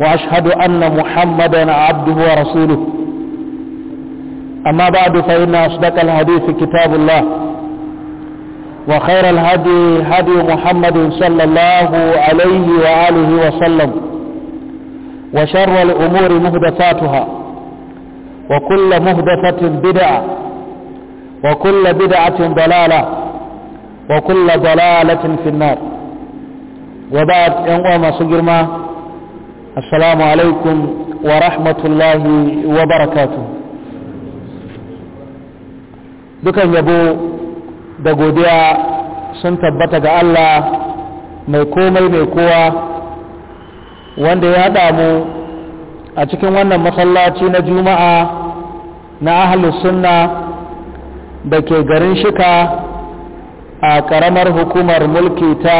وأشهد أن محمدا عبده ورسوله أما بعد فإن أصدق الحديث كتاب الله وخير الهدي هدي محمد صلى الله عليه وآله وسلم وشر الأمور مهدثاتها وكل مهدثة بدعة وكل بدعة ضلالة وكل ضلالة في النار وبعد أن ما سجر ما السلام wa rahmatullahi الله وبركاته dukan yabo da godiya sun tabbata ga Allah mai komai mai kowa wanda ya damu a cikin wannan masallaci na juma'a na ahalus sunna da ke garin shika a ƙaramar hukumar mulki ta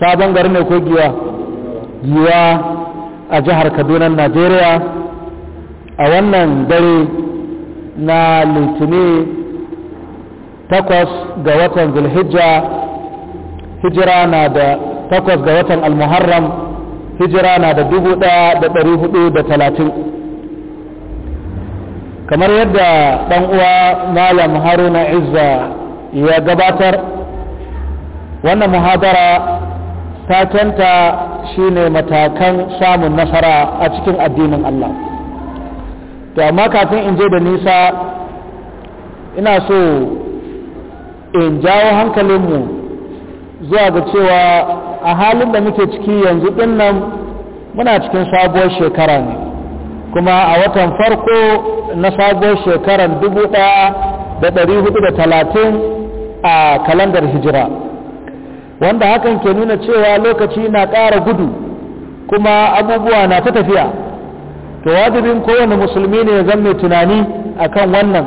sabon garin mai kogiya yiwa a jihar kaduna najeriya a wannan dare na litini takwas ga watan zulhijja hijira na da takwas ga watan almuharram hijira na da dubu da da talatin kamar yadda ɗan uwa malam haruna izza ya gabatar wannan muhadara shi shine matakan samun nasara a cikin addinin Allah to amma kafin in je da nisa ina so in jawo hankalinmu zuwa ga cewa a halin da muke ciki yanzu din nan muna cikin sabuwar shekara ne kuma a watan farko na sabuwar shekarar talatin a kalandar hijira wanda hakan ke nuna cewa lokaci na ƙara gudu kuma abubuwa na ta tafiya to wajibin kowane musulmi ne ya zama tunani akan wannan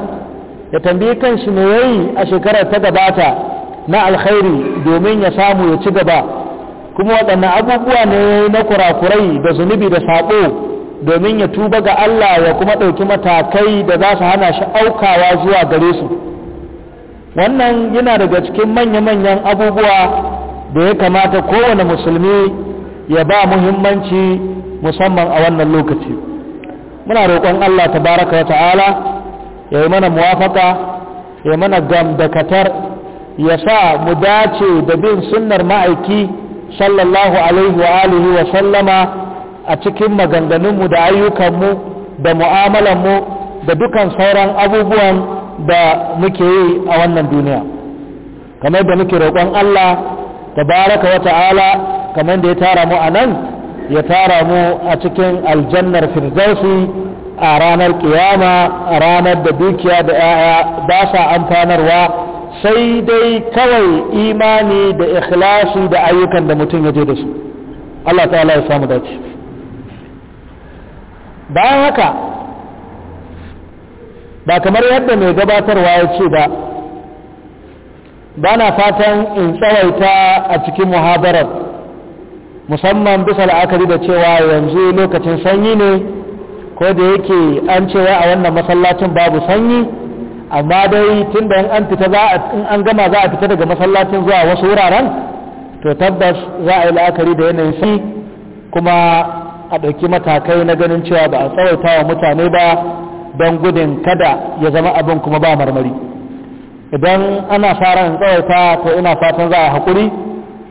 ya tambayi shi me yayi a shekarar ta gabata na alkhairi domin ya samu ya ci gaba kuma waɗannan abubuwa ne na kurakurai da zunubi da saɓo domin ya tuba ga Allah ya kuma ɗauki matakai da za su hana shi aukawa zuwa gare su wannan yana daga cikin manya-manyan abubuwa da ya kamata kowane musulmi ya ba muhimmanci musamman a wannan lokaci muna roƙon Allah Ta baraka wa ta'ala ya yi mana muwafaka ya mana gamdakatar ya sa mu dace da bin sunnar ma'aiki sallallahu alaihi wa alihi wa sallama a cikin maganganunmu da ayyukanmu da mu'amalanmu da dukan sauran abubuwan da muke yi a wannan duniya kamar da muke roƙon Allah tabaraka wa ta'ala kamar da ya tara mu a nan ya tara mu a cikin aljannar firdausi a ranar kiyama a ranar da dukiya da yaya ba sa amfanarwa sai dai kawai imani da ikhlasi da ayyukan da mutum ya je da su Allah ta'ala ya samu dace bayan haka ba kamar yadda mai gabatarwa ya ce ba Bana fatan in tsawaita a cikin muhabarar musamman bisa la'akari da cewa yanzu lokacin sanyi ne ko da yake an cewa a wannan masallacin babu sanyi amma dai tun da an gama za a fita daga masallacin zuwa wasu wuraren to tabbas za a yi la'akari da yanayin sanyi kuma a ɗauki matakai na ganin cewa ba a tsawaita wa mutane ba don gudun kada ya zama abin kuma ba marmari. idan ana fara tsawaita to ina fatan za a haƙuri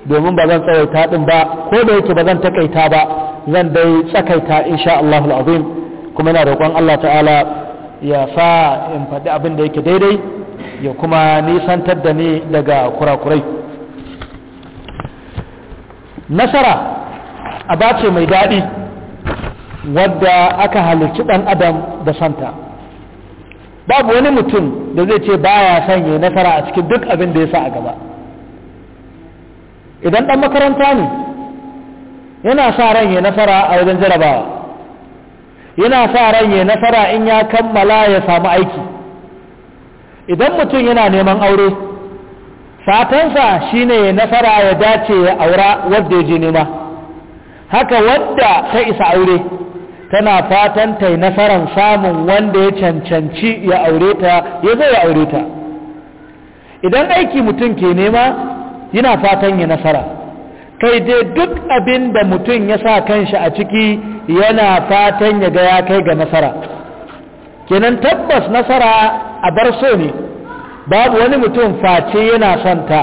domin ba zan tsawaita ɗin ba ko da yake ba zan takaita ba zan dai tsakaita insha Allah al'azim kuma ina roƙon Allah ta'ala ya sa in faɗi abin da yake daidai ya kuma nisantar da ni daga kurakurai nasara abace mai daɗi wadda aka halarci ɗan adam da santa babu wani mutum da zai ce baya son yayi nasara a cikin duk abin da ya sa a gaba idan dan makaranta ne yana sa ran yi nasara a wajen jarabawa yana sa ran yi nasara in ya kammala ya samu aiki idan mutum yana neman aure fatansa shine ya nasara ya dace ya aura wanda ya je nema haka wanda ta isa aure tana fatan ta yi nasarar samun wanda ya cancanci ya aure ta ya zo ya aure ta idan aiki mutum ke nema yana fatan ya nasara kai dai duk abin da mutum ya sa kanshi a ciki yana fatan ya ga ya kai ga nasara kenan tabbas nasara a bar so ne babu wani mutum face yana son ta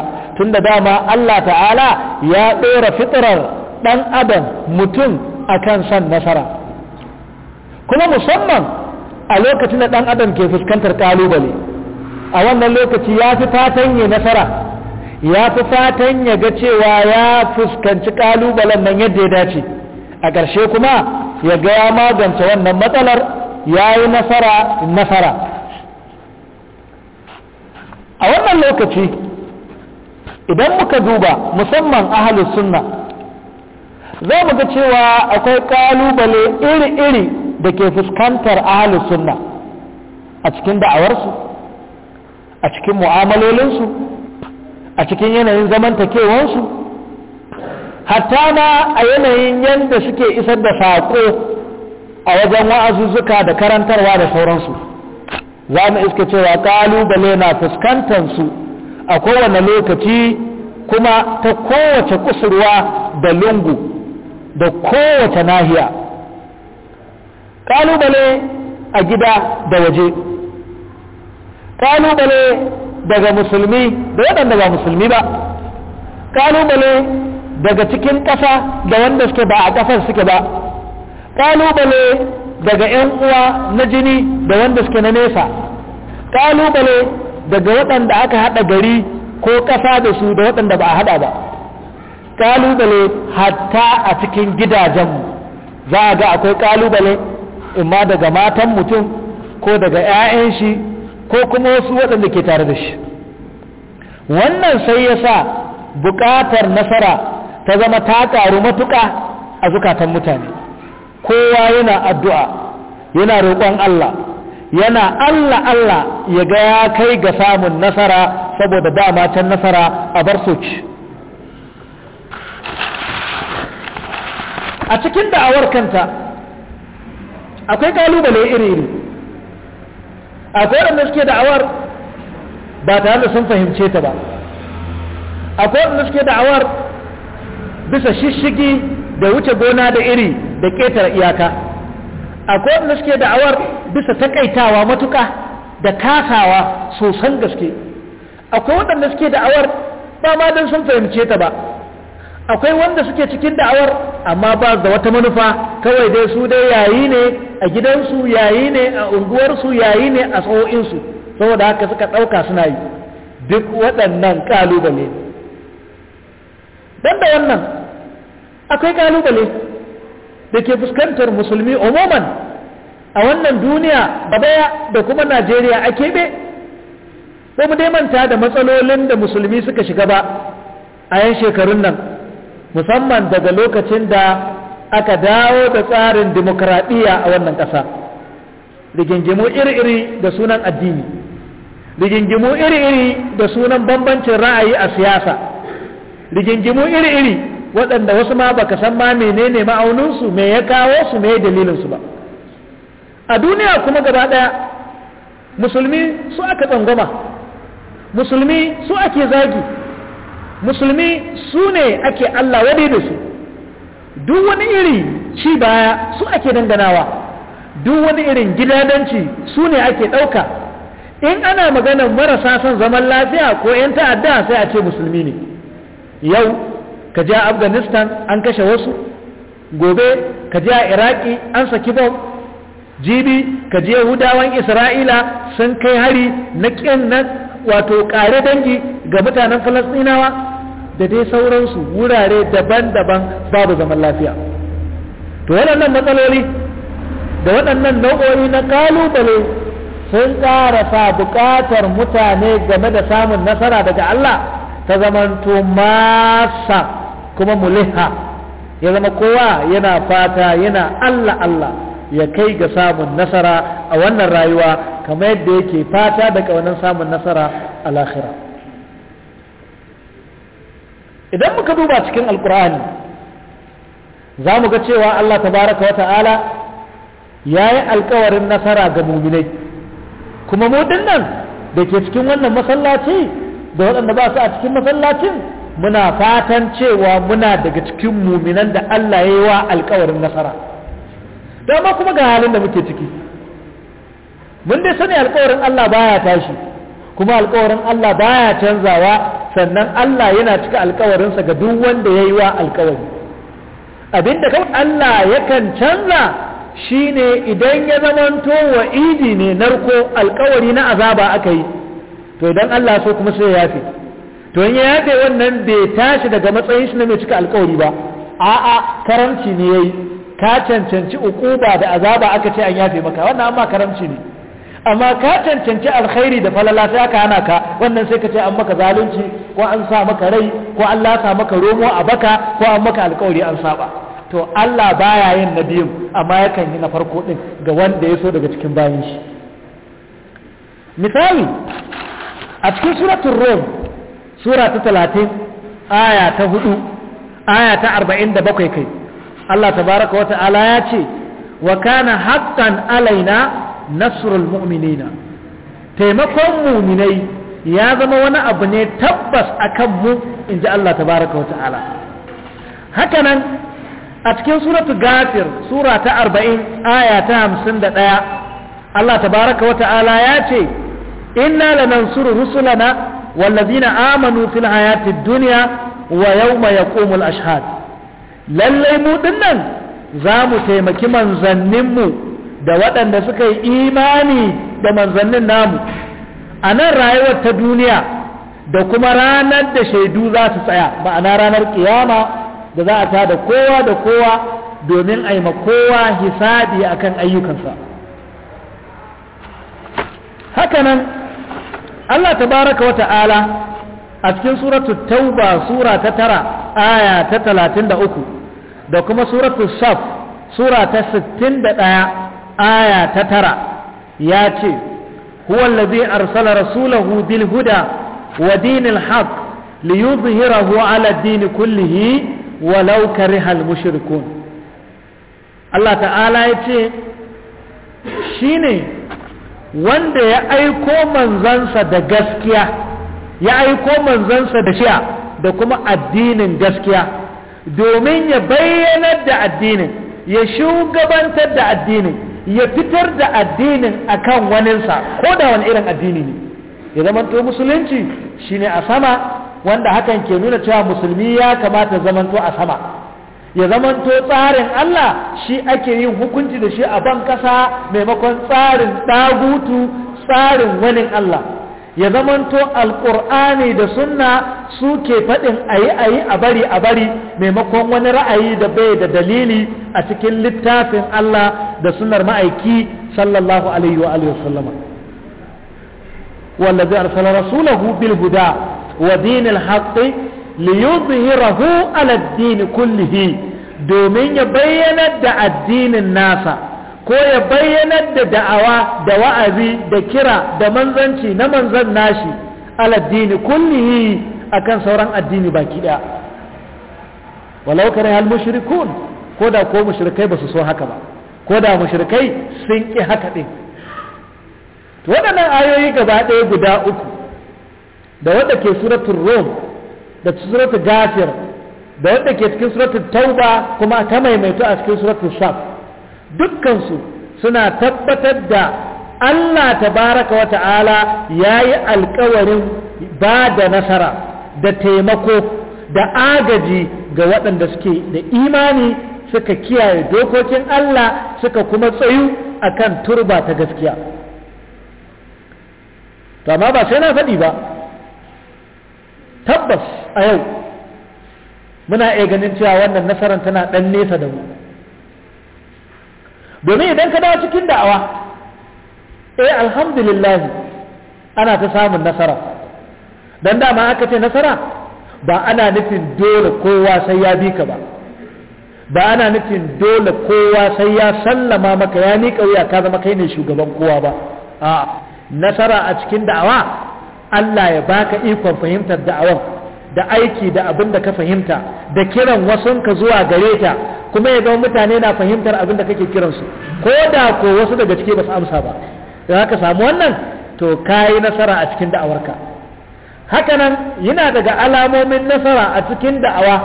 da dama Allah ta'ala ya ɗora fitrar ɗan adam mutum akan son nasara kuma musamman a lokacin da ɗan adam ke fuskantar ƙalubale a wannan lokaci ya fi fatan ya nasara ya fi fatan ya ga cewa ya fuskanci ƙalubalen nan yadda ya dace a ƙarshe kuma ya ga ya magance wannan matsalar ya yi nasara nasara a wannan lokaci idan muka duba musamman ahalus sunna za mu ga cewa akwai ƙalubale iri-iri da ke fuskantar ahalus sunna a cikin da'awarsu a cikin mu'amalolinsu a cikin yanayin zamantakewansu hatta ma a yanayin yadda suke isar da saƙo a wajen wa'azuzzuka da karantarwa da sauransu za mu iska cewa ƙalubale na fuskantar su a kowane lokaci kuma ta kowace kusurwa da lungu da kowace nahiya kalubale a gida da waje kalubale daga musulmi da waɗanda ba musulmi ba kalubale daga cikin ƙasa da wanda suke ba a ƙasar suke ba kalubale daga 'yan uwa na jini da wanda suke na nesa kalubale daga waɗanda aka haɗa gari ko ƙasa da su da waɗanda ba a haɗa ba kalubale hatta a cikin gidajenmu za a ga akwai kalubale imma daga matan mutum ko daga 'ya'yan shi ko kuma wasu waɗanda ke tare da shi wannan sai ya sa buƙatar nasara ta zama ta ƙaru matuƙa a zukatan mutane kowa yana addu'a yana roƙon Allah yana Allah Allah ya ga ya kai ga samun nasara saboda dama can nasara a bar soci a cikin da'awar kanta akwai kalubale iri-iri akwai wanda suke da'awar ba tare da sun fahimce ta ba akwai wanda suke da'awar bisa shishigi da wuce gona da iri da ƙetare iyaka akwai wanda suke da'awar bisa takaitawa matuka da kasawa sosan gaske akwai wanda suke da'awar ba ma don sun fahimce ta ba akwai wanda suke cikin da'awar amma ba da wata manufa kawai dai su dai yayi ne a gidansu yayi ne a unguwarsu yayi ne a tsawo'insu saboda haka suka ɗauka suna yi duk waɗannan ƙalubale Dan da wannan akwai ƙalubale da ke fuskantar musulmi umuman a wannan duniya ba babaya da kuma najeriya a keɓe Ko mu dai manta da matsalolin da musulmi suka shiga ba a yan shekarun nan musamman daga lokacin da aka dawo da tsarin demokradiyya a wannan ƙasa rigingimu iri-iri da sunan addini rigingimu iri-iri da sunan bambancin ra'ayi a siyasa rigingimu iri-iri waɗanda wasu ma baka san ma menene ma'auninsu me ya kawo su me dalilinsu ba a duniya kuma gaba ɗaya musulmi su aka tsangwama musulmi su ake zagi musulmi su ne ake Allah wade da su duk wani iri ci baya su ake danganawa duk wani irin gidadanci su ne ake ɗauka in ana maganar marasa son zaman lafiya ko 'yan ta'adda sai a ce musulmi ne yau ka je afghanistan an kashe wasu gobe ka je a iraki an saki bom jibi ka je yahudawan isra'ila sun kai hari na ƙin nan wato ƙare dangi ga mutanen Falasɗinawa da dai sauransu wurare daban-daban babu zaman lafiya to waɗannan matsaloli da waɗannan nau'o'i na kalubale sun ƙara sa buƙatar mutane game da samun nasara daga Allah ta zamanto masa kuma muliha ya zama kowa yana fata yana Allah Allah ya kai ga samun nasara a wannan rayuwa kamar yadda yake fata da kaunan samun nasara a lahira idan muka duba cikin alkur'ani za mu ga cewa allah tabaraka wa ta'ala ya yi alkawarin nasara ga muminai kuma mudin nan da ke cikin wannan masallaci da waɗanda ba su a cikin masallacin muna fatan cewa muna daga cikin muminan da allah ya yi wa alkawarin nasara dama kuma ga halin da muke ciki mun dai sani alkawarin Allah baya tashi kuma alkawarin Allah baya canzawa sannan Allah yana cika alkawarinsa ga duk wanda ya yi wa alkawari abinda kawai Allah yakan canza shine idan ya zamanto wa idi ne narko alkawari na azaba aka yi to idan Allah so kuma sai ya yafe to in ya yafe wannan bai tashi daga matsayin shi na mai cika alkawari ba a'a karamci ne yayi ka cancanci ukuba da azaba aka ce an yafe maka wannan amma karamci ne amma ka cancanci alkhairi da falala sai aka hana ka wannan sai ka ce an maka zalunci ko an sa maka rai ko an lasa maka romo a baka ko an maka alkawari an saba to Allah baya yin na biyun amma yakan yi na farko din ga wanda ya so daga cikin bayan shi misali a cikin suratul rum sura ta 30 aya ta 4 aya ta 47 kai Allah tabaraka wa ta'ala ya ce wa kana haqqan alaina nasrul mu'minina taimakon mu'minai ya zama wani abu ne tabbas akan mu inji Allah tabaraka wa ta'ala haka nan a cikin suratul Gafir sura ta 40 aya ta 51 Allah tabaraka wa ta'ala ya ce inna lanansuru rusulana wallazina amanu fil hayatid dunya wa yawma yaqumul ashhad lallai mu dinnan za mu taimaki manzanninmu da waɗanda suka yi imani da manzannin namu a nan rayuwar ta duniya da kuma ranar da shaidu za su tsaya ma'ana ranar kiyama da za a ta da kowa da kowa domin aima kowa hisabi akan ayyukansa hakanan Allah baraka wa ta'ala a cikin suratu tauba sura ta tara aya ta talatin da uku da kuma suratu saf sura ta 61 aya ta tara ya ce huwa allazi arsala rasulahu bil huda wa dinil haqq liyudhhirahu ala ad kullihi walau karihal mushrikun Allah ta'ala ya ce shine wanda ya aiko manzansa da gaskiya ya aiko manzansa da shiya da kuma addinin gaskiya domin ya bayyanar da addinin ya shugabantar da addinin ya fitar da addinin akan waninsa ko da wani irin addini ne ya zamanto to musulunci shine a sama wanda hakan ke nuna cewa musulmi ya kamata zamanto a sama ya zamanto tsarin Allah shi ake yin hukunci da shi a ban kasa maimakon tsarin dagutu tsarin wanin Allah ya zamanto alƙur'ani da sunna suke faɗin ayi ayi a bari a bari maimakon wani ra'ayi da bai da dalili a cikin littafin Allah da sunnar ma'aiki sallallahu alaihi wa alihi wasallama wallazi arsala rasulahu bil huda wa dinil haqqi liyudhhirahu ala ad-din kullihi domin ya bayyana da addinin nasa ko ya bayyanar da da'awa da wa'azi da kira da manzanci na manzan nashi aladdini kullihi akan sauran addini baki daya walau kare hal mushrikun ko da ko mushrikai ba so haka ba ko da mushrikai sun ki haka din to waɗannan ayoyi gaba ɗaya guda uku da wanda ke suratul rum da suratul gafir da wanda ke cikin suratul tauba kuma ta maimaito a cikin suratul saf dukkansu suna tabbatar da Allah tabaraka wa ta'ala ya yi alkawarin ba da nasara da taimako da agaji ga waɗanda suke da imani suka kiyaye dokokin Allah suka kuma tsayu akan turba ta gaskiya to amma ba sai na faɗi ba tabbas a yau muna iya ganin cewa wannan nasarar tana ɗan nesa da mu domin idan ka dawo cikin da'awa eh alhamdulillah ana ta samun nasara don dama aka ce nasara ba ana nufin dole kowa sai ya bi ka ba ba ana nufin dole kowa sai ya sallama maka ya miƙa wuya ka zama kai ne shugaban kowa ba a nasara a cikin da'awa Allah ya baka ikon fahimtar da'awar da aiki da abin da ka fahimta da kiran wasunka zuwa gare ta kuma ya ga mutane na fahimtar abin da kake kiransu ko da ko wasu daga ciki ba su amsa ba da ka samu wannan to ka yi nasara a cikin da'awarka hakanan yana daga alamomin nasara a cikin da'awa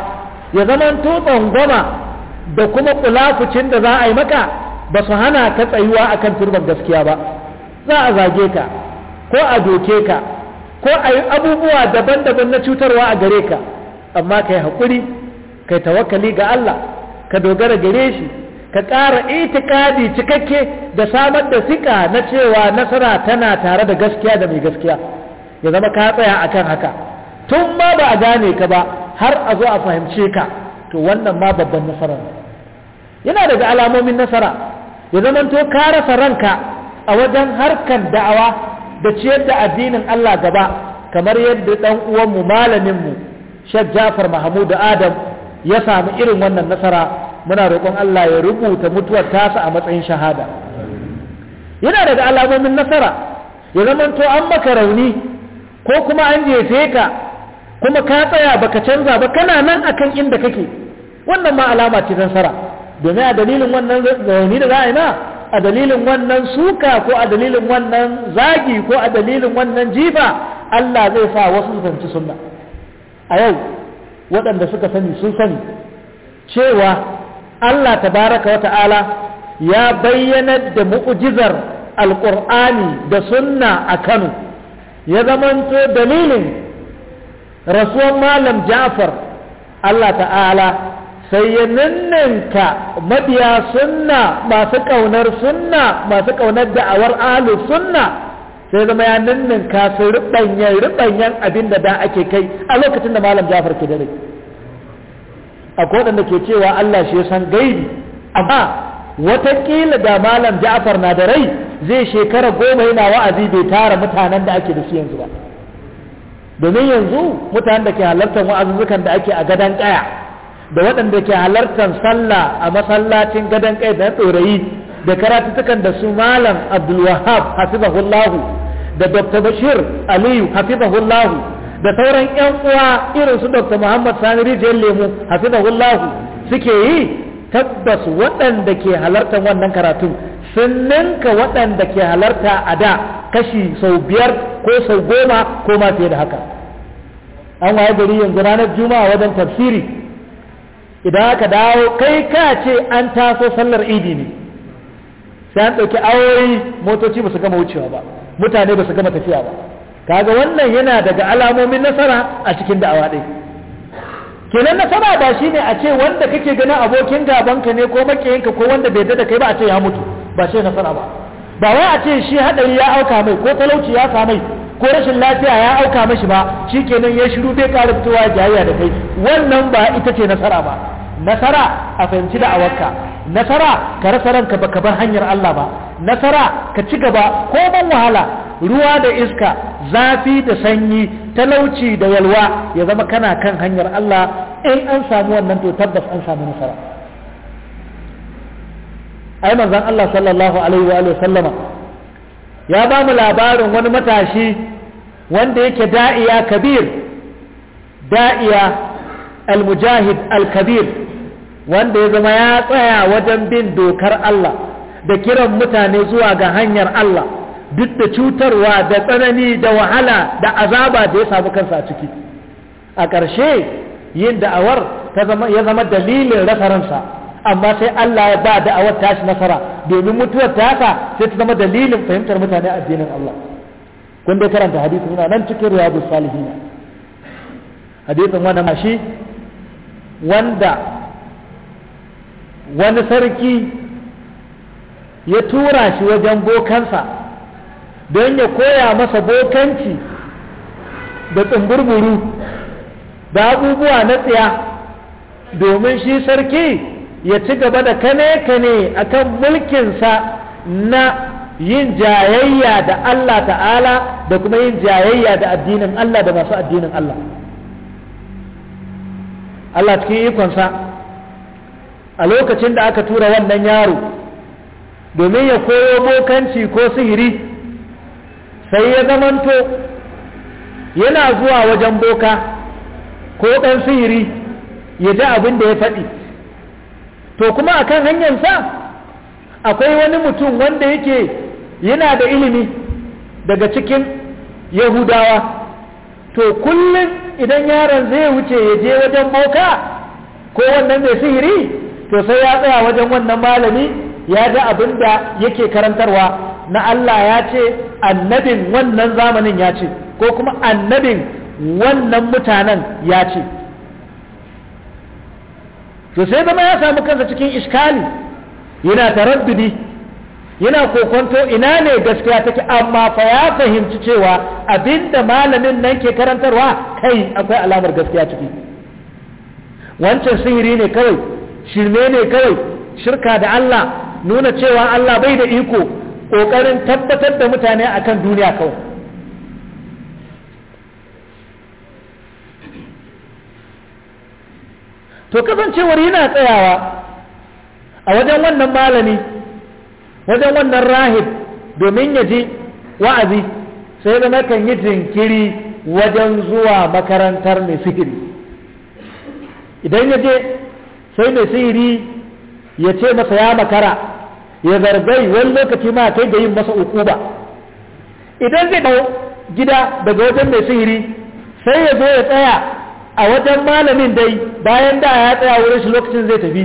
ya zama tutsan goma da kuma kulafucin da za a yi maka ba su hana ka tsayuwa akan turban gaskiya ba za a zage ka ko a doke ka ko a yi abubuwa daban-daban na cutarwa a gare ka amma ka yi haƙuri ka yi tawakkali ga Allah ka dogara gare shi ka ƙara itikadi cikakke da samar da sika na cewa nasara tana tare da gaskiya da mai gaskiya ya zama ka tsaya kan haka tun ma ba a gane ka ba har a zo a fahimce ka to wannan ma babban nasara yana daga alamomin nasara ya zama to ka rasa ranka a wajen harkar da'awa da ciyar da addinin Allah gaba kamar yadda dan uwanmu malaminmu Sheikh Jafar Mahmud Adam ya samu irin wannan nasara muna roƙon Allah ya rubuta mutuwar tasa a matsayin shahada yana daga alamomin nasara ya zamanto an maka rauni ko kuma an jefe ka kuma ka tsaya baka canza ba kana nan akan inda kake wannan ma alama ce nasara domin a dalilin wannan rauni da za a yi na a dalilin wannan suka ko a dalilin wannan zagi ko a dalilin wannan jifa Allah zai sa wasu zanci sunna a yau waɗanda suka sani sun sani cewa Allah tabaraka wa ta'ala ya bayyanar da mu'ujizar alƙur'ani da sunna a Kano ya zamanto dalilin rasuwan malam Ja'far Allah ta'ala sai ya ninninka mabiya sunna masu ƙaunar sunna masu ƙaunar da'awar ahlus sunna sai zama ya ninninka su riɓanyen abin da da ake kai a lokacin da malam Ja'far ke da rai akwai waɗanda ke cewa Allah shi ya san gaibi amma ƙila da malam Ja'far na da rai zai shekara goma yana wa'azi bai tara mutanen da ake da su yanzu ba domin yanzu mutanen da ke halartar wa'azuzzukan da ake a gadon kaya da waɗanda ke halartar sallah a masallacin gadon ƙaya da ɗorayi da karatutukan da su malam Abdul Wahab hafizahullahu da Dr. Bashir Aliyu hafizahullahu da sauran yan uwa irin su Dr. Muhammad Sani Rijiyar Lemu wallahu suke yi tabbas waɗanda ke halartar wannan karatun sun ninka waɗanda ke halarta a da kashi sau biyar ko sau goma ko ma fiye da haka an waye gari yanzu ranar juma'a wajen tafsiri idan aka dawo kai ka ce an taso sallar idi ne sai an ɗauki awoyi motoci ba su gama wucewa ba mutane ba su gama tafiya ba kaga wannan yana daga alamomin nasara a cikin da'awa kenan nasara ba shi ne a ce wanda kake ganin abokin gabanka ne ko makiyinka ko wanda bai da kai ba a ce ya mutu ba shi nasara ba ba wai a ce shi haɗari ya auka mai ko talauci ya samai ko rashin lafiya ya auka mashi ba shi kenan ya shiru bai ƙara fitowa jayayya da kai wannan ba ita ce nasara ba nasara a fahimci da'awarka nasara ka rasa ranka baka bar hanyar Allah ba nasara ka ci gaba ko ban wahala ruwa da iska zafi da sanyi talauci da yalwa ya zama kana kan hanyar Allah in an samu wannan to tabbas an samu nasara ai manzon Allah sallallahu alaihi wa sallama ya ba mu labarin wani matashi wanda yake da'iya kabir da'iya al-mujahid al-kabir wanda ya zama ya tsaya wajen bin dokar Allah da kiran mutane zuwa ga hanyar Allah duk da cutarwa da tsanani da wahala da azaba da ya samu kansa a ciki a ƙarshe yin da'awar ya zama dalilin rasa ransa amma sai Allah ya ba da'awar tashi nasara domin mutuwar tasa sai ta zama dalilin fahimtar mutane addinin Allah kun dai karanta hadisi nan cikin riyadu salihina hadisin wannan mashi. wanda wani sarki ya tura shi wajen bokansa don ya koya masa bokanci da tsumburburu da abubuwa na tsiya domin shi sarki ya ci gaba da kane-kane akan mulkinsa na yin jayayya da Allah ta'ala da kuma yin jayayya da addinin Allah da masu addinin Allah Allah cikin ikonsa a lokacin da aka tura wannan yaro domin ya koyo bokanci ko sihiri sai ya zamanto yana zuwa wajen boka ko ɗan sihiri ya ji abin da ya faɗi to kuma akan hanyarsa akwai wani mutum wanda yake yana da ilimi daga cikin yahudawa to kullum idan yaron zai wuce ya je wajen boka ko wannan mai sihiri to sai ya tsaya wajen wannan malami ya ga abin da yake karantarwa na Allah ya ce annabin wannan zamanin ya ce ko kuma annabin wannan mutanen ya ce to sai zama ya samu kansa cikin iskali yana taraddudi yana kokonto ina ne gaskiya take amma fa ya fahimci cewa abinda malamin nan ke karantarwa kai akwai alamar gaskiya ciki wancan sihiri ne kawai shirme ne kawai shirka da Allah nuna cewa Allah bai da iko kokarin tabbatar da mutane akan duniya kawai to kasancewar yana tsayawa a wajen wannan malami wajen wannan rahib domin ya ji wa'azi sai da kan yi jinkiri wajen zuwa makarantar mai sihiri idan ya je sai mai sihiri ya ce masa ya makara ya zargai wani lokaci ma kai da yin masa uku ba idan zai dau gida daga wajen mai sihiri sai ya zo ya tsaya a wajen malamin dai bayan da ya tsaya wurin shi lokacin zai tafi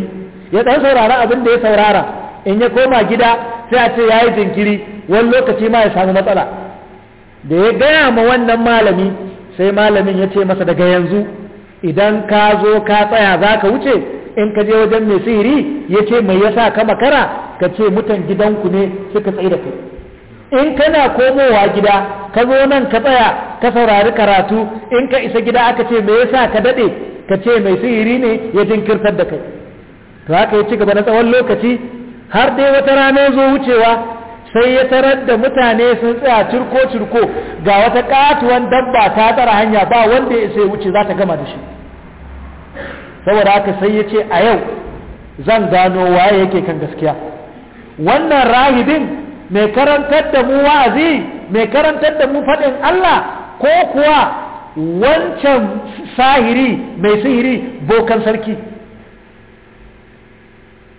ya ɗan saurara abin da ya saurara in ya koma gida sai a ce ya yi jinkiri wani lokaci ma ya samu matsala da ya gaya ma wannan malami sai malamin ya ce masa daga yanzu idan ka zo ka tsaya za ka wuce in ka je wajen mai sihiri ya ce mai yasa ka makara ka ce mutan gidanku ne suka tsaye da kai in kana komowa gida ka zo nan ka tsaya ka saurari karatu in ka isa gida aka ce mai yasa ka dade ka ce mai sihiri ne ya jinkirtar da kai to haka ya ci gaba na tsawon lokaci har dai wata rana zo wucewa sai ya tarar da mutane sun tsaya cirko-cirko ga wata katuwan dabba ta tara hanya ba wanda ya sai wuce za ta gama da shi saboda haka sai ya ce a yau zan gano waye yake kan gaskiya wannan rahibin mai karantar da mu wa'azi mai karantar da mu faɗin Allah ko kuwa wancan sahiri mai sihiri bokan sarki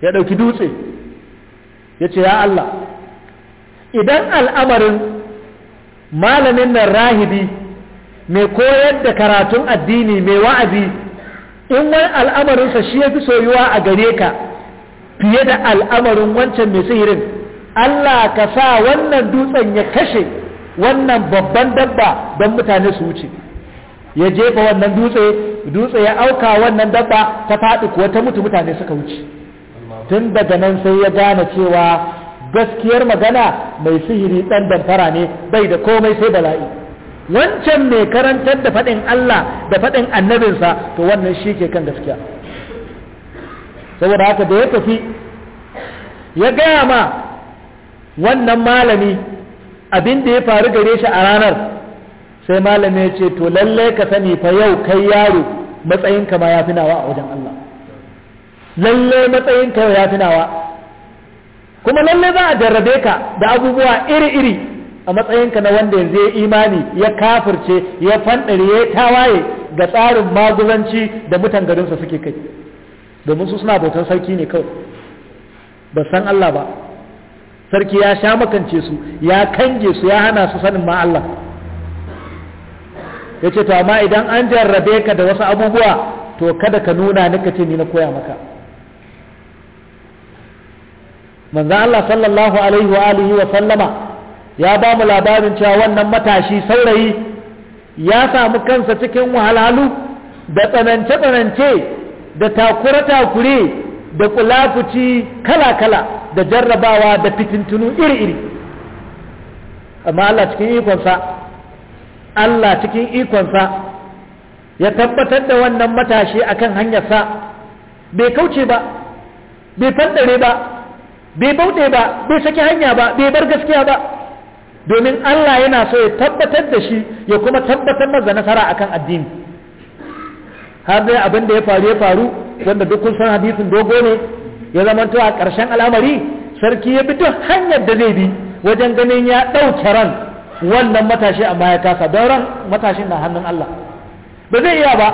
ya ɗauki dutse ya ce ya Allah idan al'amarin malamin nan rahibi mai koyar da karatun addini mai wa'azi in wani al'amarinsa shi ya fi soyuwa a gare ka fiye da al'amarin wancan mai sihirin Allah ka sa wannan dutsen ya kashe wannan babban dabba don mutane su wuce ya jefa wannan dutse dutse ya auka wannan dabba ta faɗi kuwa ta mutu mutane suka wuce tun daga nan sai ya gane cewa gaskiyar magana mai sihiri ɗan damfara ne bai da komai sai bala'i wancan mai karantar da faɗin Allah da faɗin annabinsa to wannan shi ke kan gaskiya saboda haka da ya tafi ya gaya ma wannan malami abin da ya faru gare shi a ranar sai malami ya ce to lallai ka sani fa yau kai yaro matsayinka ma ya fi nawa a wajen Allah lalle matsayin ta ya tunawa kuma lalle za a jarrabe ka da abubuwa iri-iri a matsayinka na wanda yanzu ya imani ya kafirce ya fanɗari ya tawaye ga tsarin maguzanci da mutan garinsa suke kai domin su suna bautan sarki ne kawai ba san Allah ba sarki ya sha makance su ya kange su ya hana su sanin ma Allah ya ce to amma idan an jarrabe ka da wasu abubuwa to kada ka nuna ni ka ce ni na koya maka manzo Allah sallallahu alaihi wa alihi wa sallama ya ba mu labarin cewa wannan matashi saurayi ya samu kansa cikin wahalhalu da tsanance tsanance da takure takure da kulafuci kala kala da jarrabawa da fitintunu iri iri amma Allah cikin ikonsa Allah cikin ikonsa ya tabbatar da wannan matashi akan hanyarsa bai kauce ba bai fadare ba bai bauɗe ba bai saki hanya ba bai bar gaskiya ba domin Allah yana so ya tabbatar da shi ya kuma tabbatar masa nasara akan addini har dai abin da ya faru ya faru wanda duk kun san hadisin dogo ne ya zamanto a ƙarshen al'amari sarki ya bi duk hanyar da zai bi wajen ganin ya ɗauke ran wannan matashi amma ya kasa don ran matashin na hannun Allah ba zai iya ba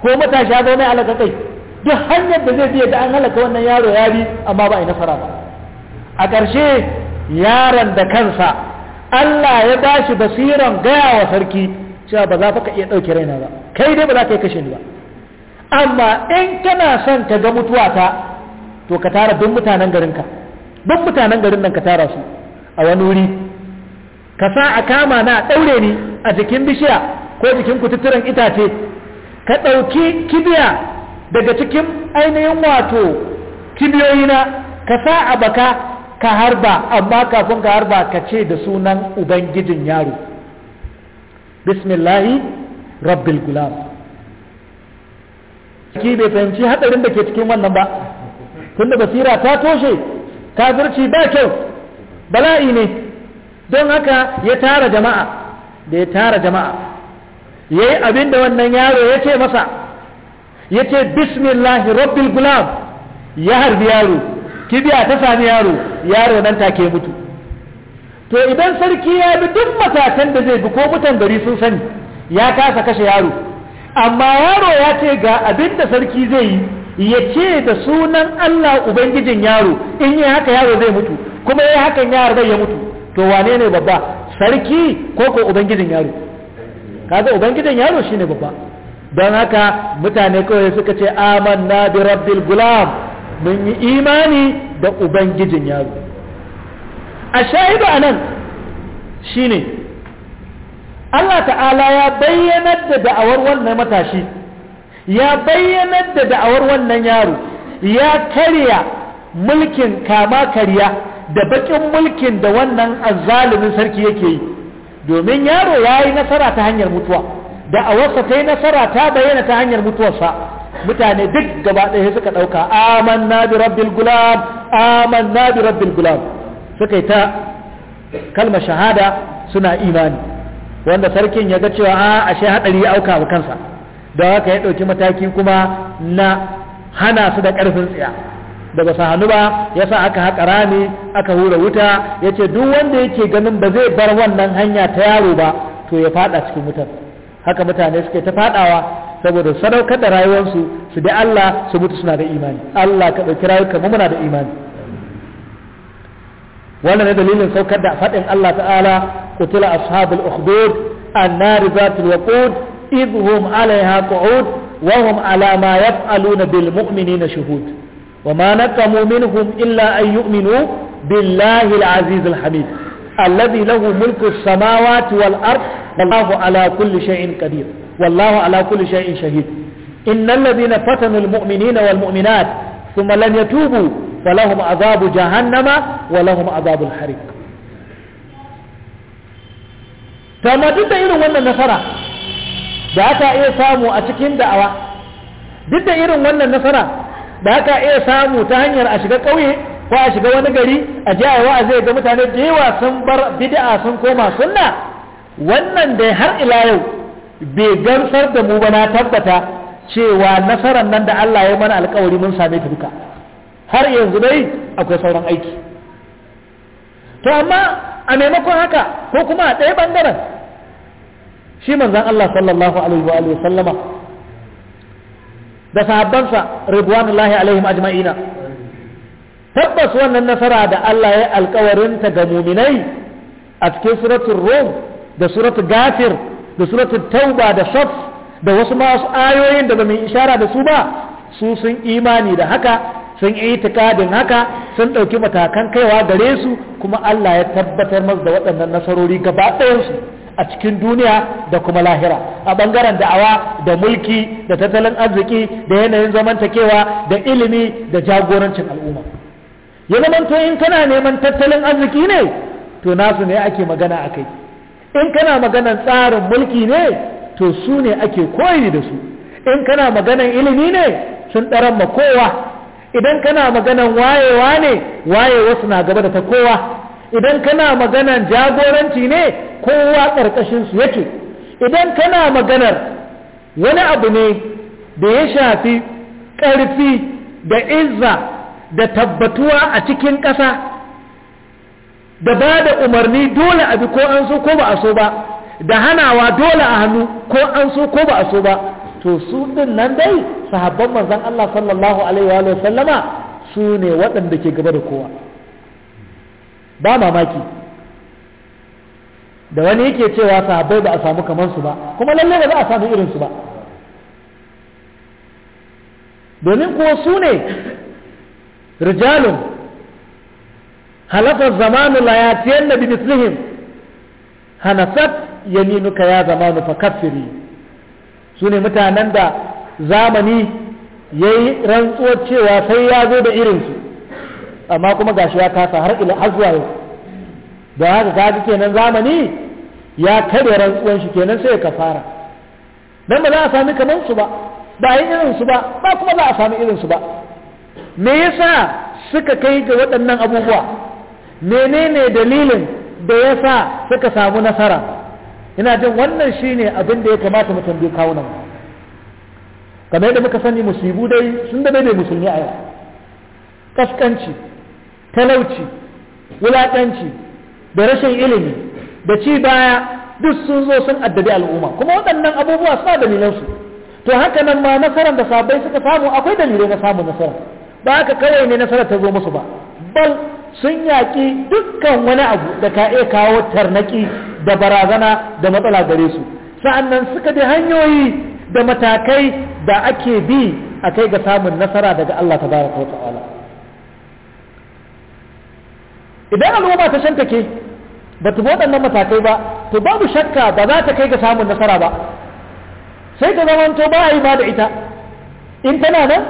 ko matashi ya zo ne alaka kai duk hanyar da zai biya da an halaka wannan yaro ya bi amma ba a yi nasara ba a ƙarshe yaron da kansa Allah ya bashi basiran gaya wa sarki cewa ba za ka iya ɗauke raina ba kai dai ba za ka yi kashe ni ba amma in kana son ka ga mutuwa ta to ka tara duk mutanen garinka duk mutanen garin nan ka tara su a wani wuri ka sa a kama na ɗaure ni a jikin bishiya ko jikin kututturen itace ka ɗauki kibiya daga cikin ainihin wato kibiyoyina ka sa a baka ka harba amma kafin ka harba ka ce da sunan ubangijin yaro bismillahi rabbil gulam ki bai fahimci hadarin da ke cikin wannan ba tunda basira ta toshe kafirci ba kyau bala'i ne don haka ya tara jama'a da ya tara jama'a ya yi abin da wannan yaro ya ce masa ya ce bismillahi rabbil gulam ya harbi yaro kibiya ta sami yaro yaro nan take mutu to idan sarki ya bi duk matakan da zai bi ko mutan gari sun sani ya kasa kashe yaro amma yaro ya ce ga abin da sarki zai yi ya ce da sunan Allah ubangijin yaro in yi haka yaro zai mutu kuma ya hakan yaro zai ya mutu to wane ne babba sarki ko ko ubangijin yaro kaga ubangijin yaro shine babba don haka mutane kawai suka ce amanna bi rabbil gulam mun yi imani da ubangijin yaro a shaidu a nan shi ne Allah ta'ala ya bayyanar da da'awar wannan matashi ya bayyanar da da'awar wannan yaro ya karya mulkin kama karya da bakin mulkin da wannan azzalumin sarki yake yi domin yaro ya yi nasara ta hanyar mutuwa da'awarsa ta yi nasara ta bayyana ta hanyar mutuwarsa mutane duk gaba ɗaya suka ɗauka aman na bi rabbil gulam na bi rabbil gulam suka yi ta kalmar shahada suna imani wanda sarkin ya ga cewa a ah, ashe haɗari ya auka wa kansa da haka ya ɗauki mataki kuma na hana su da ƙarfin tsiya da ba hannu ba ya sa aka haƙa rami aka hura wuta ya ce duk wanda yake ganin ba zai bar wannan hanya ta yaro ba to ya faɗa cikin wutar haka mutane suke ta faɗawa. saboda sadaukar da rayuwarsu su da Allah su mutu suna da imani Allah ka ɗauki rayuka mu muna da imani wannan ne dalilin saukar da faɗin Allah ta'ala qutila ashabul ukhdud annar zatul waqud idhum alaiha qu'ud wa hum ala ma yaf'aluna bil mu'minina shuhud wa ma naqamu minhum illa an yu'minu billahi al-aziz al-hamid alladhi lahu mulku as-samawati wal ard wallahu ala kulli shay'in qadir wallahu ala kulli shay'in shahid innal ladina fatanul mu'minina wal mu'minat thumma lam yatubu falahum azabu jahannama wa lahum azabul duk da irin wannan nasara da aka iya samu a cikin da'awa duk da irin wannan nasara da aka iya samu ta hanyar a shiga ƙauye ko a shiga wani gari a ji a wa'azi ga mutane da yawa sun bar bid'a sun koma sunna wannan dai har ila yau bai gamsar da mu ba na tabbata cewa nasarar nan da Allah ya mana alkawari mun same ta duka har yanzu dai akwai sauran aiki to amma a maimakon haka ko kuma a ɗaya ɓangaren shi manzan Allah sallallahu alaihi wa sallama da sahabbansa ridwanullahi alaihim ajma'ina tabbas wannan nasara da Allah ya alkawarinta ga muminai a cikin suratul rum da suratul gafir da suratul tauba da saf da wasu masu ayoyin da ba mu ishara da su ba su sun imani da haka sun itikadin haka sun ɗauki matakan kaiwa gare su kuma Allah ya tabbatar masu da waɗannan nasarori gaba ɗayansu a cikin duniya da kuma lahira a bangaren da'awa da mulki da tattalin arziki da yanayin zamantakewa da ilimi da jagorancin al'umma ya zamanto in kana neman tattalin arziki ne to nasu ne ake magana a kai in kana maganan tsarin mulki ne to su ne ake koyi da su in kana maganan ilimi ne sun ɗaran ma kowa idan kana maganan wayewa ne wayewa suna gaba da ta kowa idan kana maganan jagoranci ne kowa ƙarƙashin su yake idan kana maganar wani abu ne da ya shafi ƙarfi da izza da tabbatuwa a cikin ƙasa da ba da umarni dole abi ko an so ko ba a so ba da hanawa dole a hannu ko an so ko ba a so ba to su din nan dai sahabban manzon Allah sallallahu alaihi wa sallama su ne waɗanda ke gaba da kowa ba mamaki da wani yake cewa sahabbai ba a samu kamar su ba kuma lalle ba za a samu irin su ba domin kuwa su ne rijalun halafa zamanu la na bi mislihim hanasat yaminuka ya zamanu fa Su sune mutanen da zamani yayi rantsuwar cewa sai ya zo da irinsu amma kuma gashi ya kasa har ila har zuwa yau da haka ji kenan zamani ya kare rantsuwan shi kenan sai ya kafara dan ba za a sami kaman su ba ba yi irin su ba ba kuma za a sami irin su ba me yasa suka kai ga waɗannan abubuwa menene dalilin da ya sa suka samu nasara ina jin wannan shine abin da ya kamata mu kawo kawunan kamar yadda muka sani musibu dai sun da bai musulmi a yau kaskanci talauci wulakanci da rashin ilimi da ci baya duk sun zo sun addabi al'umma kuma waɗannan abubuwa suna dalilansu to haka nan ma nasarar da sabai suka samu akwai dalilai na samun nasara ba haka kawai ne nasara ta zo musu ba bal sun yaƙi dukkan wani abu da ka iya kawo tarnaki da barazana da matsala gare su sa'annan suka da hanyoyi da matakai da ake bi a kai ga samun nasara daga Allah bara wa ta'ala idan al'umma ta ke, ba ta waɗannan matakai ba to babu shakka ba za ta kai ga samun nasara ba sai ta zamanto ba a yi ba da ita in tana nan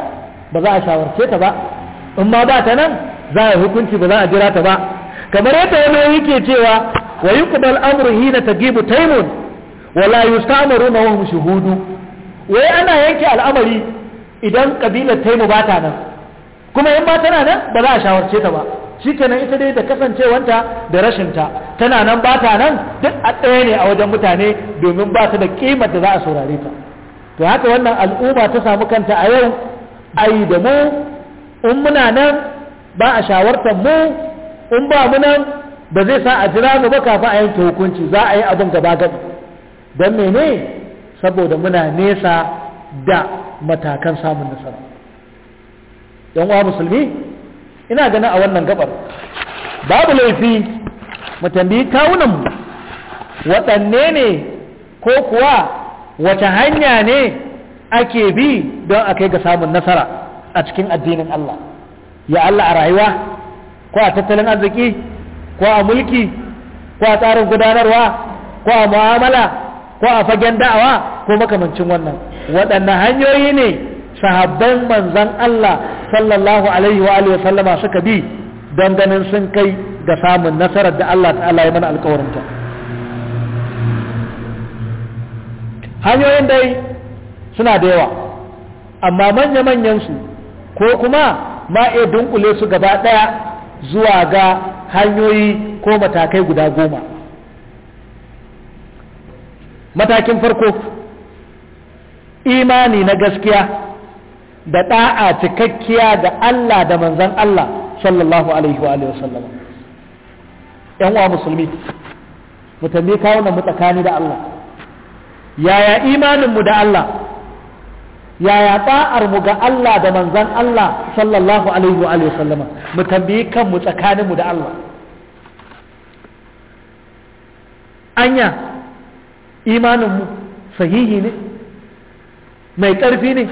ba za a shawarce ta ba in ma ba ta nan za a hukunci ba za a jira ta ba kamar yadda wani yake cewa wa yuqbal amru hina tajibu taymun wa la yustamaruna wa hum shuhudu wai ana yanke al'amari idan kabilar taimu ba ta nan kuma in ba tana nan ba za a shawarce ta ba Shi kenan ita dai da kasancewanta da rashinta tana nan ba ta nan duk a ɗaya ne a wajen mutane domin ba ta da kimar da za a saurare ta to haka wannan al'umma ta samu kanta a yau ayi da mu in muna nan ba a shawartar mu in ba mu nan ba zai sa a jira mu gaba kafin a yanke hukunci za a yi abin gaba gaba don mene saboda muna nesa da matakan samun nasara don wa musulmi ina ganin a wannan gabar babu laifi mu tambayi mu. waɗanne ne ko kuwa wace hanya ne ake bi don a kai ga samun nasara a cikin addinin Allah ya Allah a rayuwa ko a tattalin arziki ko a mulki ko a tsarin gudanarwa ko a mu'amala ko a fagen da'awa ko makamancin wannan waɗannan hanyoyi ne sahabban manzan Allah sallallahu alaihi wa alihi sallama suka bi don ganin sun kai ga samun nasarar da Allah ta'ala ya mana alkawarinta hanyoyin dai suna da yawa amma manya-manyansu ko kuma ma iya dunkule su gaba ɗaya zuwa ga hanyoyi ko matakai guda goma matakin farko imani na gaskiya da ɗa'a cikakkiya ga Allah da manzan Allah sallallahu alaihi wa sallam Yanwa musulmi mutane kawo na mutakani da Allah yaya imaninmu da Allah yaya da'ar mu ga Allah da manzan Allah sallallahu alaihi wa alihi sallama mu tambayi kanmu tsakanin mu da Allah anya imanin sahihi ne mai ƙarfi ne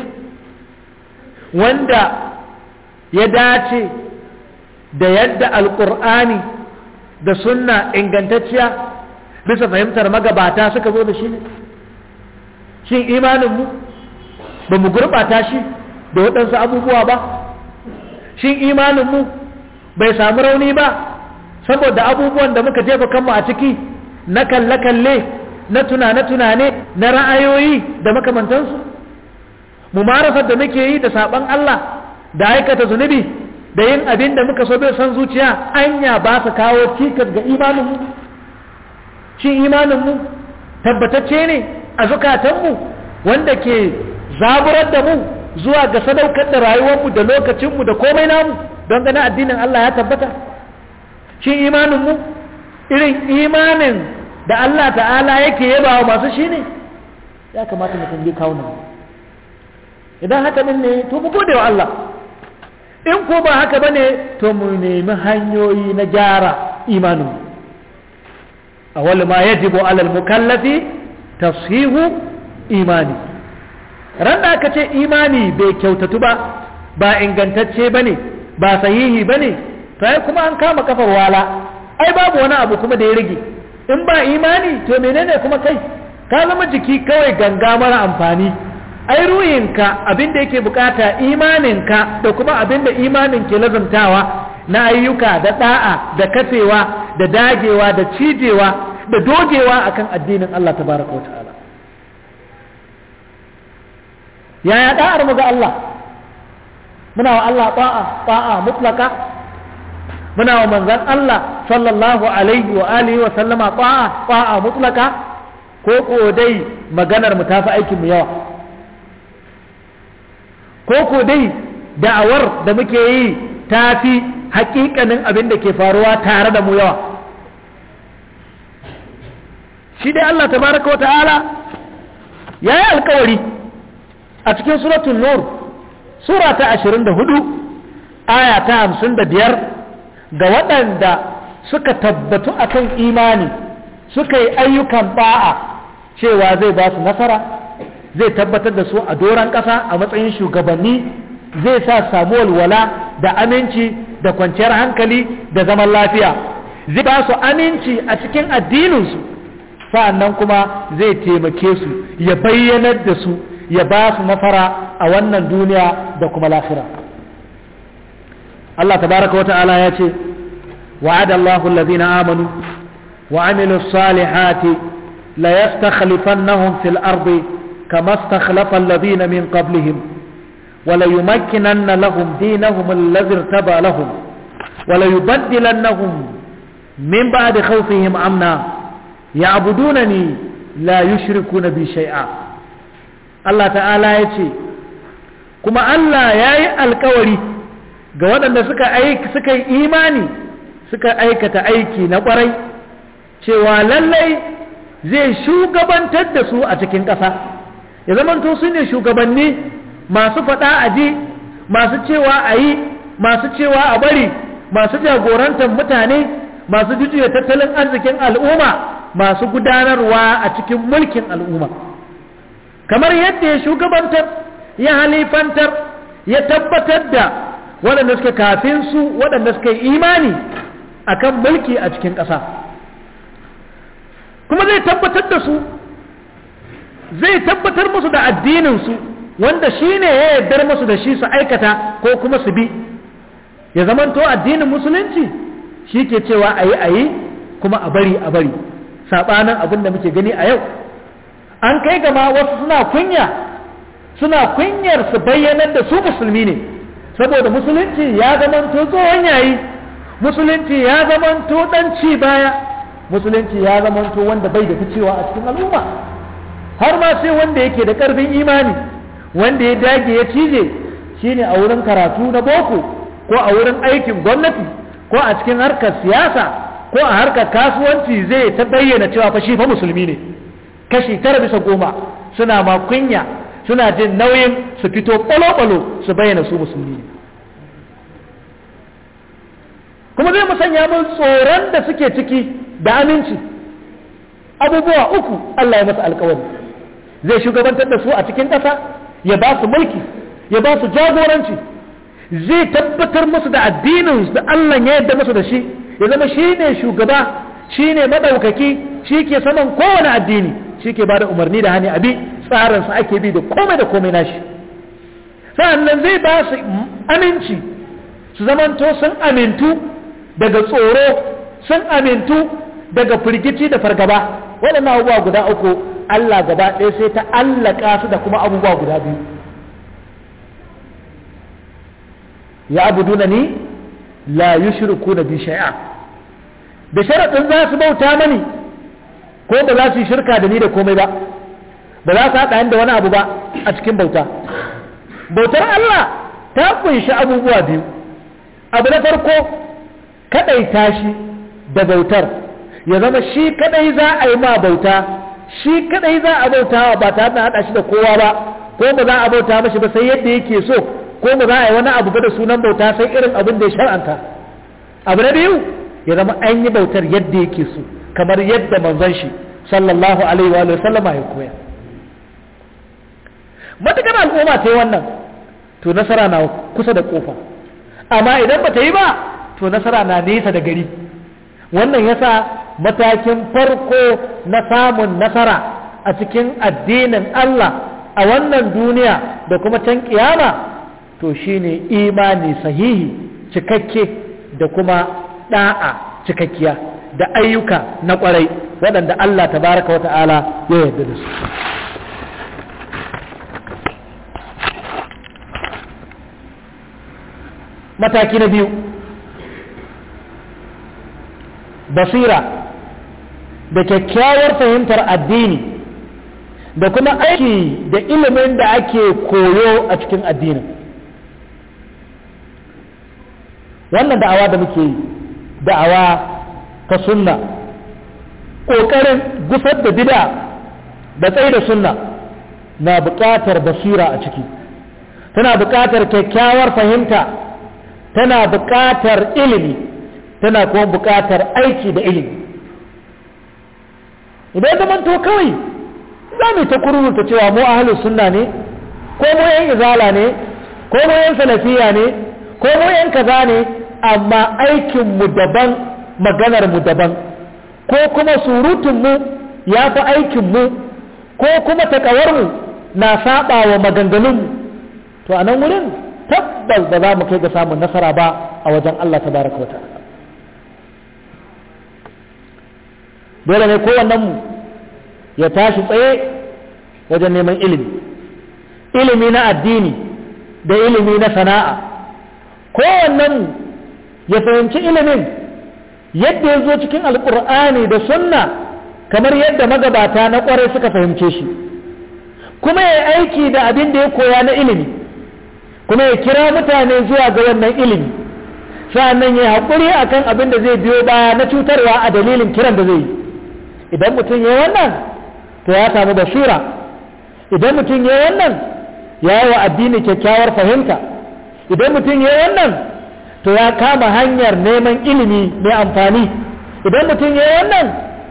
wanda ya dace da yadda alƙur'ani da sunna ingantacciya bisa fahimtar magabata suka zo da shi ne shin imaninmu ba mu gurɓata shi da waɗansu abubuwa ba shin imaninmu bai samu rauni ba saboda abubuwan da muka jefa kanmu a ciki na kalle-kalle na tunane-tunane na ra'ayoyi da makamantansu mu marasa da muke yi da saɓon Allah da aikata zunubi da yin abin da muka so bai son zuciya anya ba su kawo cikas ga imaninmu Shin imaninmu tabbatacce ne a zukatanmu wanda ke zaburar da mu zuwa ga sadaukar da rayuwarmu da lokacinmu da komai namu don gani addinin Allah ya tabbata shi imaninmu irin imanin da Allah ta'ala yake yaba wa masu shi ne ya kamata mu tambaye kawunan idan haka din ne to mu gode wa Allah in ko ba haka bane to mu nemi hanyoyi na gyara imaninmu awal ma yajibu alal mukallafi tashihu imani ran da aka ce imani bai kyautatu ba ba ingantacce ba ne ba sahihi ba ne to kuma an kama kafar wala ai babu wani abu kuma da ya rage in ba imani to menene kuma kai ka zama jiki kawai ganga mara amfani ai ruhinka abin da yake bukata imaninka da kuma abin da imanin ke lazantawa na ayyuka da da'a da kasewa da dagewa da cijewa da dogewa akan addinin Allah tabaraka wa ta'ala yaya da'ar mu ga Allah muna wa Allah ta'a ta'a mutlaka muna wa manzon Allah sallallahu alaihi wa alihi wa sallama ta'a ta'a mutlaka ko ko dai maganar mu tafi aikin mu yawa ko ko dai da'awar da muke yi tafi hakikanin abin da ke faruwa tare da mu yawa shi dai Allah tabaraka wa ta'ala ya yi alkawari a cikin suratul nur sura ta 24 aya ta 55 ga waɗanda suka tabbatu akan imani suka yi ayyukan ba'a cewa zai ba su nasara zai tabbatar da su a doron ƙasa a matsayin shugabanni zai sa samu walwala da aminci da kwanciyar hankali da zaman lafiya zai ba su aminci a cikin addininsu sa'annan kuma zai taimake su ya bayyanar da su ya ba su mafara a wannan duniya da kuma lafira Allah tabaraka wata'ala ya ce wa'ada Allahu allazina amanu wa amilu salihati la yastakhlifannahum fil ardi kama istakhlafa allazina min qablihim wa la yumakkinanna lahum dinahum allazi irtaba lahum wa la yubaddilannahum min ba'di khawfihim amna ya'budunani la yushrikuna bi shay'a Allah ta'ala ya ce kuma Allah ya yi alkawari ga waɗanda suka yi imani suka aikata aiki na ƙwarai cewa lallai zai shugabantar da su a cikin ƙasa ya zamanto su ne shugabanni masu faɗa a ji masu cewa a yi masu cewa a bari masu jagorantar mutane masu jujjuya tattalin arzikin al'umma masu gudanarwa a cikin mulkin al'umma kamar yadda ya shugabantar ya halifantar ya tabbatar da waɗanda suka kafin su waɗanda suka yi imani kan mulki a cikin ƙasa kuma zai tabbatar da su zai tabbatar musu da addininsu wanda shi ne ya yardar musu da shi su aikata ko kuma su bi ya zamanto addinin musulunci shi ke cewa a yi a yi kuma a bari a bari saɓanin abin da muke gani a yau an kai gama wasu suna kunya suna kunyar su bayyanar da su musulmi ne saboda musulunci ya zamanto tsohon yayi musulunci ya zamanto dan ci baya musulunci ya zamanto wanda bai da ficewa a cikin al'umma har ma sai wanda yake da karfin imani wanda ya dage ya cije shine a wurin karatu na boko ko a wurin aikin gwamnati ko a cikin harkar siyasa ko a harkar kasuwanci zai ta bayyana cewa fa shi fa musulmi ne kashi tara bisa goma suna makunya suna jin nauyin su fito ƙwalo-ƙwalo su bayyana su musulmi ne kuma zai musanya mun tsoron da suke ciki da aminci abubuwa uku Allah ya masa alkawari zai shugabantar da su a cikin ƙasa ya ba su mulki ya ba su jagoranci zai tabbatar musu da addinin da Allah ya yarda musu da shi ya zama shi ne shugaba shi ne maɗaukaki shi ke saman kowane addini shi ke bada umarni da hani abi tsarinsa ake bi da komai da komai nashi sa'annan zai ba su aminci su zamanto sun amintu daga tsoro sun amintu daga firgici da fargaba waɗannan abubuwa guda uku Allah gaba ɗaya sai ta allaka su da kuma abubuwa guda biyu ya abu ni la yushriku na bi shay'a da sharaɗin za su bauta mani ko ba za su yi shirka da ni da komai ba ba za su haɗa da wani abu ba a cikin bauta bautar Allah ta kunshi abubuwa biyu abu na farko kadai tashi da bautar ya zama shi kadai za a yi ma bauta shi kadai za a bauta ba ta da haɗa shi da kowa ba ko ba za a bauta mashi ba sai yadda yake so ko ba za a yi wani abu ba da sunan bauta sai irin abin da ya shar'anta abu na biyu ya zama an yi bautar yadda yake so kamar yadda manzon shi sallallahu alaihi wa sallama ya koya matukar al'umma ta yi wannan to nasara na kusa da kofa amma idan ba ta yi ba to nasara na nesa da gari wannan yasa matakin farko na samun nasara a cikin addinin Allah a wannan duniya da kuma can kiyama to shine imani sahihi cikakke da kuma da'a cikakkiya da ayyuka na kwarai waɗanda Allah tabaraka wa ta'ala ya yarda da su mataki na biyu basira da kyakkyawar fahimtar addini da kuma aiki da ilimin da ake koyo a cikin addinin wannan da'awa da muke yi da'awa ta sunna ƙoƙarin gusar da bida da tsaye da sunna na buƙatar basira a ciki tana buƙatar kyakkyawar fahimta tana buƙatar ilimi tana kuma buƙatar aiki da ilimi idan zaman to kawai za mu ta kurunta cewa mu ahli sunna ne ko mu yan izala ne ko mu yan salafiya ne ko mu yan kaza ne amma aikinmu daban maganar mu daban ko kuma surutun mu ya fi aikin mu ko kuma takawar mu na saba wa maganganun to a nan wurin tabbas ba za mu kai ga samun nasara ba a wajen Allah Ta baraka wata. dole ne kowannen mu ya tashi tsaye wajen neman ilimi ilimi na addini da ilimi na sana'a kowannen mu ya fahimci ilimin yadda ya zo cikin alkur'ani da sunna kamar yadda magabata na kwarai suka fahimce shi kuma ya aiki da abin da ya koya na ilimi kuma ya kira mutane zuwa ga wannan ilimi sa'annan ya haƙuri akan abin da zai biyo baya na cutarwa a dalilin kiran da zai yi idan mutum ya wannan to ya samu basira idan mutum ya wannan ya yi wa addini kyakkyawar fahimta idan mutum ya wannan to ya kama hanyar neman ilimi mai amfani idan mutum ya yi wannan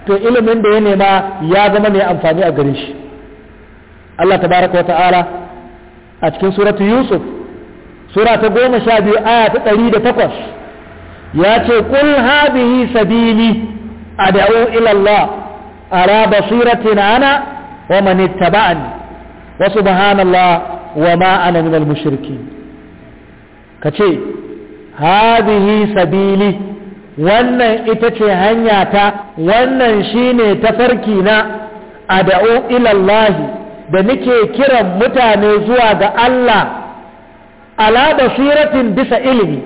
to ilimin da ya nema ya zama mai amfani a gare shi Allah tabaraka wa ta'ala a cikin suratu yusuf sura ta goma sha biyu aya ta ɗari da takwas ya ce kul habihi sabili ad'u ila Allah ala basiratin ana wa man ittaba'ani wa subhanallah wa ma ana kace hadhihi sabili wannan ita ce hanya ta wannan shine tafarki na ad'u da nake kiran mutane zuwa ga Allah ala basiratin bisa ilimi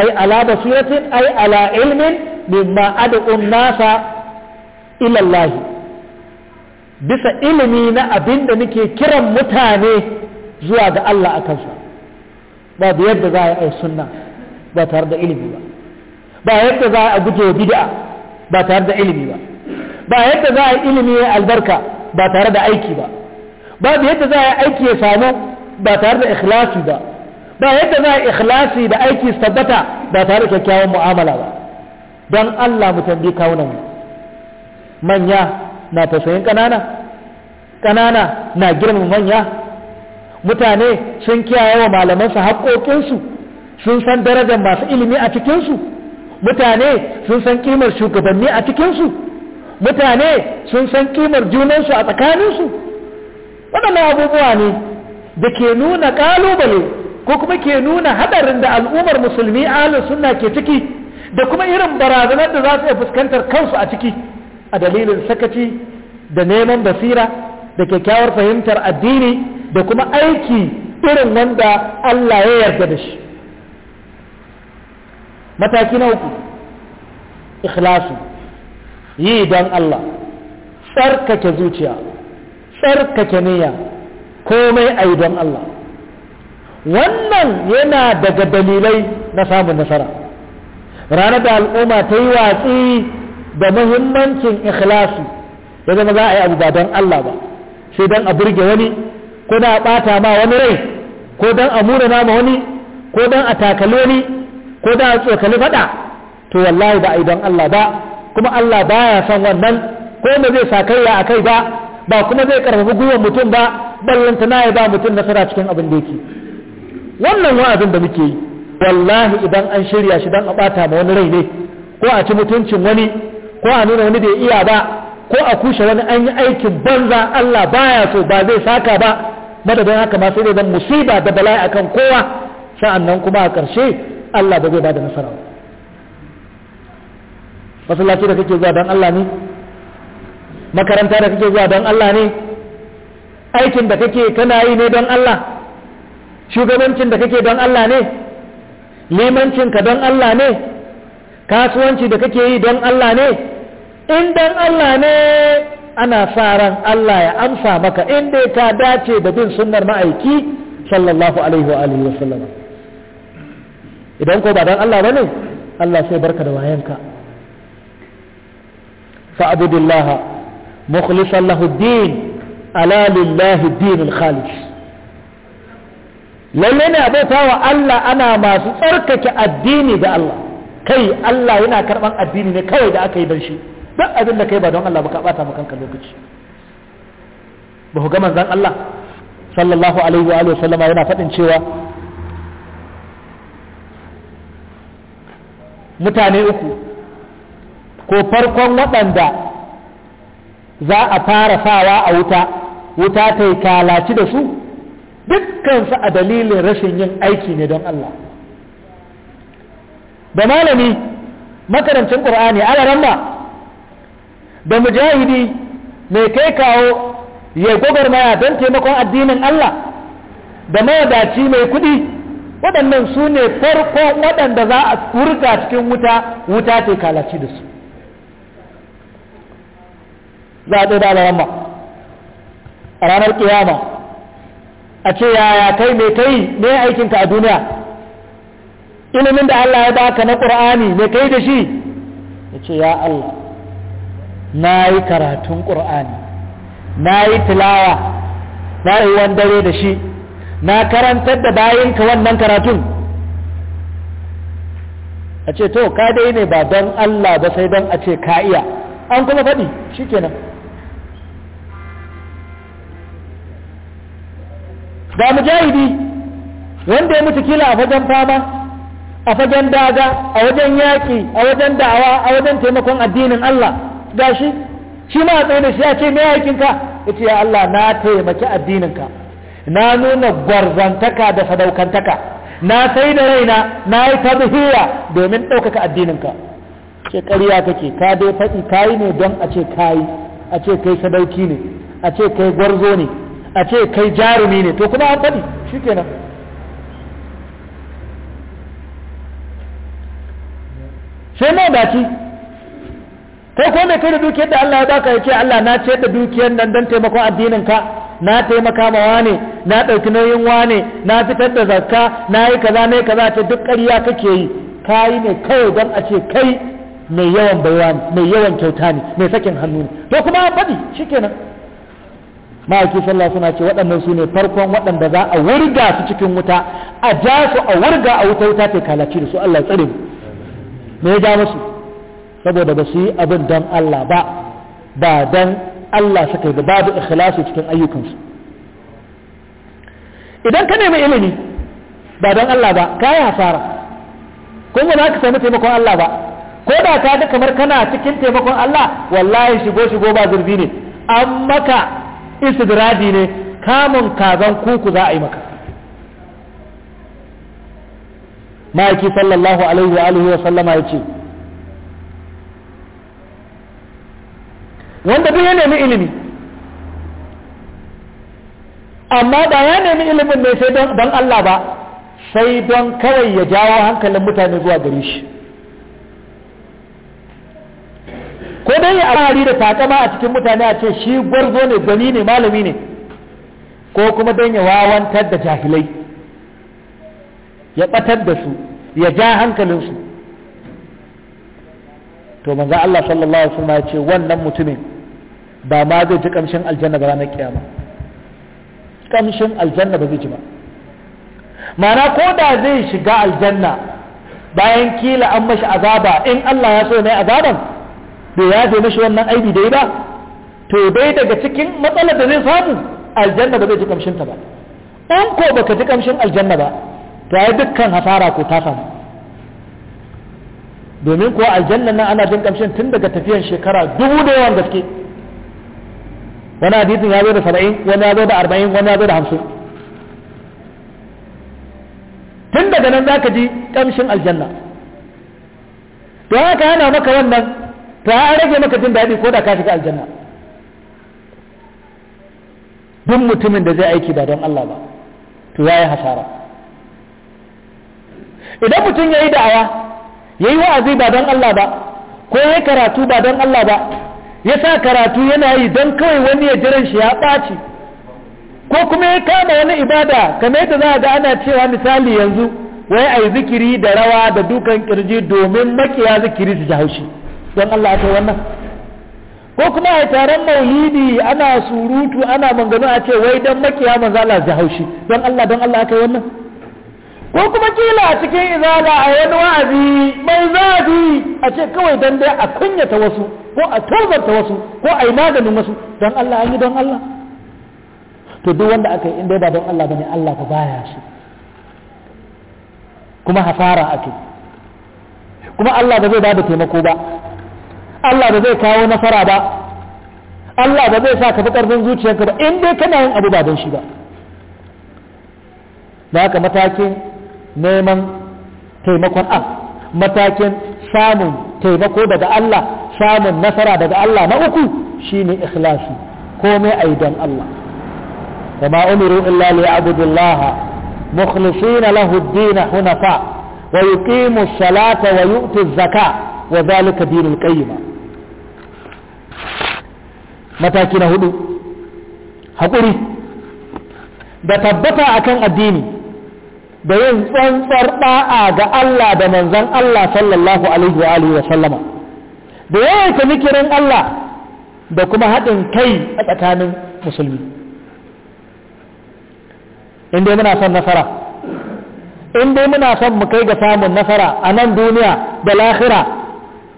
ai ala basiratin ai ala ilmin mimma ad'u nasa ila Allah bisa ilimi na abinda nake kiran mutane zuwa ga Allah a kansa babu yadda za a yi sunna ba tare da ilimi ba ba yadda za a guje bid'a ba tare da ilimi ba ba yadda za a yi ilimi ya albarka ba tare da aiki ba ba yadda za a yi aiki ya samu ba tare da ikhlasi ba ba yadda za a yi ikhlasi da aiki su tabbata ba tare da kyakkyawan mu'amala ba don Allah mu tambi kawunan manya na tasoyin ƙanana ƙanana na girmama manya mutane sun kiyaye wa malamansu haƙoƙinsu sun san darajar masu ilimi a cikinsu mutane sun san kimar shugabanni a cikinsu mutane sun san kimar junansu a tsakaninsu waɗannan abubuwa ne da ke nuna ƙalubale ko kuma ke nuna haɗarin da al'ummar musulmi ahalin sunna ke ciki da kuma irin barazanar da za su iya fuskantar kansu a ciki a dalilin sakaci da neman basira da kyakkyawar fahimtar addini da kuma aiki irin wanda Allah ya yarda da shi mataki na uku ikhlasu yi don Allah tsarkake zuciya tsarkake niyya komai a yi don Allah wannan yana daga dalilai na samun nasara ranar da al'umma ta yi watsi da muhimmancin ikhlasu ya zama za a yi abu ba don Allah ba sai don a burge wani ko don a ɓata ma wani rai ko don a murana ma wani ko don a takale ni. ko da a tsokali faɗa to wallahi ba a yi don Allah ba kuma Allah ba ya san wannan ko me zai sa kai a kai ba ba kuma zai karfafi gwiwar mutum ba ballanta na ya ba mutum nasara cikin abin da yake wannan wa'azin da muke yi wallahi idan an shirya shi dan a bata ma wani rai ne ko a ci mutuncin wani ko a nuna wani bai iya ba ko a kushe wani an yi aikin banza Allah baya so ba zai saka ba madadin haka ma sai dai dan musiba da bala'i akan kowa sa'annan kuma a ƙarshe Allah ba zai ba da nasara masallaci da kake zuwa don Allah ne makaranta da kake zuwa don Allah ne aikin da kake kana yi ne don Allah shugabancin da kake don Allah ne limancin ka don Allah ne kasuwanci da kake yi don Allah ne in don Allah ne ana sa ran Allah ya amsa maka inda ka dace da bin sunnar ma'aiki sallallahu alaihi wa alihi wa idan ko ba dan Allah bane Allah sai barka da wayanka fa'budillaha mukhlishan lahu din ala lillahi dinul khalis lalle ne abota wa Allah ana masu tsarkake addini da Allah kai Allah yana karban addini ne kawai da aka yi dan shi duk abin da kai ba don Allah ba ka bata maka kanka lokaci ba ku ga manzon Allah sallallahu alaihi wa sallama yana faɗin cewa mutane uku ko farkon waɗanda za a fara sawa a wuta wuta ta yi kalaci da su dukkansu a dalilin rashin yin aiki ne don Allah da malami makarancin ƙur'ani alaran ba da mujahidi mai kai kawo ya gobar maya don taimakon addinin Allah da mawadaci mai kuɗi waɗannan su ne farko waɗanda za a wurga cikin wuta wuta ce kalaci da su za a da a ranar kiyama a ce yaya kai mai kai ne aikinka a duniya ilimin da Allah ya baka na ƙur'ani mai kai da shi ya ce ya Allah na yi karatun ƙur'ani na yi tilawa na yi wani dare da shi na karantar da ka wannan karatun a ce to ka dai ne ba don Allah ba sai don a ce ka iya an kuma faɗi shi shikenan ga mujahidi wanda ya mutu kila a fagen fama a fagen daga a wajen yaƙi a wajen da'awa a wajen taimakon addinin Allah ga shi shi ma a tsaye da shi ya ce mai yaƙinka ya ce ya Allah na taimaki addininka na nuna gwarzantaka da sadaukantaka na sai da raina na yi tabihiyya domin ɗaukaka addininka ce ƙarya kake ka dai faɗi kayi ne don a ce kayi a ce kai sadauki ne a ce kai gwarzo ne a ce kai jarumi ne to kuma an faɗi shi kenan sai mai daci kai ko mai kai da dukiyar da Allah ya baka ya ce Allah na ce da dukiyar nan don taimakon addininka na taimaka ma wane na ɗauki nauyin wane na fitar da zakka na yi kaza na kaza ta duk ƙarya kake yi ka yi ne kawai don a ce kai mai yawan baiwa mai yawan kyauta ne mai sakin hannu ne to kuma an faɗi shikenan ma'aiki sallah suna ce waɗannan su ne farkon waɗanda za a wurga su cikin wuta a ja su a wurga a wuta wuta ta kalaci da su Allah ya tsare mu me ya ja musu saboda ba su yi abin don Allah ba ba don Allah suka yi da babu ikhlasi cikin ayyukansu idan ka nemi ilimi ba don Allah ba ka yi hasara ko ba za ka sami taimakon Allah ba ko da ka ga kamar kana cikin taimakon Allah wallahi shigo shigo ba zurbi ne an maka istidradi ne kamun kazan kuku za a yi maka ma'aiki sallallahu alaihi wa alihi wa sallama ya ce wanda duk ya nemi ilimi amma ba ya nemi ilimin ne sai don Allah ba sai don kawai ya jawo hankalin mutane zuwa gare shi ko dai ya alhari da takama a cikin mutane a ce shi gwarzo ne gani ne malami ne ko kuma don ya wawantar da jahilai ya batar da su ya ja hankalinsu to manzo Allah sallallahu alaihi wasallam ce wannan mutumin ba ma zai ji kamshin aljanna ba ranar kiyama kamshin aljanna ba zai ji ba mana ko da zai shiga aljanna bayan kila an mashi azaba in Allah ya so ne azaban to ya zai mashi wannan aibi dai ba to dai daga cikin matsalar da zai samu aljanna ba zai ji kamshin ta ba in ko baka ji kamshin aljanna ba to ai dukkan hasara ko ta samu domin kuwa aljanna nan ana jin kamshin tun daga tafiyan shekara dubu da yawan gaske wani hadisin ya zo da saba'in wani ya zo da arba'in wani ya zo da hamsin tun daga nan zaka ji kamshin aljanna to haka yana maka wannan to an rage maka jin daɗi ko da ka shiga aljanna duk mutumin da zai aiki ba don Allah ba to ya yi hasara idan mutum ya yi da'awa ya yi wa'azi ba don Allah ba ko ya yi karatu ba don Allah ba ya sa karatu yana yi don kawai wani ya jiran shi ya ɓaci ko kuma ya kama wani ibada kamar yadda za a ga ana cewa misali yanzu wai a yi zikiri da rawa da dukan kirji domin makiya zikiri su ji haushi don Allah aka wannan ko kuma a taron maulidi ana surutu ana manganu a ce wai don makiya manzala ji haushi don Allah don Allah aka wannan ko kuma kila a cikin izala a wani wa'azi mai zafi a ce kawai don dai a kunyata wasu ko a turbanta wasu ko a yi maganin wasu don Allah an yi don Allah to duk wanda aka yi inda ba don Allah bane Allah ka baya shi kuma hasara ake kuma Allah ba zai ba da taimako ba Allah ba zai kawo nasara ba Allah ba zai sa ka fi ƙarfin zuciyarka ba in dai kana yin abu ba don shi ba da haka matakin neman taimakon an matakin samun taimako daga Allah samun nasara daga Allah na uku shine ikhlasi komai a idan Allah kama umiru illa li abudullah mukhlisina lahu ad-din hunafa wa yuqimu as-salata wa yu'tu az-zaka wa dhalika dinul qayyim mataki hudu hakuri da tabbata akan addini da yin tsantsar ɗa'a ga Allah da manzan Allah sallallahu alaihi wa alihi wa sallama da yawaita mikirin Allah da kuma haɗin kai a tsakanin musulmi inda muna son nasara inda muna son mu kai ga samun nasara a nan duniya da lahira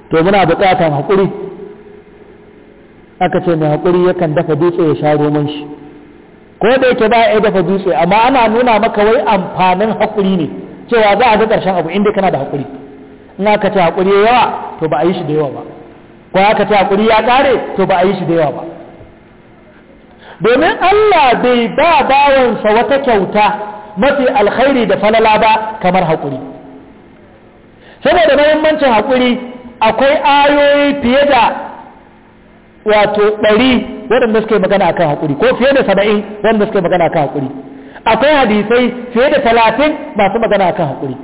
to muna buƙatan haƙuri aka ce mai haƙuri yakan dafa dutse ya sha roman shi ko da yake ba ya dafa dutse amma ana nuna maka wai amfanin haƙuri ne cewa za a ga ƙarshen abu inda kana da haƙuri in aka ce haƙuri yawa to ba a yi shi da yawa ba ko aka ce haƙuri ya ƙare to ba a yi shi da yawa ba domin Allah bai ba bawansa wata kyauta mafi alkhairi da falala ba kamar hakuri saboda mahimmancin hakuri akwai ayoyi fiye da wato ɗari waɗanda suke magana akan haƙuri ko fiye da saba'in waɗanda suke magana akan haƙuri akwai hadisai fiye da talatin masu magana akan hakuri.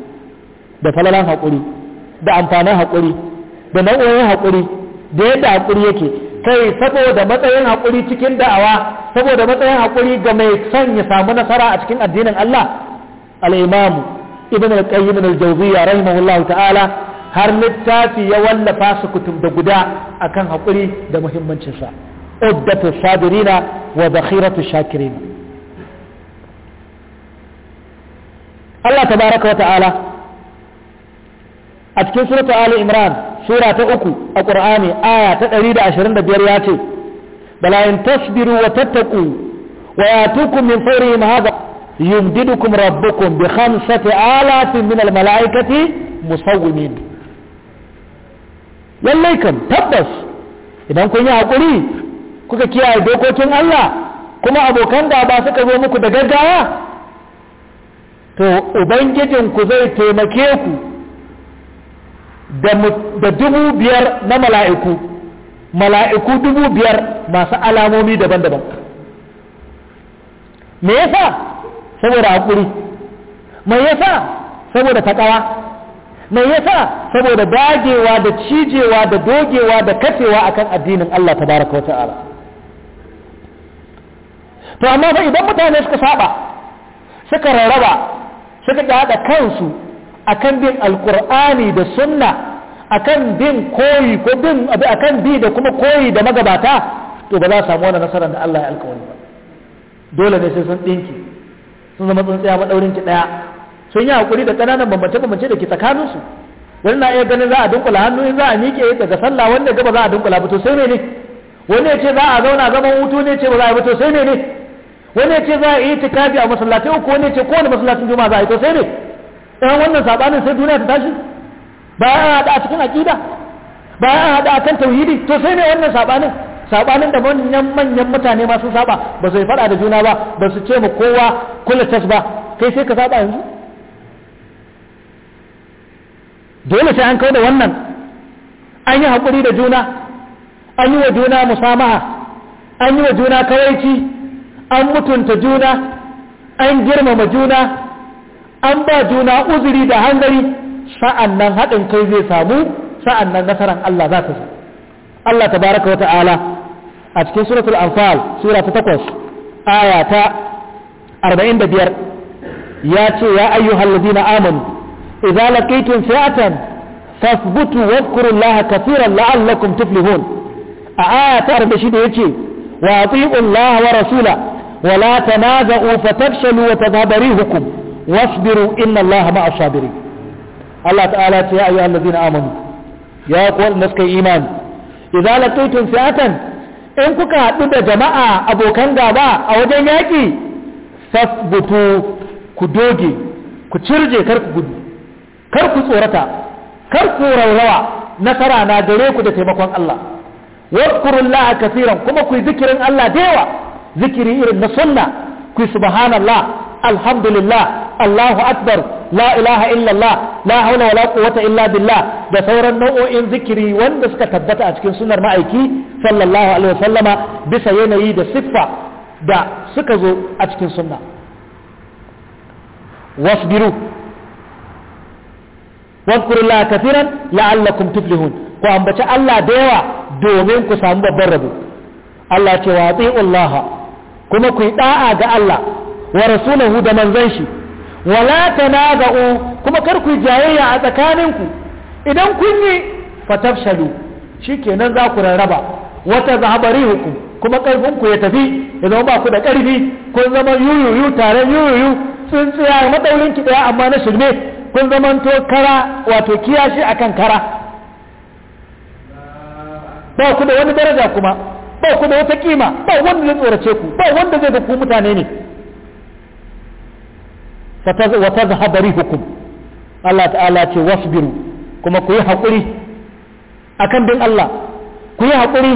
da falalan hakuri, da amfanin hakuri, da nau'o'in hakuri, da yadda hakuri yake kai saboda matsayin hakuri cikin da'awa saboda matsayin hakuri ga mai son ya samu nasara a cikin addinin Allah al-imamu ibn al-qayyim al-jawziyya rahimahullah ta'ala har littafi ya wallafa su kutub da guda akan haƙuri da muhimmancinsa عدة الصابرين وذخيرة الشاكرين الله تبارك وتعالى أتكين سورة آل إمران سورة أكو القرآن آية تقريد عشرين بيرياتي بل إن تصبروا وتتقوا ويأتوكم من فورهم هذا يمددكم ربكم بخمسة آلاف من الملائكة مصومين lallai kan tabbas idan kun yi haƙuri kuka kiyaye dokokin Allah kuma abokan da ba suka zo muku da gaggawa to ku zai taimake ku da dubu biyar na mala'iku mala'iku dubu biyar masu alamomi daban-daban me yasa saboda haƙuri me yasa saboda taƙawa me yasa saboda dagewa da cijewa da dogewa da kasewa akan addinin Allah tabaraka wa ta'ala to amma fa idan mutane suka saba suka rarraba suka kada kansu akan bin alqur'ani da sunna akan bin koyi ko bin akan bi da kuma koyi da magabata to ba za su samu wani nasarar da Allah ya alkawari ba dole ne sai sun ɗinki sun zama tsuntsiya maɗaurin ki ɗaya sun yi hakuri da ƙananan bambance-bambance da ke tsakaninsu wani na iya ganin za a dunkula hannu in za a miƙe daga sallah wanda gaba za a dunkula ba to sai ne ne wani ya ce za a zauna zaman hutu ne ce ba za a yi ba to sai ne ne wani ce za a yi tikafi a masallaci uku wani ce kowane masallacin juma'a za a yi to sai ne ɗan wannan saɓanin sai duniya ta tashi ba a haɗa a cikin aƙida ba a haɗa a kan tauhidi to sai ne wannan saɓanin saɓanin da manyan manyan mutane masu saɓa ba su yi faɗa da juna ba ba su ce ma kowa kula tas ba kai sai ka saɓa yanzu dole sai an kau da wannan an yi haƙuri da juna an yi wa juna musamaha an yi wa juna kawaici an mutunta juna an girmama juna an ba juna uzuri da hangari sa'an nan haɗin kai zai samu sa'an nan nasarar Allah za ta zo Allah ta baraka wa ta'ala a cikin suratul anfal sura ta takwas aya ta arba'in da biyar ya ce ya ayyuhal ladina amanu idza laqaytum fi'atan fasbutu wadhkuru allaha kathiran la'allakum tuflihun a aya ta 46 yace wa atii'u wa rasula ولا تنازعوا فتفشلوا وتذهب ريحكم واصبروا إن الله مع الصابرين الله تعالى يا أيها الذين آمنوا يا أقوال نسك إيمان إذا لقيتم فئة in kuka haɗu da jama'a abokan gaba a wajen yaƙi fasbutu ku doge ku cirje kar ku gudu kar ku tsorata kar ku raurawa nasara na gare ku da taimakon Allah wadkurullaha Kasiran kuma ku yi zikirin Allah da yawa zikiri irin na sunna ku subhanallah alhamdulillah Allahu akbar la ilaha illallah la haula wala quwwata illa billah da sauran nau'o'in zikiri wanda suka tabbata a cikin sunnar ma'aiki sallallahu alaihi wasallama bisa yanayi da siffa da suka zo a cikin sunna wasbiru la kathiran la'allakum tuflihun ku ambaci Allah da yawa domin ku samu babban rabo Allah ce wa Allah kuma ku yi da'a ga Allah wa rasulahu da manzon shi wala tanaza'u kuma kar ku jayayya a tsakaninku idan kun yi fatafshalu shikenan za ku rarraba wata hukum kuma karfin ku ya tafi ya zama ba ku da karfi kun zama yuyuyu tare yuyuyu sun tsaya madaurin ki daya amma na shirme kun zama to kara wato kiyashi akan kara ba ku da wani daraja kuma ba ku da wata kima ba wanda zai tsorace ku ba wanda zai ga ku mutane ne wa tazhaba hukum, Allah ta'ala ce wasbiru kuma ku yi haƙuri akan bin Allah ku yi haƙuri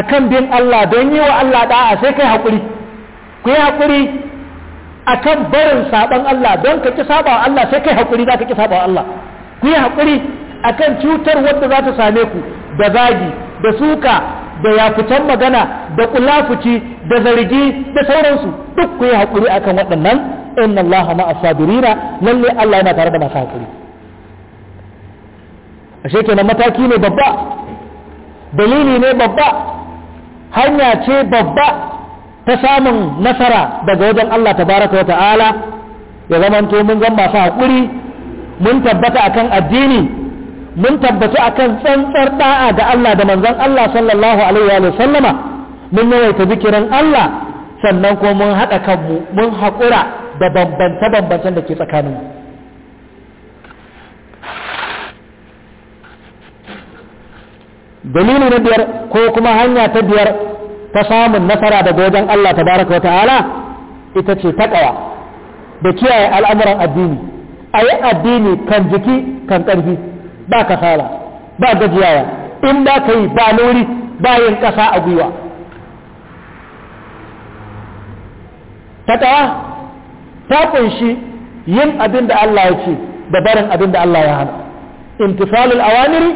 akan bin Allah don yi wa Allah da'a sai kai haƙuri ku yi haƙuri akan barin saban Allah don ka ƙi saɓa wa Allah sai kai haƙuri za ka ƙi saɓa wa Allah ku yi haƙuri akan cutar wadda za ta same ku da zagi da suka da yafutan magana da kulafuci da zargi da sauransu duk ku yi haƙuri akan waɗannan inna allaha ma asabirina lalle allah yana tare da masu haƙuri ashe kenan mataki ne babba dalili ne babba hanya ce babba ta samun nasara daga wajen allah tabaraka wata'ala ta'ala ya zamanto mun ga masu haƙuri mun tabbata akan addini mun tabbatu akan tsantsar da'a da Allah da manzon Allah sallallahu alaihi wa sallama mun yawaita zikirin Allah sannan kuma mun haɗa kanmu mun haƙura da bambance-bambancen da ke tsakaninmu dalili na biyar ko kuma hanya ta biyar ta samun nasara daga wajen Allah ta baraka wa ta'ala ita ce taƙawa da kiyaye al'amuran addini a yi addini kan jiki kan ƙarfi ba kasala ba gajiyawa in ba ka yi ba lori ba yin kasa a gwiwa takawa ta kunshi yin abin da Allah ya ce da barin abin da Allah ya hana intifalul awamiri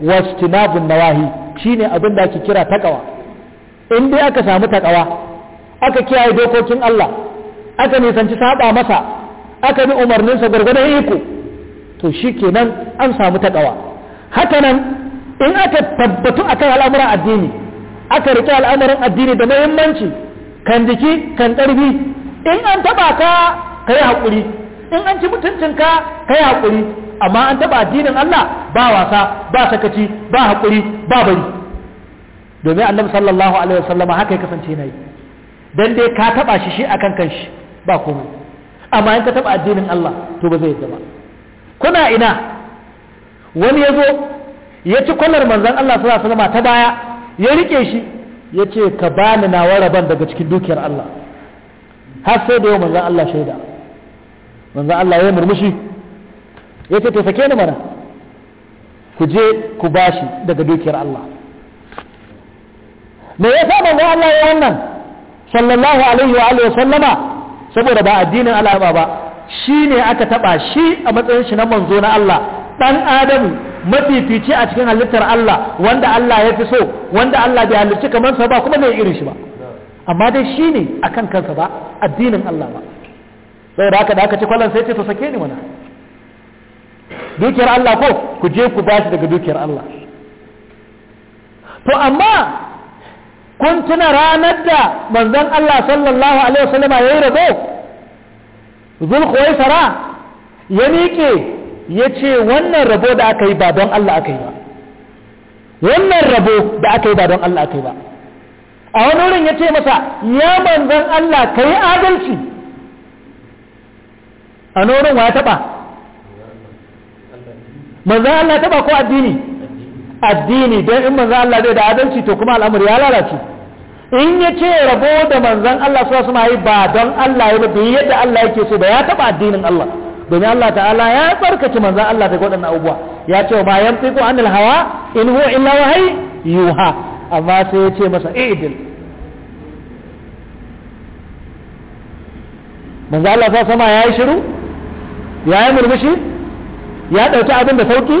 wahi nawahi shine abin da ake kira ƙawa. in dai aka samu ta ƙawa, aka kiyaye dokokin Allah aka nisanci saba masa aka bi umarninsa gwargwadon iko to shi kenan an samu taƙawa haka nan in aka tabbatu akan al'amuran addini aka rike al'amuran addini da muhimmanci kan jiki kan ƙarfi in an taɓa ka ka yi haƙuri in an ci mutuncin ka yi haƙuri amma an taɓa addinin Allah ba wasa ba sakaci ba haƙuri ba bari domin annabi sallallahu alaihi wasallama haka ya kasance nayi dan dai ka taɓa shi shi akan kanshi ba komai amma in ka taɓa addinin Allah to ba zai yadda ba kuna ina wani ya zo ya ci kwalar manzan Allah sallallahu alaihi ta baya ya rike shi ya ce ka bani na waraban daga cikin dukiyar Allah har sai da yau manzan Allah shaida manzan Allah ya murmushi ya ce to sake ni mana ku je ku bashi daga dukiyar Allah me ya sa manzan Allah ya wannan sallallahu alaihi wa alihi sallama saboda ba addinin Allah ba shi ne aka taba shi a matsayin shi na manzo na Allah dan adamu mafifici a cikin halittar Allah wanda Allah ya fi so wanda Allah bai halicci kamar sa ba kuma bai irin shi ba amma dai shi ne akan kansa ba addinin Allah ba da aka da aka ci kwallon sai ce to sake ni mana dukiyar Allah ko ku je ku bashi daga dukiyar Allah to amma kun tuna ranar da manzon Allah sallallahu alaihi wasallam ya yi rabo zulkuwaisara ya miƙe ya ce wannan rabo da aka yi ba don Allah aka yi ba wannan rabo da aka yi ba don Allah aka yi ba a wani wurin ya ce masa ya manzan Allah ka yi adalci a wurin wa ya taɓa manzan Allah taɓa ko addini addini don in manzan Allah zai da adalci to kuma al'amur ya lalace in ya ce rabo da manzan Allah su wasu ba don Allah ya bai yadda Allah yake so ba ya taɓa addinin Allah domin Allah ta'ala ya tsarkace manzan Allah daga waɗannan abubuwa ya ce ba yan tsiko anil hawa in huwa illa wahai yuha amma sai ya ce masa idil manzan Allah su sama ya yi shiru ya yi murmushi ya ɗauki abin da sauki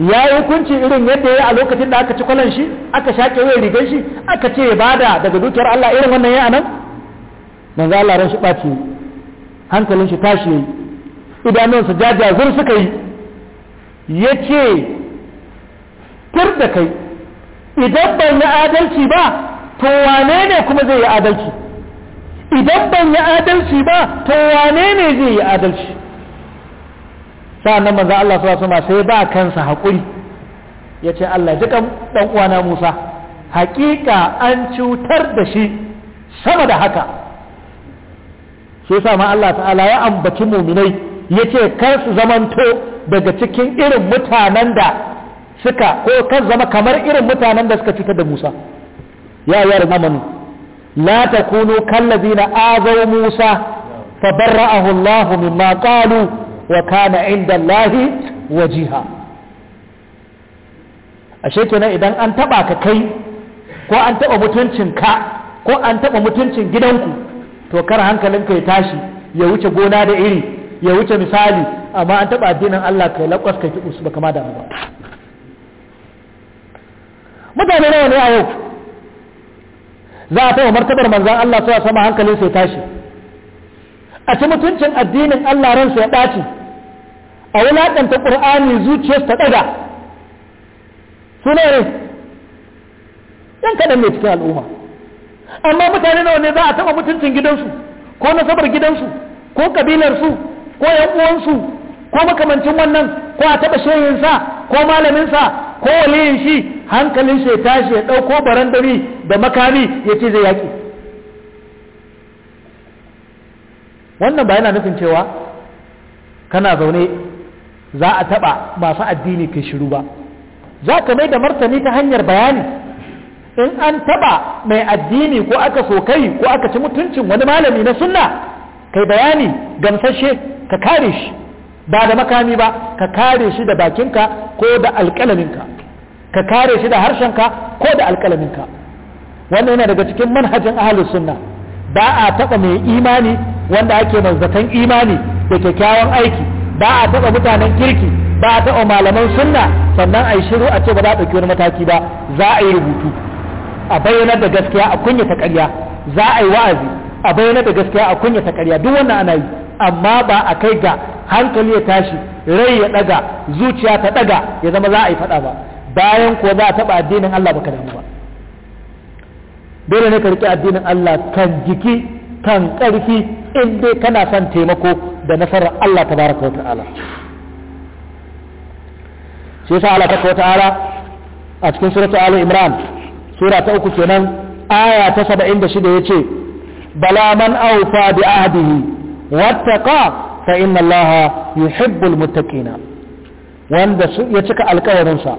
ya yi hukunci irin yadda ya a lokacin da aka ci kwalan shi aka shaƙe wuyan rigar shi aka ce bada daga dukiyar Allah irin wannan ya anan za Allah ran shi ɓaci hankalin shi tashi yayi idanun su zur suka yi yace tir da kai idan ban yi adalci ba to wane ne kuma zai yi adalci idan ban yi adalci ba to wane ne zai yi adalci sa'annan manzo Allah sallallahu alaihi sai ba kansa hakuri yace Allah dukan dan uwana Musa hakika an cutar da shi sama da haka Su yasa ma Allah ta'ala ya ambaci muminai yace kar su zamanto daga cikin irin mutanen da suka ko kar zama kamar irin mutanen da suka cutar da Musa ya yar zamanu la takunu na azaw Musa fa barra'ahu Allahu mimma qalu wa kana inda Allahi wajiha ashe kenan idan an taba ka kai ko an taba mutuncin ka ko an taba mutuncin gidanku to kar hankalinka ya tashi ya wuce gona da iri ya wuce misali amma an taba addinin Allah kai lakwas kai kibus ba kama da ba mutane nawa ne a yau za a taɓa martabar manzan Allah sai sama hankalin ya tashi a ci mutuncin addinin Allah ransu ya ɓaci a wulaƙanta ƙur'ani zuciyar ta ɗaga su ne ne ɗan kaɗan mai cikin al'umma amma mutane nawa ne za a taɓa mutuncin gidansu ko nasabar gidansu ko ƙabilarsu ko yan uwansu ko makamancin wannan ko a taɓa shehinsa ko malaminsa ko waliyin shi hankalin shi ya tashi ya ɗauko barandari da makami ya ce zai yaƙi wannan ba yana nufin cewa kana zaune za a taɓa masu addini kai shiru ba za ka mai da martani ta hanyar bayani in an taɓa mai addini ko aka so kai ko aka ci mutuncin wani malami na sunna kai bayani gamsashe ka kare shi ba da makami ba ka kare shi da bakinka ko da alƙalaminka ka kare shi da harshenka ko da alƙalaminka wannan yana daga cikin manhajin ahalus sunna ba a taɓa mai imani wanda ake manzatan imani da kyakkyawan aiki ba a taɓa mutanen kirki ba a taɓa malaman sunna sannan a yi shiru a ce ba za a ɗauki wani mataki ba za a yi rubutu a bayyanar da gaskiya a kunyata ƙarya za a yi wa'azi a bayyanar da gaskiya a ta ƙarya duk wannan ana yi amma ba a kai ga hankali ya tashi rai ya ɗaga zuciya ta ɗaga ya zama za a yi faɗa ba bayan ko za a taɓa addinin Allah baka damu ba dole ne ka riƙe addinin Allah kan jiki kan ƙarfi in dai kana son taimako da nasarar Allah tabaraka wa ta'ala shi yasa Allah ta'ala a cikin suratul Ali Imran sura ta uku kenan aya ta 76 yace bala man awfa bi ahdihi wattaqa fa inna Allah yuhibbul muttaqina wanda ya cika alƙawarinsa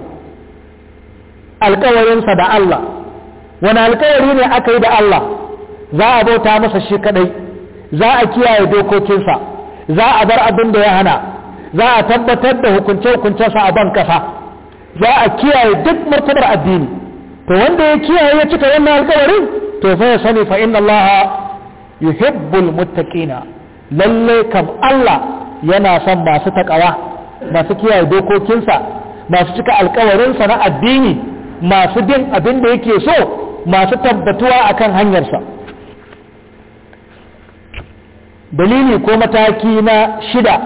alƙawarinsa da Allah wani alkawari ne aka yi da Allah za a bauta masa shi kadai za a kiyaye dokokinsa za a bar abin da ya hana za a tabbatar da hukunce-hukuncensa a ban kasa za a kiyaye duk martabar addini to wanda ya kiyaye ya cika wannan alkawarin to fa ya sani fa inna Allah yuhibbul muttaqina lalle kam Allah yana son masu takawa masu kiyaye dokokinsa masu cika alkawarinsa na addini masu bin abin da yake so masu tabbatuwa a kan hanyarsa dalili ko mataki na shida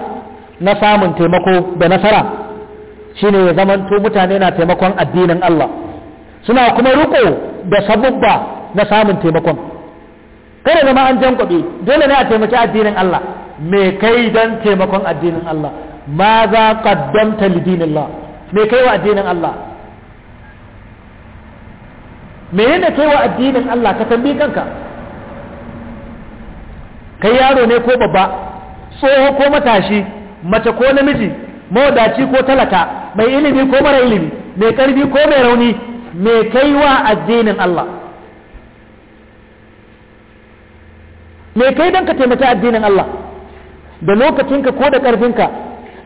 na samun taimako da nasara shine ya zamanto mutane na taimakon addinin Allah suna kuma riko da sabubba na samun taimakon kada zama an jan kwaɓe dole ne a taimaki addinin Allah me kai don taimakon addinin Allah ma za qaddamta Allah me kai wa addinin Allah menene kai wa addinin Allah ka tambi kanka kai yaro ne ko babba tsoho ko matashi mace ko namiji mawadaci ko talaka mai ilimi ko mara ilimi mai karbi ko mai rauni mai kai wa addinin Allah mai kai don ka taimaki addinin Allah da lokacinka ko da karfinka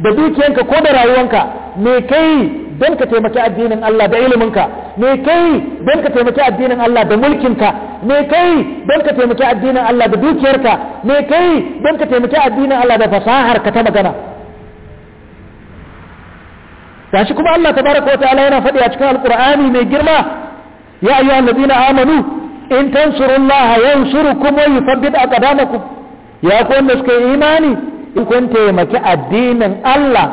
da dukiyanka ko da rayuwanka mai kai don ka taimaki addinin Allah da iliminka me kai don ka taimaki addinin Allah da mulkinka me kai don ka taimaki addinin Allah da dukiyarka me kai don ka taimaki addinin Allah da ka ta magana Tashi kuma Allah tabaraka wa ta'ala yana faɗi a cikin alqur'ani mai girma ya ayyuhal ladina amanu in tansurullaha yansurukum wa yuthabbit aqdamakum ya ku wanda suka yi imani in kun taimaki addinin Allah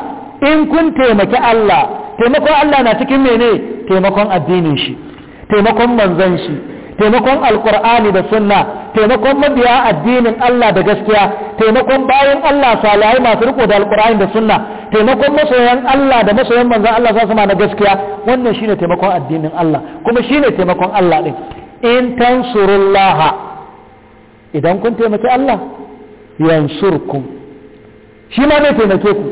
in kun taimaki Allah taimakon Allah na cikin mene taimakon addinin shi taimakon manzon shi taimakon alkur'ani da sunna taimakon mabiya addinin Allah da gaskiya taimakon bayan Allah salihai masu riko da alkur'ani da sunna taimakon masoyan Allah da masoyan manzan Allah za su ma na gaskiya wannan shine taimakon addinin Allah kuma shine taimakon Allah din in tansurullah idan kun taimaki Allah yansurkum shi ma zai taimake ku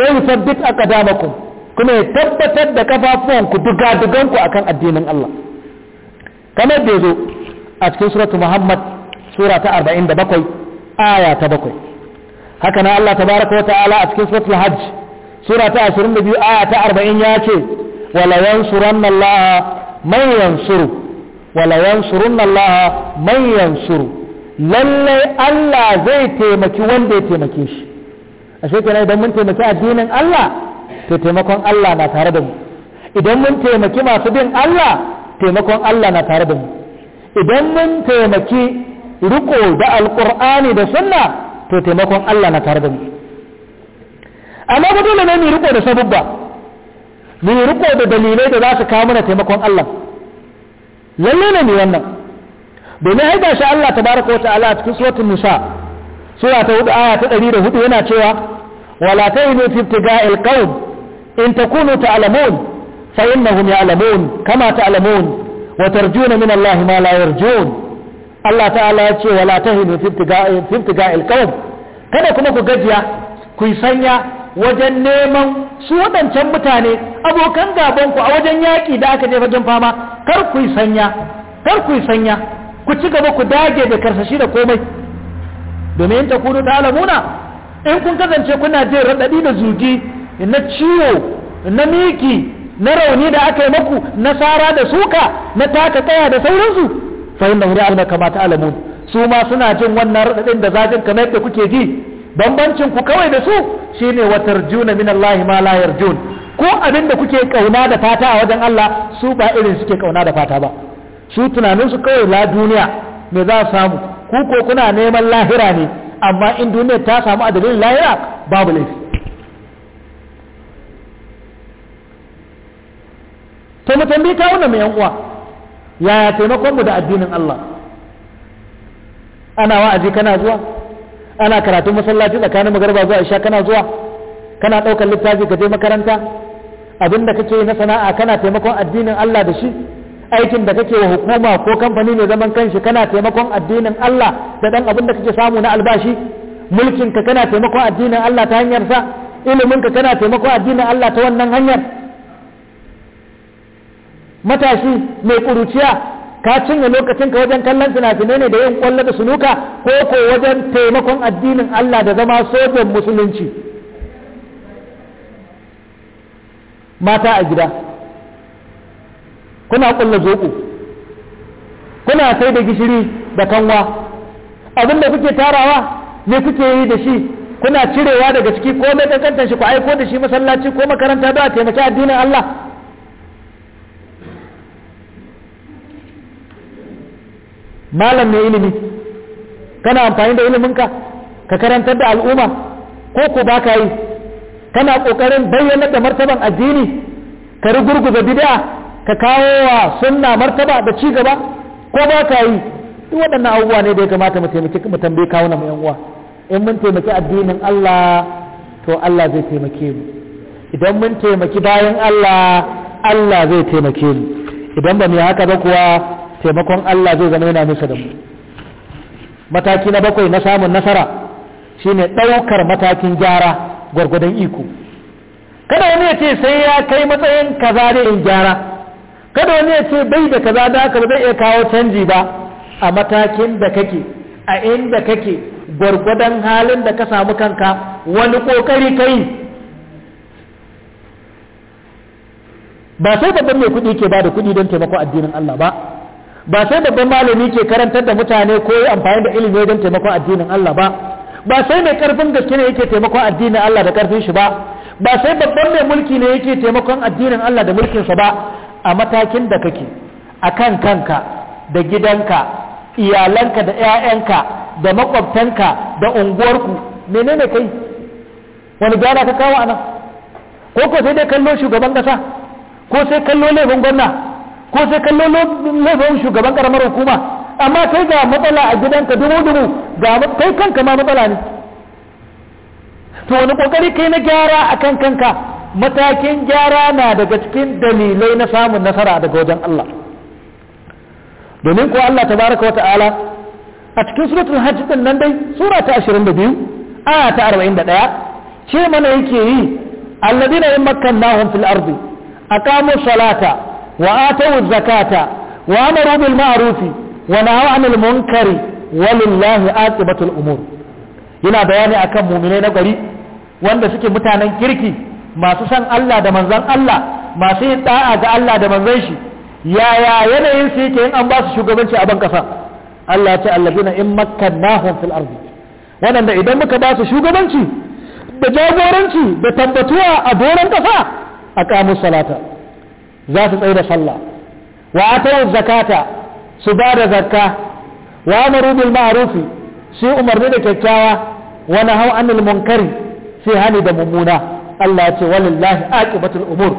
wa yusabbit aqdamakum kuma ya tabbatar da kafafuwanku dugaduganku a kan addinin Allah kamar da zo a cikin suratu muhammad sura ta 47 aya ta 7 haka na Allah tabaraka wa ta'ala a cikin suratul hajj sura ta 22 aya ta 40 ya ce wala yansuranna Allah man yansuru wala yansurunna Allah man yansuru lallai Allah zai taimaki wanda ya taimake shi ashe kenan idan mun taimaki addinin Allah to taimakon Allah na tare da mu idan mun taimaki masu bin Allah taimakon Allah na tare da mu idan mun taimaki riko da alkur'ani da sunna to taimakon Allah na tare da mu amma ba dole ne mu riko da sabubba mu riko da dalilai da za su kawo mana taimakon Allah lalle ne mu wannan domin haida shi Allah tabaraka wata'ala a cikin suratul nisa sura ta 4 aya ta 104 yana cewa wala ne fi ibtiga'il qawm إن تكونوا تعلمون فإنهم يعلمون كما تعلمون وترجون من الله ما لا يرجون الله تعالى يقول ولا تهنوا في ابتغاء القوم kada kuma ku gajiya ku sanya wajen neman su waɗancan mutane abokan gabanku a wajen yaƙi da aka je fagen fama kar ku sanya kar ku sanya ku ci gaba ku dage da karsashi da komai domin ta kudu ta alamuna in kun kasance kuna jin raɗaɗi da zugi na ciwo na miki na rauni da aka yi maku na sara da suka na taka tsaya da sauransu fa inna hu ya'lamu kama ta'lamun su ma suna jin wannan raɗaɗin da zafin kamar yadda kuke ji bambancin ku kawai da su shine watar juna min Allah ma la yarjun ko abin da kuke kauna da fata a wajen Allah su ba irin suke kauna da fata ba su tunanin su kawai la duniya me za samu ku ko kuna neman lahira ne amma in duniya ta samu adalin lahira babu laifi to mu tambayi kawuna mai yan uwa yaya taimakon mu da addinin Allah ana wa'azi kana zuwa ana karatun masallaci tsakanin magarba zuwa isha kana zuwa kana ɗaukar littafi ka je makaranta abin da kake na sana'a kana taimakon addinin Allah da shi aikin da kake wa hukuma ko kamfani mai zaman kanshi kana taimakon addinin Allah da dan abin da kake samu na albashi mulkin ka kana taimakon addinin Allah ta hanyar sa ilimin ka kana taimakon addinin Allah ta wannan hanyar matashi mai ƙuruciya ka cinye lokacin ka wajen kallon fina-finai ne da yin kwallo da sunuka ko ko wajen taimakon addinin Allah da zama sojan musulunci mata a gida kuna kulla zoɓo kuna sai da gishiri da kanwa abin da kuke tarawa ne kuke yi da shi kuna cirewa daga ciki ko mai kankantar shi ku aiko da shi masallaci ko makaranta don a taimaki addinin Allah malam ne ilimi kana amfani da iliminka ka karantar da al'umma ko ko ba ka yi kana kokarin bayyana da martaban addini ka rugurguza bid'a ka kawo wa sunna martaba da ci gaba ko ba ka yi duk waɗannan abubuwa ne da ya kamata mu taimaki mu tambaye kawuna mu yan uwa in mun taimaki addinin Allah to Allah zai taimake mu idan mun taimaki bayan Allah Allah zai taimake mu idan ba mu haka ba kuwa taimakon Allah zai zama yana nisa da mu mataki na bakwai na samun nasara shine ɗaukar matakin gyara gwargwadon iko kada wani ya ce sai ya kai matsayin kaza da yin gyara kada wani ya ce bai da kaza da haka ba zai iya kawo canji ba a matakin da kake a inda kake gwargwadon halin da ka samu kanka wani kokari kai ba sai babban mai kuɗi ke ba da kuɗi don taimako addinin Allah ba ba sai babban malami ke karantar da mutane ko yi amfani da ilimi don taimakon addinin Allah ba ba sai mai karfin gaske ne yake taimakon addinin Allah da karfin shi ba ba sai babban mai mulki ne yake taimakon addinin Allah da mulkin sa ba a matakin da kake akan kanka da gidanka iyalanka da 'ya'yanka da makwabtanka da unguwarku menene kai wani gyara ka kawo nan? ko ko sai dai kallo shugaban kasa ko sai kallo laifin gwamna ko sai kallon lobin shugaban karamar hukuma amma kai ga matsala a gidanka dubu-dubu ga kai kanka ma matsala ne to wani kokari kai na gyara a kan kanka matakin gyara na daga cikin dalilai na samun nasara daga wajen Allah domin ko Allah baraka wa ta'ala a cikin suratul hajj din nan dai sura ta 22 aya ta 41 ce mana yake yi alladina in makkannahum fil ardi aqamu salata وآتوا الزكاة وأمروا بالمعروف ونهوا عن المنكر ولله عاقبة الأمور yana bayani akan muminai na gari wanda suke mutanen kirki masu san Allah da manzan Allah masu yin da'a ga Allah da manzan shi yaya yanayin su yake in an ba su shugabanci a ban kasa Allah ya ce allazina in makkannahum fil ardi wadanda idan muka ba su shugabanci da jagoranci da tabbatuwa a doron kasa a kamus salata za su tsaye da sallah wa atawar zakata su ba da zakka wa amaru bil su umarni da kyakkyawa wa nahau anil munkari sai hani da mummuna Allah ya ce walillahi aqibatul umur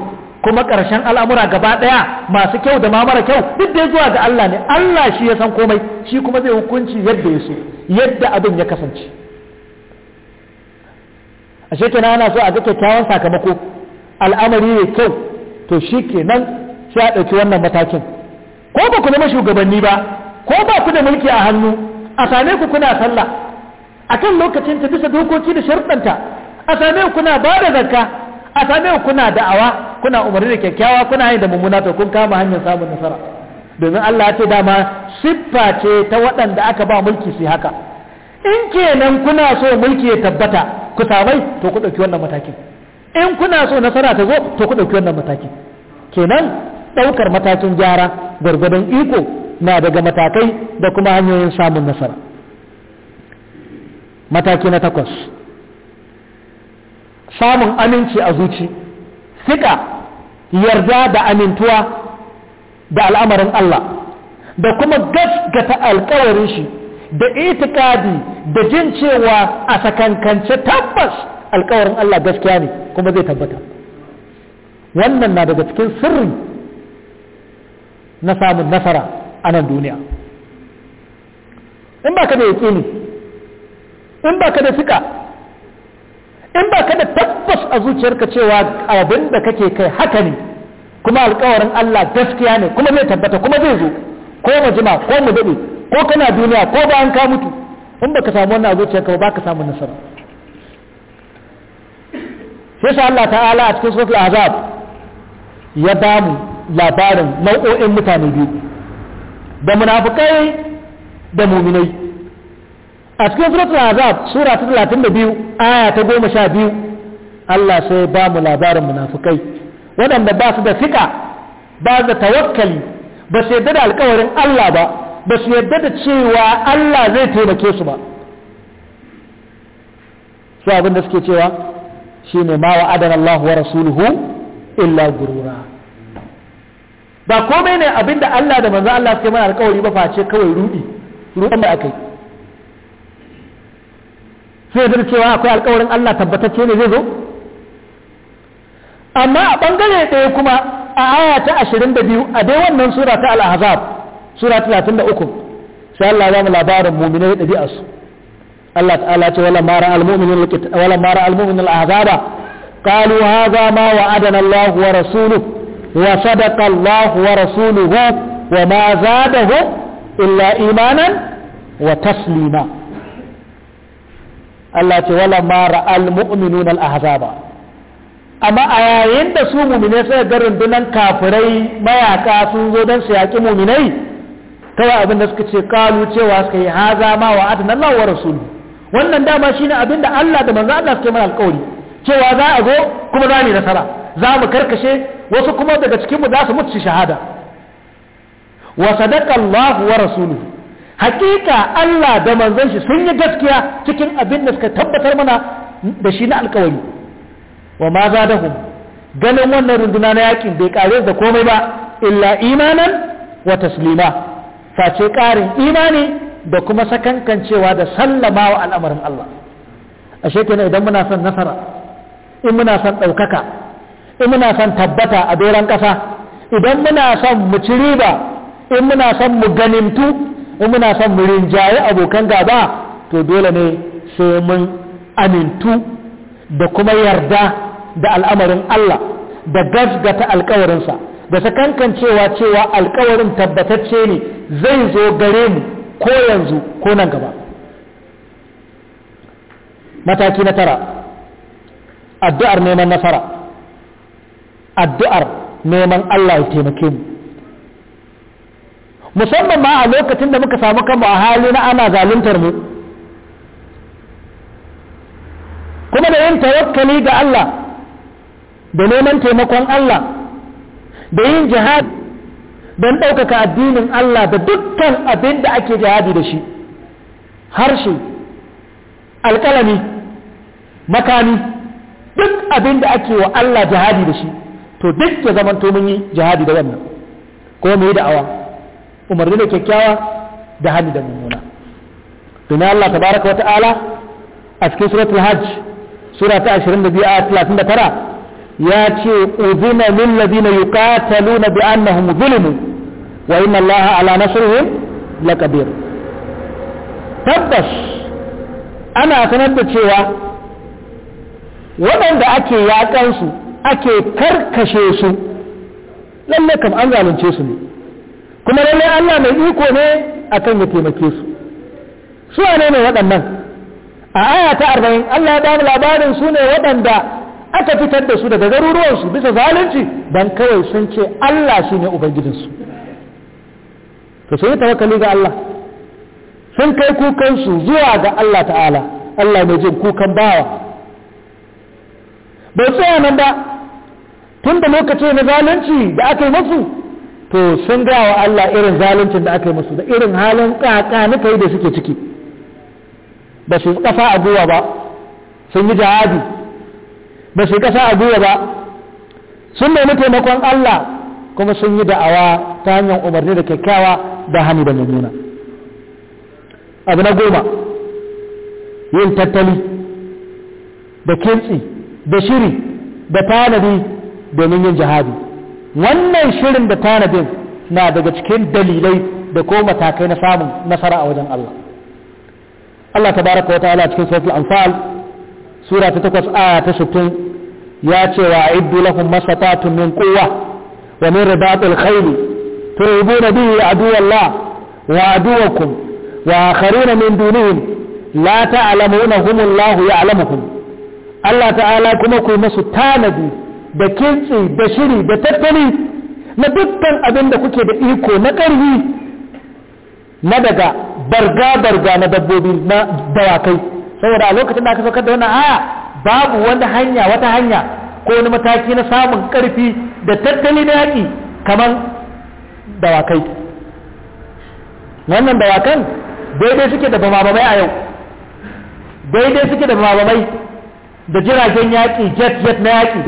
kuma ƙarshen al'amura gaba ɗaya masu kyau da ma mara kyau duk da zuwa ga Allah ne Allah shi ya san komai shi kuma zai hukunci yadda ya so yadda abin ya kasance a shekina ana so a ga kyakkyawan sakamako al'amari ne kyau to shi nan sai a ɗauki wannan matakin ko ba ku zama shugabanni ba ko ba ku da mulki a hannu a same ku kuna sallah a kan lokacin ta bisa dokoki da sharuɗanta a same ku kuna ba da zakka a same ku kuna da'awa kuna umarni da kyakkyawa kuna yin da mummuna to kun kama hanyar samun nasara domin Allah ya ce dama siffa ce ta waɗanda aka ba mulki sai haka in kenan kuna so mulki ya tabbata ku samai to ku ɗauki wannan matakin in kuna so nasara ta zo to ku ɗauki wannan mataki kenan ɗaukar matakin gyara gwargwadon iko na daga matakai da kuma hanyoyin samun nasara mataki na takwas samun aminci a zuci siƙa yarda da amintuwa da al'amarin Allah da kuma gaskata alkawarin shi da itikadi da jin cewa a sakankance tabbas alkawarin Allah gaskiya ne kuma zai tabbata wannan na daga cikin sirri na samun nasara a nan duniya in ba ka da ne in ba ka da fika in ba ka da tabbas a zuciyarka cewa abin da kake kai haka ne kuma alkawarin Allah gaskiya ne kuma zai tabbata kuma zai zo ko mu jima ko mu daɗe ko kana duniya ko ba an ka mutu in ba ka samu wannan a zuciyarka ba ka samu nasara sai Allah ta'ala a cikin suratul azab ya damu labarin nau'o'in mutane biyu da munafukai da muminai a cikin suratul azab sura ta 32 aya ta 12 Allah sai ba mu labarin munafukai waɗanda ba su da fika ba su da tawakkali ba su yadda da alkawarin Allah ba ba su yadda da cewa Allah zai taimake su ba su abin da suke cewa shine ma adana Allah wa rasuluhu illa gurura ba komai ne abinda Allah da manzo Allah suke mana alƙawari ba face kawai rudi rudan da akai sai da cewa akwai alƙawarin Allah tabbatacce ne zai zo amma a bangare ɗaya kuma a aya ta 22 a dai wannan sura ta al-ahzab sura 33 sai Allah ya mu labarin mu'minai da bi'asu Allah ta'ala ce wala mara al wala mara almu'minin al'azaba qalu hadha ma wa'adana Allah wa rasuluhu wa sadaqa Allah wa rasuluhu wa ma zadahu illa imanan wa taslima Allah ce wala mara al al'azaba amma a yayin da su mumine sai ga rundunan kafirai mayaka sun zo don su yaƙi muminai kawai abin da suka ce kalu cewa suka yi haza ma wa adana Allah wa rasuluhu wannan dama shine abin da Allah da manzo Allah suke mana alƙawari cewa za a zo kuma za mu yi nasara za mu karkashe wasu kuma daga cikin mu za su mutu shahada wa sadaqa Allah wa rasuluhu hakika Allah da manzon shi sun yi gaskiya cikin abin da suka tabbatar mana da shi na alƙawari wa ma zadahum ganin wannan runduna na yakin bai kare da komai ba illa imanan wa taslima face ƙarin imani da kuma sakankancewa da sallama wa al'amarin Allah ashe kenan idan muna son nasara in muna son ɗaukaka in muna son tabbata a doron ƙasa idan muna son mu ci riba in muna son mu ganimtu in muna son mu rinjaye abokan gaba to dole ne sai mun amintu da kuma yarda da al'amarin Allah da gasgata alkawarinsa da sakankancewa cewa alkawarin tabbatacce ne zai zo gare mu ko yanzu ko nan gaba mataki na tara addu'ar neman nasara addu'ar neman Allah ya taimake mu musamman ma a lokacin da muka samu kanmu a hali na ana zaluntar mu kuma da yin tawakkali ga Allah da neman taimakon Allah da yin jihad don ɗaukaka addinin Allah da dukkan abin da ake jihadi da shi harshe alƙalami makami duk abin da ake wa Allah jihadi da shi to duk ya zama to mun yi jihadi da wannan ko mu yi da'awa umarni da kyakkyawa da hannu da mummuna domin Allah ta baraka wa ta'ala a cikin suratul hajj sura ta 22 a 39 ya ce uzina lil ladina yuqataluna bi annahum zulimu wa inna allaha ala nasrihim tabbas ana sanar da cewa waɗanda ake yaƙansu ake karkashe su lalle kam an zalunce su ne kuma lalle Allah mai iko ne akan ya taimake su su ne ne waɗannan a aya ta arba'in Allah ya damu labarin su ne waɗanda aka fitar da su daga garuruwansu bisa zalunci don kawai sun ce Allah shi ne ubangijinsu to sun yi tawakkali ga Allah sun kai kukansu zuwa ga Allah ta'ala Allah mai jin kukan bawa bai tsaya nan ba tun da lokaci na zalunci da aka yi musu to sun gawa Allah irin zaluncin da aka yi musu da irin halin kaka na kai da suke ciki ba su kafa a ba sun yi jahadi. ba su kasa a guwa ba sun nemi taimakon Allah kuma sun yi da'awa ta hanyar umarni da kyakkyawa da hannu da mummuna abu na goma yin tattali da kintsi da shiri da tanadi domin yin jihadi wannan shirin da tanadin na daga cikin dalilai da ko matakai na samun nasara a wajen Allah Allah tabaraka wa ta'ala cikin suratul anfal sura ta takwas a ta 60 ya ce wa aiddu lahum masatatun min kowa wa min ribatil khayli تريدون به عدو الله وعدوكم وآخرين من دونهم لا تعلمونهم الله يعلمهم Allah ta'ala kuma ku masu tanadi da kintsi da shiri da tattali na dukkan abin da kuke da iko na ƙarfi na daga barga-barga na dabbobi na dawakai saboda a lokacin da aka saukar da wani aya babu wani hanya wata hanya ko wani mataki na samun ƙarfi da tattali na yaƙi kamar dawakai wannan dawakan daidai suke da bamabamai a yau daidai suke da bamabamai da jiragen yaƙi jet jet na yaƙi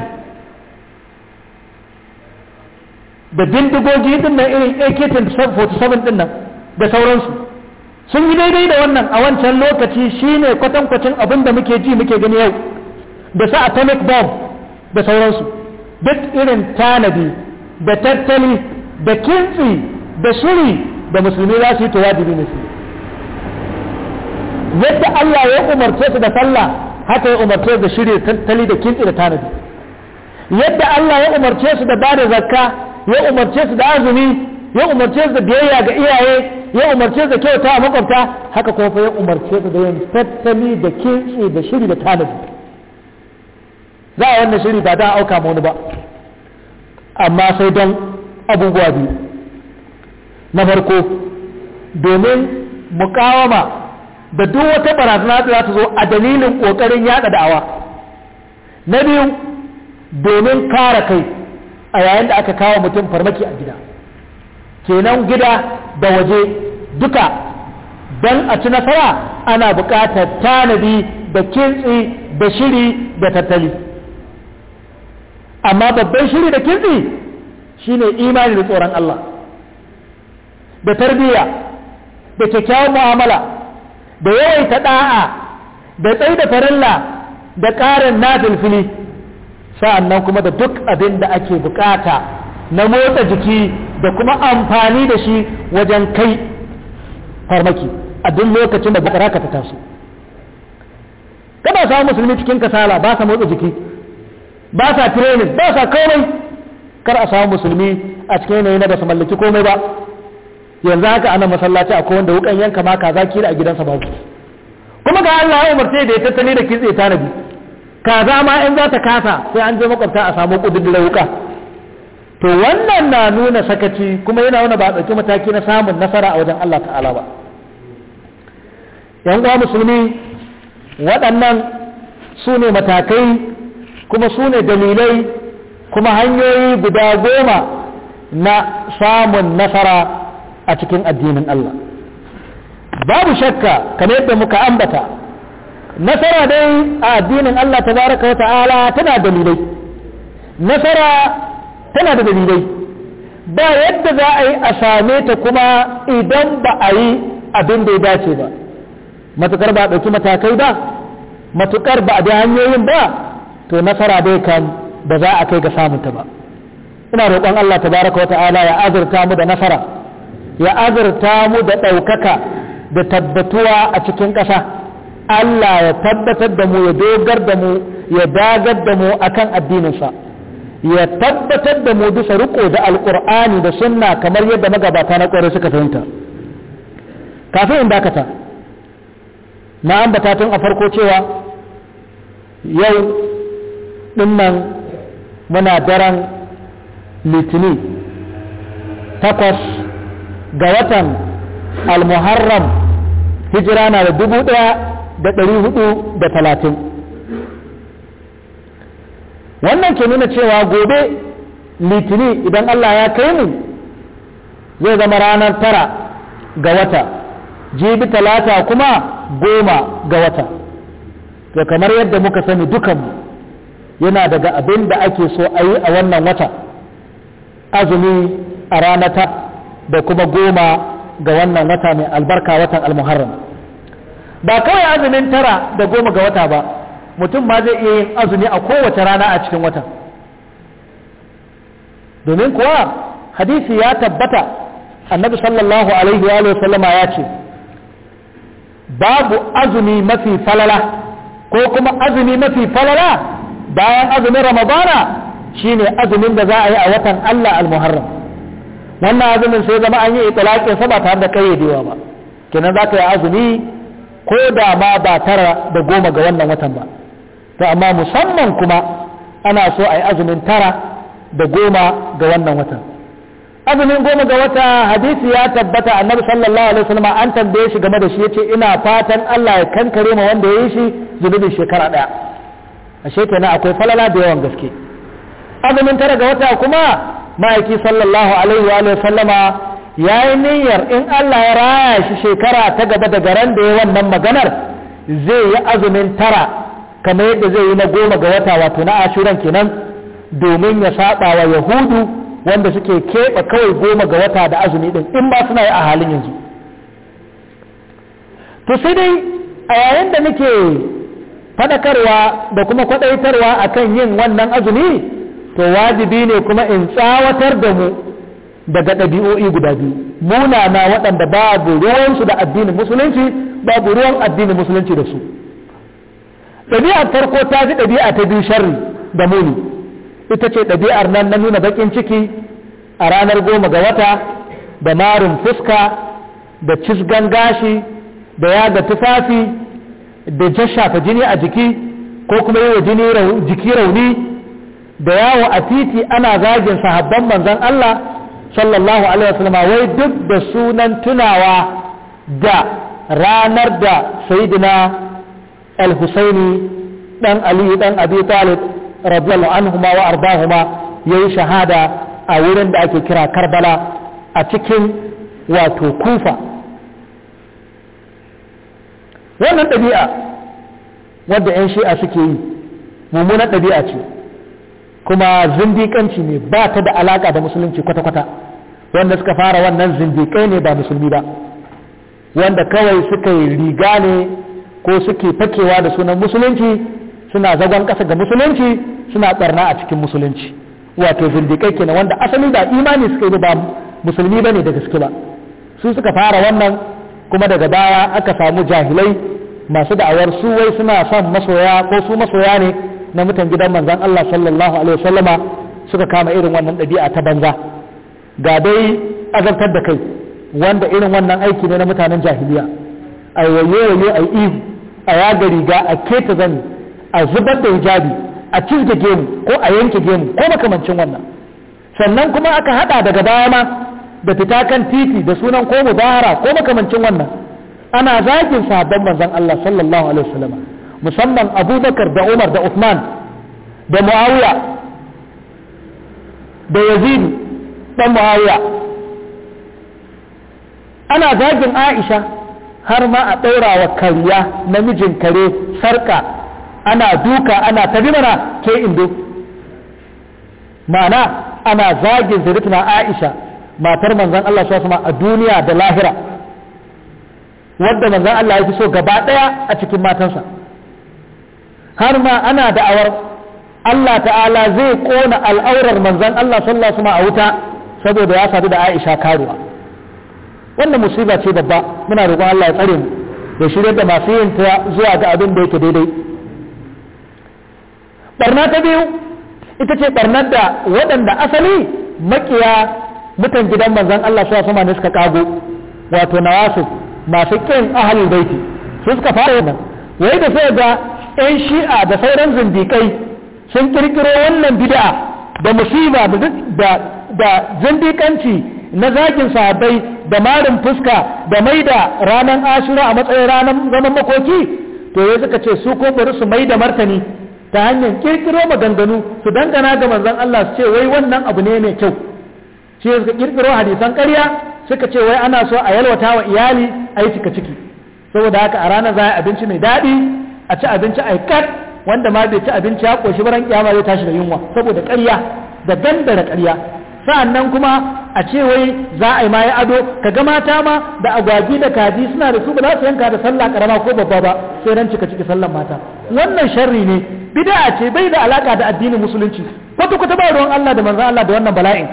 da bindigogi din nan irin ak-47 din nan da sauransu sun yi daidai da wannan a wancan lokaci shine kwatankwacin abin da muke ji muke gani yau da sa atomic bomb da sauransu duk irin tanadi da tattali da kintsi da shiri da musulmi za su yi ta wajibi ne su yadda Allah ya umarce su da sallah haka ya umarce su da shiri tattali da kintsi da tanadi yadda Allah ya umarce su da bada zakka ya umarce su da azumi ya umarce su da biyayya ga iyaye ya umarce su da kyauta a makwabta haka kuma fa ya umarce su da yin tattali da kintsi da shiri da tanadi za a wannan shiri ba da auka ma wani ba amma sai don abubuwa biyu na farko domin mukawama da duk wata barazana za ta zo a dalilin ƙoƙarin yada da'awa na biyu domin kare kai a yayin da aka kawo mutum farmaki a gida kenan gida da waje duka don a ci nasara ana buƙatar tanadi da kintsi da shiri da tattali amma babban shiri da kintsi shine imani da tsoron Allah da tarbiyya da kyakkyawar mu'amala da yawaita da'a da tsaye da farilla da ƙarin nafilfili sa'annan kuma da duk abin da ake bukata na motsa jiki da kuma amfani da shi wajen kai farmaki a duk lokacin da bukara ka ta taso kana samun musulmi cikin kasala ba sa motsa jiki ba sa training ba sa komai kar a samu musulmi a cikin yanayi na ba mallaki komai ba yanzu haka ana masallaci akwai wanda wukan yanka ma kaza kila a gidansa babu kuma ga Allah ya umarce da ya tattali da kitse tanadi kaza ma in za ta kasa sai an je makwabta a samu kudin wuka to wannan na nuna sakaci kuma yana wani ba ɗauki mataki na samun nasara a wajen Allah ta'ala ba yan uwa musulmi waɗannan su ne matakai kuma su ne dalilai kuma hanyoyi guda goma na samun nasara a cikin addinin Allah babu shakka kamar yadda muka ambata nasara dai a addinin Allah tabaraka wa ta'ala tana dalilai nasara tana da dalilai ba yadda za a yi a same ta kuma idan ba a yi abin da ya dace ba matukar ba a ɗauki matakai ba matukar ba a bi hanyoyin ba to nasara dai kan ba za a kai ga samunta ba ina roƙon Allah tabaraka wa ta'ala ya azurta mu da nasara ya azurta mu da ɗaukaka da tabbatuwa a cikin ƙasa Allah ya tabbatar da mu ya dogar da mu ya dagar da mu akan addininsa ya tabbatar da mu bisa riko da alƙur'ani da sunna kamar yadda magabata na ƙwarai suka fahimta kafin in dakata na ambata tun a farko cewa yau ɗin nan muna daren litini takwas ga watan almuharram hijira na da dubu ɗaya da ɗari hudu da talatin wannan ke nuna cewa gobe litini idan allah ya kai mu zai zama ranar tara ga wata jibi talata kuma goma ga wata da kamar yadda muka sani dukanmu yana daga abin da ake so a yi a wannan wata azumi a ranata da kuma goma ga wannan wata mai albarka watan almuharram ba kawai azumin tara da goma ga wata ba mutum ma zai iya yin azumi a kowace rana a cikin wata. domin kuwa hadisi ya tabbata annabi sallallahu alaihi wa sallama ya ce babu azumi mafi falala ko kuma azumi mafi falala bayan azumin ramadana shine azumin da za a yi a watan Allah al-Muharram wannan azumin sai zama an yi itlaqin sa ba tare da kayyadewa ba kenan za ka yi azumi ko da ma ba tara da goma ga wannan watan ba to amma musamman kuma ana so a yi azumin tara da goma ga wannan watan azumin goma ga wata hadisi ya tabbata annabi sallallahu alaihi wasallam an tambaye shi game da shi yace ina fatan Allah ya kankare ma wanda ya yi shi zunubin shekara daya ashe kenan akwai falala da yawan gaske azumin tara ga wata kuma ma'aiki sallallahu alaihi wa sallama ya yi niyyar in Allah ya raya shi shekara ta gaba da garan da ya wannan maganar zai yi azumin tara kamar yadda zai yi na goma ga wata wato na ashuran kenan domin ya saba wa yahudu wanda suke keɓe kawai goma ga wata da azumi ɗin in ba suna yi a halin yanzu to sai dai a yayin da muke fadakarwa da kuma kwadaitarwa akan yin wannan azumi to wajibi ne kuma in tsawatar da mu daga ɗabi'o'i guda biyu muna munana waɗanda babu ruwansu da addinin musulunci babu ruwan addinin musulunci da su ɗabi'ar farko ta fi ɗabi'a ta biyu sharri da muni ita ce ɗabi'ar nan na nuna baƙin ciki a ranar goma ga wata da marin fuska da cisgan gashi da yaga tufafi da jashafa jini a jiki ko kuma yi wa jiki rauni da yawo a titi ana zagin sahabban manzan Allah sallallahu alaihi wasallam wai duk da sunan tunawa da ranar da sayyidina al-husaini dan ali dan abi talib radiyallahu anhuma wa ya yayi shahada a wurin da ake kira karbala a cikin wato kufa wannan ɗabi'a wadda 'yan shi'a suke yi mummunan ɗabi'a ce kuma zindiƙanci ne ba ta da alaƙa da musulunci kwata-kwata wanda suka fara wannan zindiƙai ne ba musulmi ba wanda kawai suka yi riga ne ko suke fakewa da sunan musulunci suna zagon ƙasa ga musulunci suna ɓarna a cikin musulunci wato zindiƙai kenan wanda asali ba imani suka yi ba musulmi ba ne da gaske ba su suka fara wannan kuma daga baya aka samu jahilai masu da'awar su wai suna son masoya ko su masoya ne na mutan gidan manzon Allah sallallahu alaihi wasallama suka kama irin wannan ɗabi'a ta banza ga dai azabtar da kai wanda irin wannan aiki ne na mutanen jahiliya a waye waye a ihu a yaga riga a keta zani a zubar da hijabi a cizge gemu ko a yanke gemu ko makamancin wannan sannan kuma aka hada daga baya ma da fita kan titi da sunan ko mubahara ko makamancin wannan ana zagin sahabban manzon Allah sallallahu alaihi wasallam musamman Abubakar da Umar da Uthman da Muawiya da Yazid dan Muawiya ana zagin Aisha har ma a ɗaurawa wa kariya namijin kare sarka ana duka ana tabi mana ke indo ma'ana ana zagin ziritna Aisha matar manzan Allah su a duniya da lahira wadda manzan Allah ya fi so gaba ɗaya a cikin matansa har ma ana da'awar Allah ta'ala zai kona al'aurar manzan Allah sallallahu alaihi a wuta saboda ya sadu da Aisha karuwa wannan musiba ce babba muna roƙon Allah ya tsare mu da shirye da masu yin ta zuwa ga abin da yake daidai barna ta biyu ita ce barnar da waɗanda asali makiya mutan gidan manzon Allah sallallahu sama ne suka kago wato Nawasu masu kin ahalin baiti su suka fara yana wai da sai ga ɗan shi'a da sauran zindikai sun kirkiro wannan bid'a da musiba da da zindikanci na zagin sahabbai da marin fuska da maida ranan ashura a matsayin ranar zaman makoki to ya suka ce su ko bari su maida martani ta hanyar kirkiro maganganu su dangana ga manzon Allah su ce wai wannan abu ne mai kyau sai suka kirkiro hadisan ƙarya suka ce wai ana so a yalwata wa iyali a yi cika ciki saboda haka a ranar za a abinci mai daɗi a ci abinci a kat wanda ma bai ci abinci ya ƙoshi baran kyama zai tashi da yunwa saboda ƙarya da gandara ƙarya nan kuma a ce wai za a yi ma ado ka ga mata ma da agwagi da kaji suna da su ba za su yanka da sallah karama ko babba ba sai ran cika ciki sallan mata wannan sharri ne bid'a ce bai da alaka da addinin musulunci kwata kwata ba ruwan Allah da manzan Allah da wannan bala'in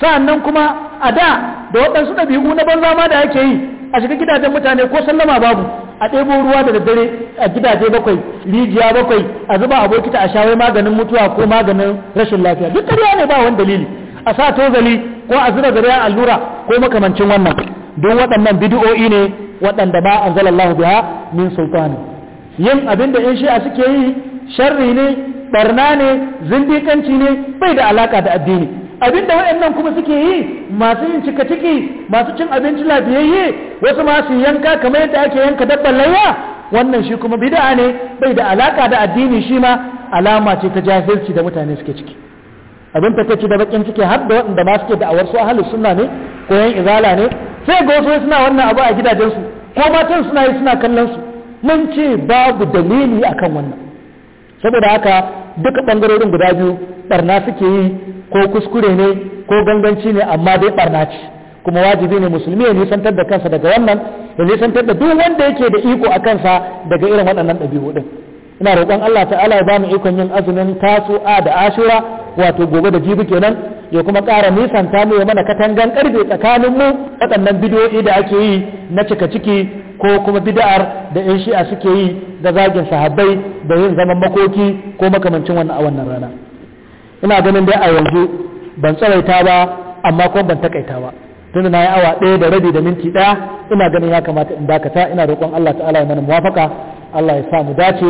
sa'annan kuma a da da waɗansu ɗabi'u na banza ma da ake yi a shiga gidajen mutane ko sallama babu a ɗebo ruwa da daddare a gidaje bakwai rijiya bakwai a zuba abokita a shawai maganin mutuwa ko maganin rashin lafiya duk ƙarya ne ba wani dalili a sa tozali ko a zura ya allura ko makamancin wannan don waɗannan bidi'o'i ne waɗanda ba an zala Allah biya min sultani yin abin da in shi'a suke yi sharri ne barna ne zindikanci ne bai da alaƙa da addini abinda waɗannan kuma suke yi masu yin cika ciki masu cin abinci lafiyayye wasu masu yanka kamar yadda ake yanka dabbar layya wannan shi kuma bid'a ne bai da alaka da addini shi ma alama ce ta jahilci da mutane suke ciki abin ta kace da bakin ciki har da waɗanda ba suke da'awar su ahlus sunna ne ko yan izala ne sai ga wasu suna wannan abu a gidajen su ko matan suna yi suna kallon su mun ce babu dalili akan wannan saboda haka duka bangarorin guda biyu barna suke yi ko kuskure ne ko ganganci ne amma dai barna ce kuma wajibi ne musulmi ya nisantar da kansa daga wannan da nisantar da duk wanda yake da iko a kansa daga irin waɗannan ɗabi'u ɗin ina roƙon Allah ta'ala ya ba ikon yin azumin tasu'a da ashura wato gobe da jibi kenan ya kuma ƙara nisanta mu ya mana katangan ƙarfe tsakanin mu waɗannan bidiyo'i da ake yi na cika ciki ko kuma bida'ar da yan shi'a suke yi da zagin sahabbai da yin zaman makoki ko makamancin wannan a wannan rana ina ganin dai a yanzu ban tsawaita ba amma kuma ban takaita ba tunda na yi awa ɗaya da rabi da minti ɗaya ina ganin ya kamata in dakata ina roƙon Allah ta'ala ya mana muwafaka Allah ya sa mu dace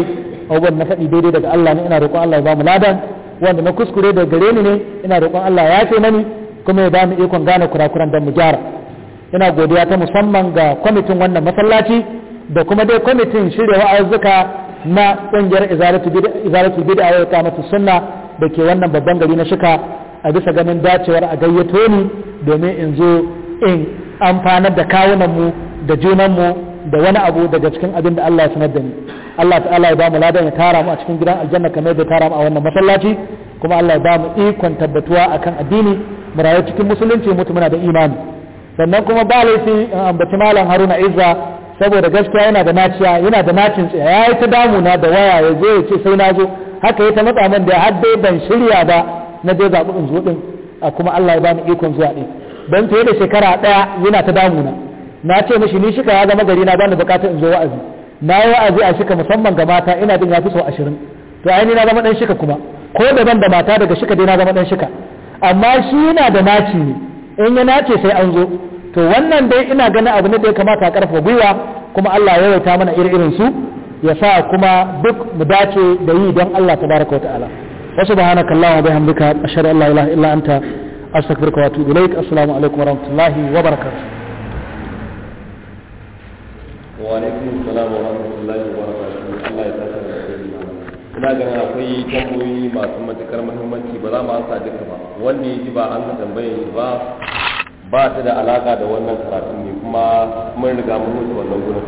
abubuwan na faɗi daidai daga Allah ne ina roƙon Allah ya ba mu ladan wanda na kuskure da gare ni ne ina roƙon Allah ya ce mani kuma ya ba mu ikon gane kurakuran don mu gyara ina godiya ta musamman ga kwamitin wannan masallaci da kuma dai kwamitin shirya wa'azzuka na ƙungiyar izalatul bid'a wa iqamatus sunna da ke wannan babban gari na shika a bisa ganin dacewar a gayyato ni domin in zo in amfanar da kawunanmu da junanmu da wani abu daga cikin abin da Allah ya sanar da ni Allah ta'ala ya ba mu ladan ya tara mu a cikin gidan aljanna kamar da tara mu a wannan masallaci kuma Allah ya ba mu ikon tabbatuwa akan addini mu rayu cikin musulunci mutu muna da imani sannan kuma ba laifi in ambaci malam Haruna Izza saboda gaskiya yana da naciya yana da nacin tsaya yayi ta damuna da waya ya zo ya ce sai na zo haka ya ta matsa min da har dai ban shirya ba na dai zaɓi in zo ɗin a kuma Allah ya bani ikon zuwa ɗin don fiye da shekara ɗaya yana ta damuna na ce mishi ni shika ya zama gari na bani buƙatar in zo wa'azi na yi wa'azi a shika musamman ga mata ina jin ya fi sau ashirin to ai na zama ɗan shika kuma ko da ban da mata daga shika dai na zama ɗan shika amma shi yana da naci ne in ya nace sai an zo to wannan dai ina ganin abu ne da ya kamata a ƙarfafa gwiwa kuma Allah ya yawaita mana irin su ya sa kuma duk mu dace da yi don Allah Ta wa ta'ala wa subhanaka allahumma bihamdika ashhadu an la ilaha illa anta astaghfiruka wa atubu ilaik assalamu alaikum wa rahmatullahi wa barakatuh wa alaikum assalam wa rahmatullahi wa barakatuh Allah ya saka da alheri ina ganin akwai tambayoyi masu matukar muhimmanci ba za mu ansa duka ba wanda ya ba an tambaye shi ba ba ta da alaka da wannan karatun ne kuma mun riga mun wuce wannan gurin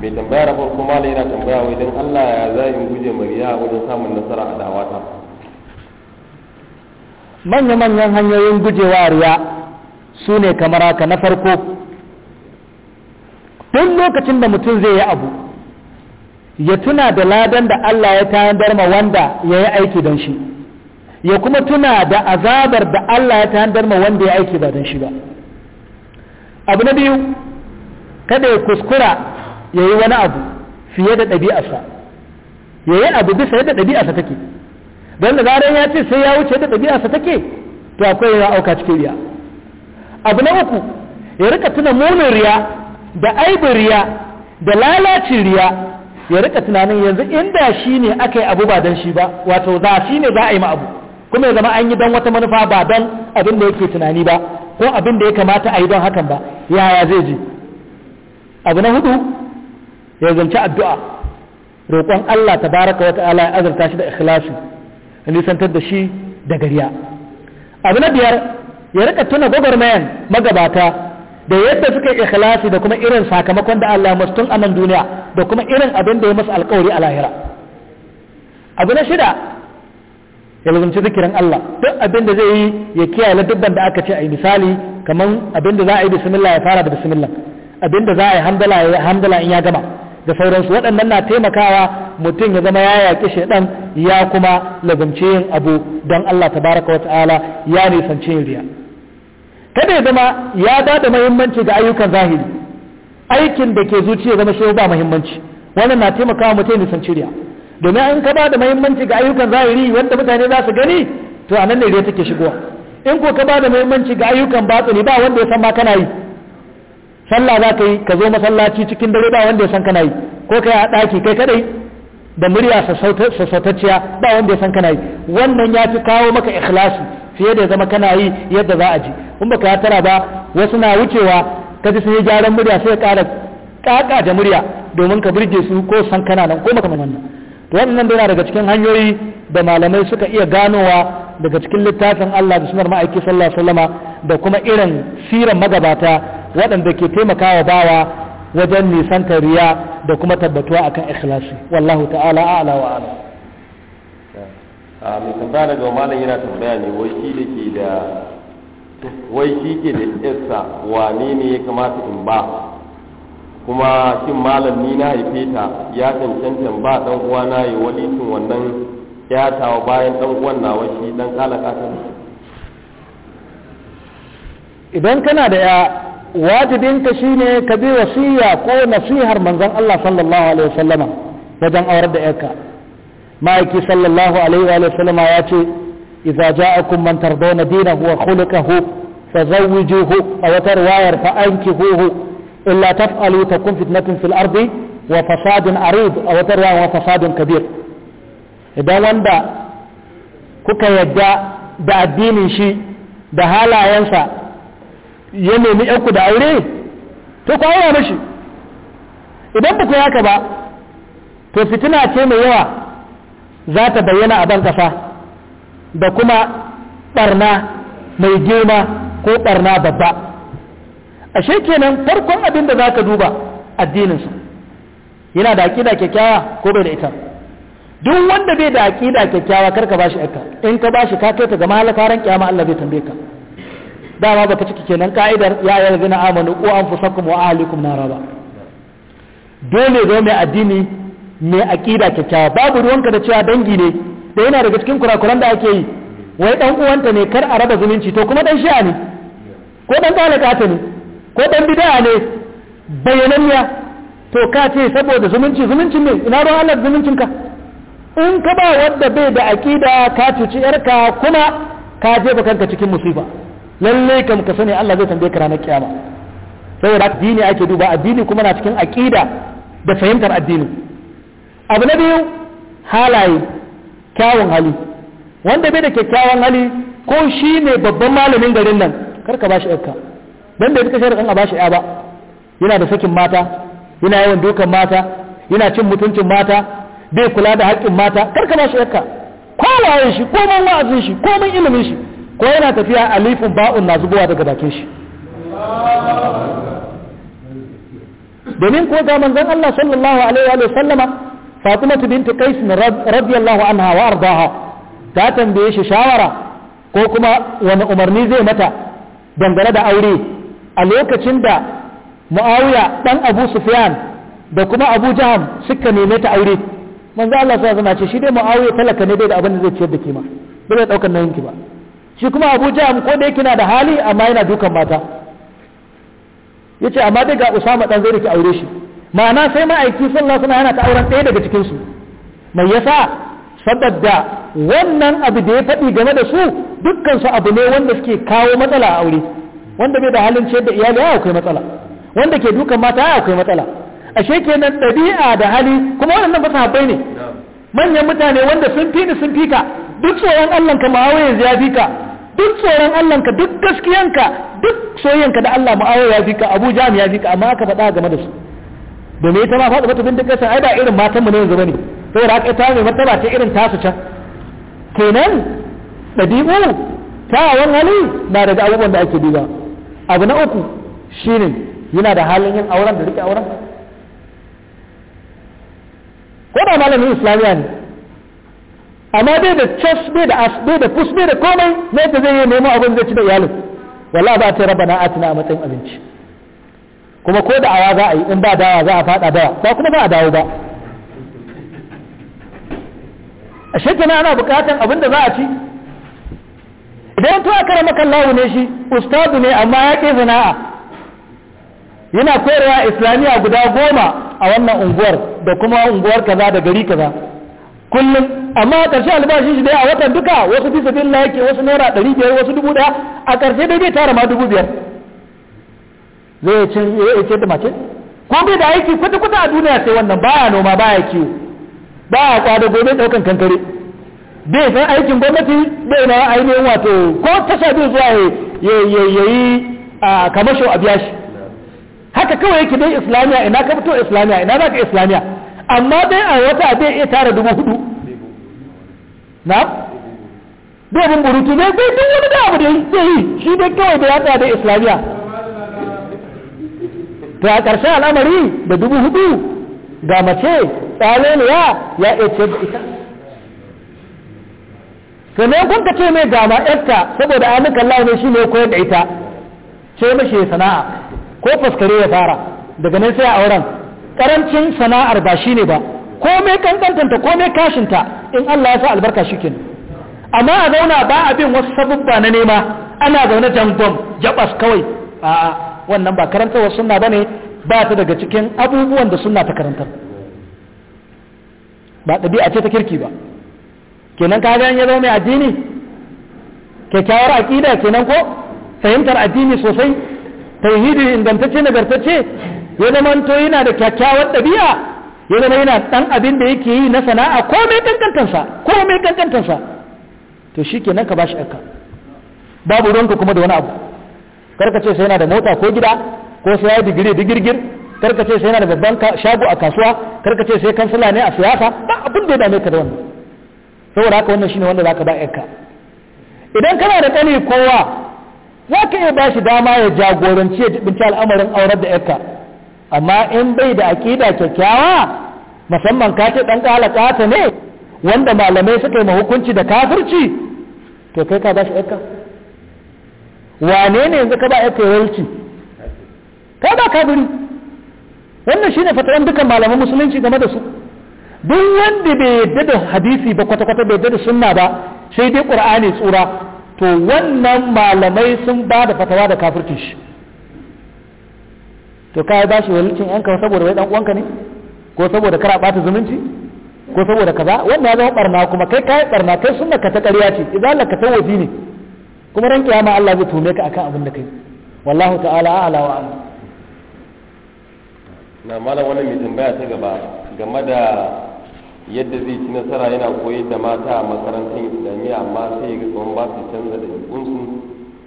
mai tambaya da farko malai yana tambaya wa idan Allah ya za guje mariya wajen samun nasara a dawata manya-manyan hanyoyin gujewa riya su ne kamar haka na farko tun lokacin da mutum zai yi abu ya tuna da ladan da Allah ya tayar ma wanda ya yi aiki don shi ya kuma tuna da azabar da Allah ya tayar ma wanda ya aiki ba don shi ba abu na biyu kada ya kuskura ya yi wani abu fiye da ɗabi'arsa ya yi abu bisa yadda ɗabi'arsa take don da zarar ya ce sai ya wuce yadda ɗabi'arsa take to akwai yana auka cikin riya abu na uku ya rika tuna munin riya da aibin riya da lalacin riya ya rika tunanin yanzu inda shi ne aka yi abu ba don shi ba wato za shi ne za a yi ma abu kuma ya zama an yi don wata manufa ba don abin da yake tunani ba ko abin da ya kamata a yi don hakan ba yaya zai je. abu na hudu ya zanci addu'a roƙon Allah baraka wa ta'ala ya azurta shi da ikhlasi nisantar da shi da gariya abu na biyar ya rika tuna gwagwarmayan magabata da yadda suka yi ikhlasi da kuma irin sakamakon da Allah masu tun anan duniya da kuma irin abin da ya masu alkawari a lahira abu na shida ya zikirin Allah duk abin da zai yi ya kiyaye dubban da aka ce a yi misali kamar abin da za a yi bismillah ya fara da bismillah abin da za a yi hamdala ya hamdala in ya gama da sauransu waɗannan na taimakawa mutum ya zama ya yaƙi shaidan ya kuma lazumce yin abu don Allah Ta baraka wa ta'ala ya nisanci yin riya kada ya zama ya ba da muhimmanci ga ayyukan zahiri aikin da ke zuciya zama shi ba muhimmanci wannan na taimakawa mutum ya nisanci riya domin an ka ba da muhimmanci ga ayyukan zahiri wanda mutane za su gani to a nan ne riya take shigowa in ko ka ba da muhimmanci ga ayyukan batsuni ba wanda ya san ma kana yi sallah za ka yi ka zo masallaci cikin dare ba wanda ya san kana yi ko kai a ɗaki kai kadai da murya sassautacciya ba wanda ya san kana yi wannan ya fi kawo maka ikhlasi fiye da ya zama kana yi yadda za a ji in baka ya tara ba wasu na wucewa ka ji sun yi gyaran murya sai ka ƙara ƙaƙa da murya domin ka burge su ko san kana nan ko maka wannan to wannan daga cikin hanyoyi da malamai suka iya ganowa daga cikin littafin Allah da sunar ma'aiki sallallahu alaihi da kuma irin siran magabata waɗanda ke taimakawa bawa wajen nisan riya da kuma tabbatuwa akan ikhlasi wallahu ta'ala a'la wa a'la a mai tambaya daga malam yana tambaya ne wai shi da ke da wai shi ke da yarsa wane ne ya kamata in ba kuma shin malam ni na haife ta ya cancanta ba dan yi ya tun wannan tawa bayan dan uwan na wai shi dan kalaka ta idan kana da ya wajibinka shine ka bi wasiya ko nasihar manzon Allah sallallahu alaihi wasallama wajen aurar da yarka ma'aiki sallallahu alaihi sallama ya ce idza ja'akum man tardawna dinahu wa khuluquhu fazawwijuhu aw tarwayar fa ankihuhu illa taf'alu takun fitnatin fil ardi wa fasadun arid aw tarwayar wa fasadun kabir idan wanda kuka yadda da addinin shi da halayensa ya nemi ku da aure to ku aura mashi idan ba ku haka ba to fitina ce mai yawa za ta bayyana a ban kasa da kuma barna mai girma ko barna babba ashe kenan farkon abin da za ka duba addininsu yana da aƙida kyakkyawa ko bai da ita duk wanda bai da aƙida kyakkyawa karka bashi aka in ka bashi ka kai ta ga malaka ran Allah bai tambaye ka dama baka ciki kenan ka'idar ya ayyuhal ladina amanu fusa kuma wa ahlikum na ba dole zo mai addini mai aƙida kyakkyawa babu ruwanka da cewa dangi ne da yana daga cikin kurakuran da ake yi wai ɗan uwanta ne kar a raba zumunci to kuma dan shi'a ne ko dan ta ne ko dan bid'a ne bayanan ya, to ka ce saboda zumunci zumuncin ne ina ruwan Allah zumuncin ka? in ka ba wanda bai da aƙida ka cuci yarka kuma ka jefa kanka cikin musiba lalle kam ka sani Allah zai tambaye ka ranar kiyama saboda addini ake duba addini kuma na cikin aqida da fahimtar addini abu na biyu halaye kyawun hali wanda bai da kyakkyawan hali ko shi ne babban malamin garin nan karka ba shi yarka dan bai duka sharaɗin a ba shi ya ba yana da sakin mata yana yawan dukan mata yana cin mutuncin mata bai kula da haƙƙin mata karka ba shi yarka kwalayen shi komai wa'azin shi komai ilimin shi ko yana tafiya alifin ba'un na zubowa daga bakin shi domin ko ga manzon Allah sallallahu alaihi wa sallama Fatima binti Qais radiyallahu anha wa ardaha ta tambaye shi shawara ko kuma wani umarni zai mata dangane da aure a lokacin da Muawiya dan Abu Sufyan da kuma Abu Jaham suka neme ta aure manzo Allah sallallahu alaihi wa ce shi dai Muawiya talaka ne dai da abin da zai ciyar da kima bai daukan nayin ki ba shi kuma abu jam ko da yake na da hali amma yana dukan mata ya ce amma dai ga usama dan zai ki aure shi ma'ana sai ma'aiki sallallahu alaihi yana ta auren ɗaya daga cikin su mai yasa saboda wannan abu da ya faɗi game da su dukkan abu ne wanda suke kawo matsala a aure wanda bai da halin ce da iyali ya akwai matsala wanda ke dukan mata ya akwai matsala ashe kenan ɗabi'a da hali kuma waɗannan ba sahabbai ne manyan mutane wanda sun fi ni sun fi ka duk tsoron Allah ka ma'awaye ya fi ka duk tsoron Allah ka duk gaskiyanka duk soyayyanka da Allah mu'awiya ya fika Abu Jami ya fika amma aka faɗa game da su domin ita ma faɗa mata bin duk ai ba irin matan mu ne yanzu bane saboda haka ita mai martaba ta irin tasu can kenan ta wani hali na daga abubuwan da ake duba abu na uku shine yana da halin yin auren da rike auren ko da malamin islamiyya ne amma bai da cas bai da as bai da fus bai da komai ne ta zai yi nemo abin zai ci da iyalin walla ba ta rabana atina a matsayin abinci kuma ko da awa za a yi in ba dawa za a fada dawa ba kuma ba a dawo ba a shekana ana bukatan abin da za a ci idan tuwa kare makallahu ne shi ustadu ne amma ya ke zana'a yana koyarwa islamiyya guda goma a wannan unguwar da kuma unguwar kaza da gari kaza kullum amma a ƙarshe albashin shi dai a watan duka wasu fi sabin yake wasu naira ɗari biyar wasu dubu ɗaya a ƙarshe dai bai tara ma dubu biyar zai ce da mace ko bai da aiki kwata-kwata a duniya sai wannan baya noma baya kiwo baya kwada gobe ɗaukan kankare bai san aikin gwamnati bai na ainihin wato ko tasha biyu zuwa ya yi a kamasho a biya shi haka kawai yake dai islamiya ina ka fito islamiya ina za ka islamiya amma dai a wata bai iya tara dubu hudu na bai burutu ne zai duk wani da abu da zai yi shi dai kawai da ya tsaya da islamiyya to a ƙarshen al'amari da dubu hudu ga mace ne ya iya ce da ita sannan kun ka ce mai gama yarta saboda aminka Allah ne shi ne koyar da ita ce mashi sana'a ko faskare ya fara daga nan sai a auren karancin sana'ar ba shi ne ba komai kankantanta komai kashinta in Allah ya sa albarka shikin amma a zauna ba bin wasu sabubba na nema ana zaune jangon jabas kawai a wannan ba karantarwar ba suna ba ta daga cikin abubuwan da suna ta karantar ba ɗabi'a ce ta kirki ba kenan ka ya zama mai addini kyakkyawar aƙida kenan ko fahimtar addini sosai tauhidi ingantacce nagartacce ya to yana da kyakkyawar ɗabi'a ya zama yana ɗan abin da yake yi na sana'a ko mai kankantansa ko mai kankantansa to shi ke nan ka shi ɗanka babu ruwanka kuma da wani abu karka ce sai yana da mota ko gida ko sai ya digiri digirgir karka ce sai yana da babban shago a kasuwa karka ce sai kansila ne a siyasa ba abin da ya dame ka da wannan saboda haka wannan shine wanda zaka ba ɗanka idan kana da ƙani kowa za ka iya ba shi dama ya jagoranci ya jibinci al'amarin aurar da ɗanka amma in bai da aƙida kyakkyawa musamman ka ce ɗan ƙalaƙata ne wanda malamai suka yi mahukunci da kafirci to kai ka ba shi ɗanka wane ne yanzu ka ba ya tewalci ka ba kabiri wannan shine fataran dukkan malaman musulunci game da su duk wanda bai yadda da hadisi ba kwata-kwata bai yadda da sunna ba sai dai ƙur'ani tsura to wannan malamai sun ba da fatawa da kafirci shi to ka ba shi walicin yanka saboda wai dan uwanka ne ko saboda kara bata zumunci ko saboda kaza wannan ya zama barna kuma kai kai barna kai sunna ka ta ƙarya ce idan ka ta ne kuma ran kiyama Allah zai tume ka akan abin da kai wallahi ta'ala a'la wa a'lam na malam wannan mai tambaya ta gaba game da yadda zai ci nasara yana koyar da mata a makarantar islamiyya amma sai ga tsohon ba su canza da jikunsu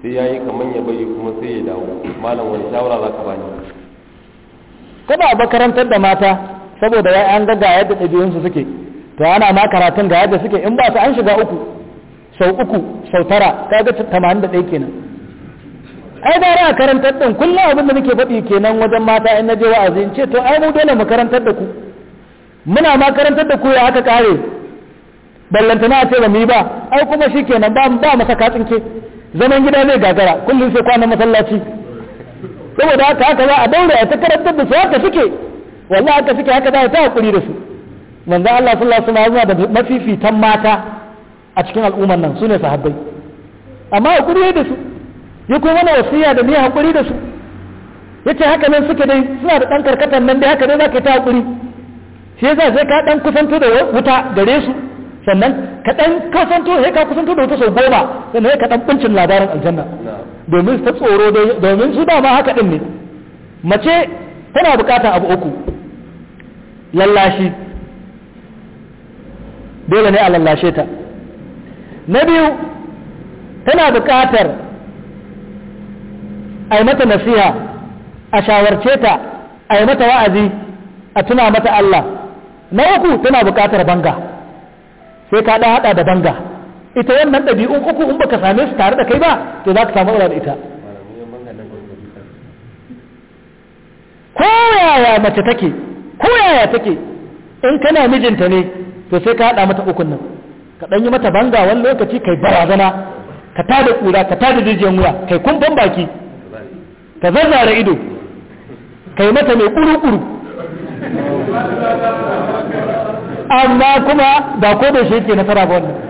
sai ya yi kamar ya bari kuma sai ya dawo malam wani shawara za ka bani ko ba ba karantar da mata saboda ya an ga yadda ɗabi'unsu suke to ana ma karatun ga yadda suke in ba su an shiga uku sau uku sau tara kaga tamanin da ɗaya kenan ai gara a karantar ɗin kullum abin da nake faɗi kenan wajen mata in naje wa'azi in ce to ai mu dole mu karantar da ku muna ma karantar da ku ya aka kare ballantana a ce ba mu ba ai kuma shi kenan ba ba saka tsinke. zaman gida zai gagara kullum sai kwanan masallaci saboda haka haka za a daure a ta da su haka suke wallahi haka suke haka za a ta hakuri da su manzo Allah sallallahu alaihi wasallam da mafifitan mata a cikin al'umman nan sune sahabbai amma hakuri da su ya kuma mana wasiya da ni hakuri da su yace haka nan suke dai suna da dan karkatan nan dai haka dai zaka ta hakuri shi yasa sai ka dan kusanto da wuta gare su sannan ka dan kusanto sai ka kusanto da wuta sau goma sannan ka dan bincin labarin aljanna domin su ta tsoro domin su dama haka ɗin ne mace tana bukatar abu uku lallashi dole ne a lallashe ta na biyu tana bukatar a yi mata nasiha a shawarce ta a yi mata wa'azi a tuna mata Allah na uku tana bukatar banga sai ka ɗan haɗa da banga ita wannan ɗabi'un uku in baka same su tare da kai ba to za ka samu da ita ko yaya mace take ko yaya take in kana mijinta ne to sai ka haɗa mata ukun nan ka ɗan yi mata banga wani lokaci kai barazana ka tada ƙura ka tada jijiyar wura kai kumfan baki ka zazzara ido kai mata mai ƙuru-ƙuru amma kuma ba ko da shi ke nasara ba wannan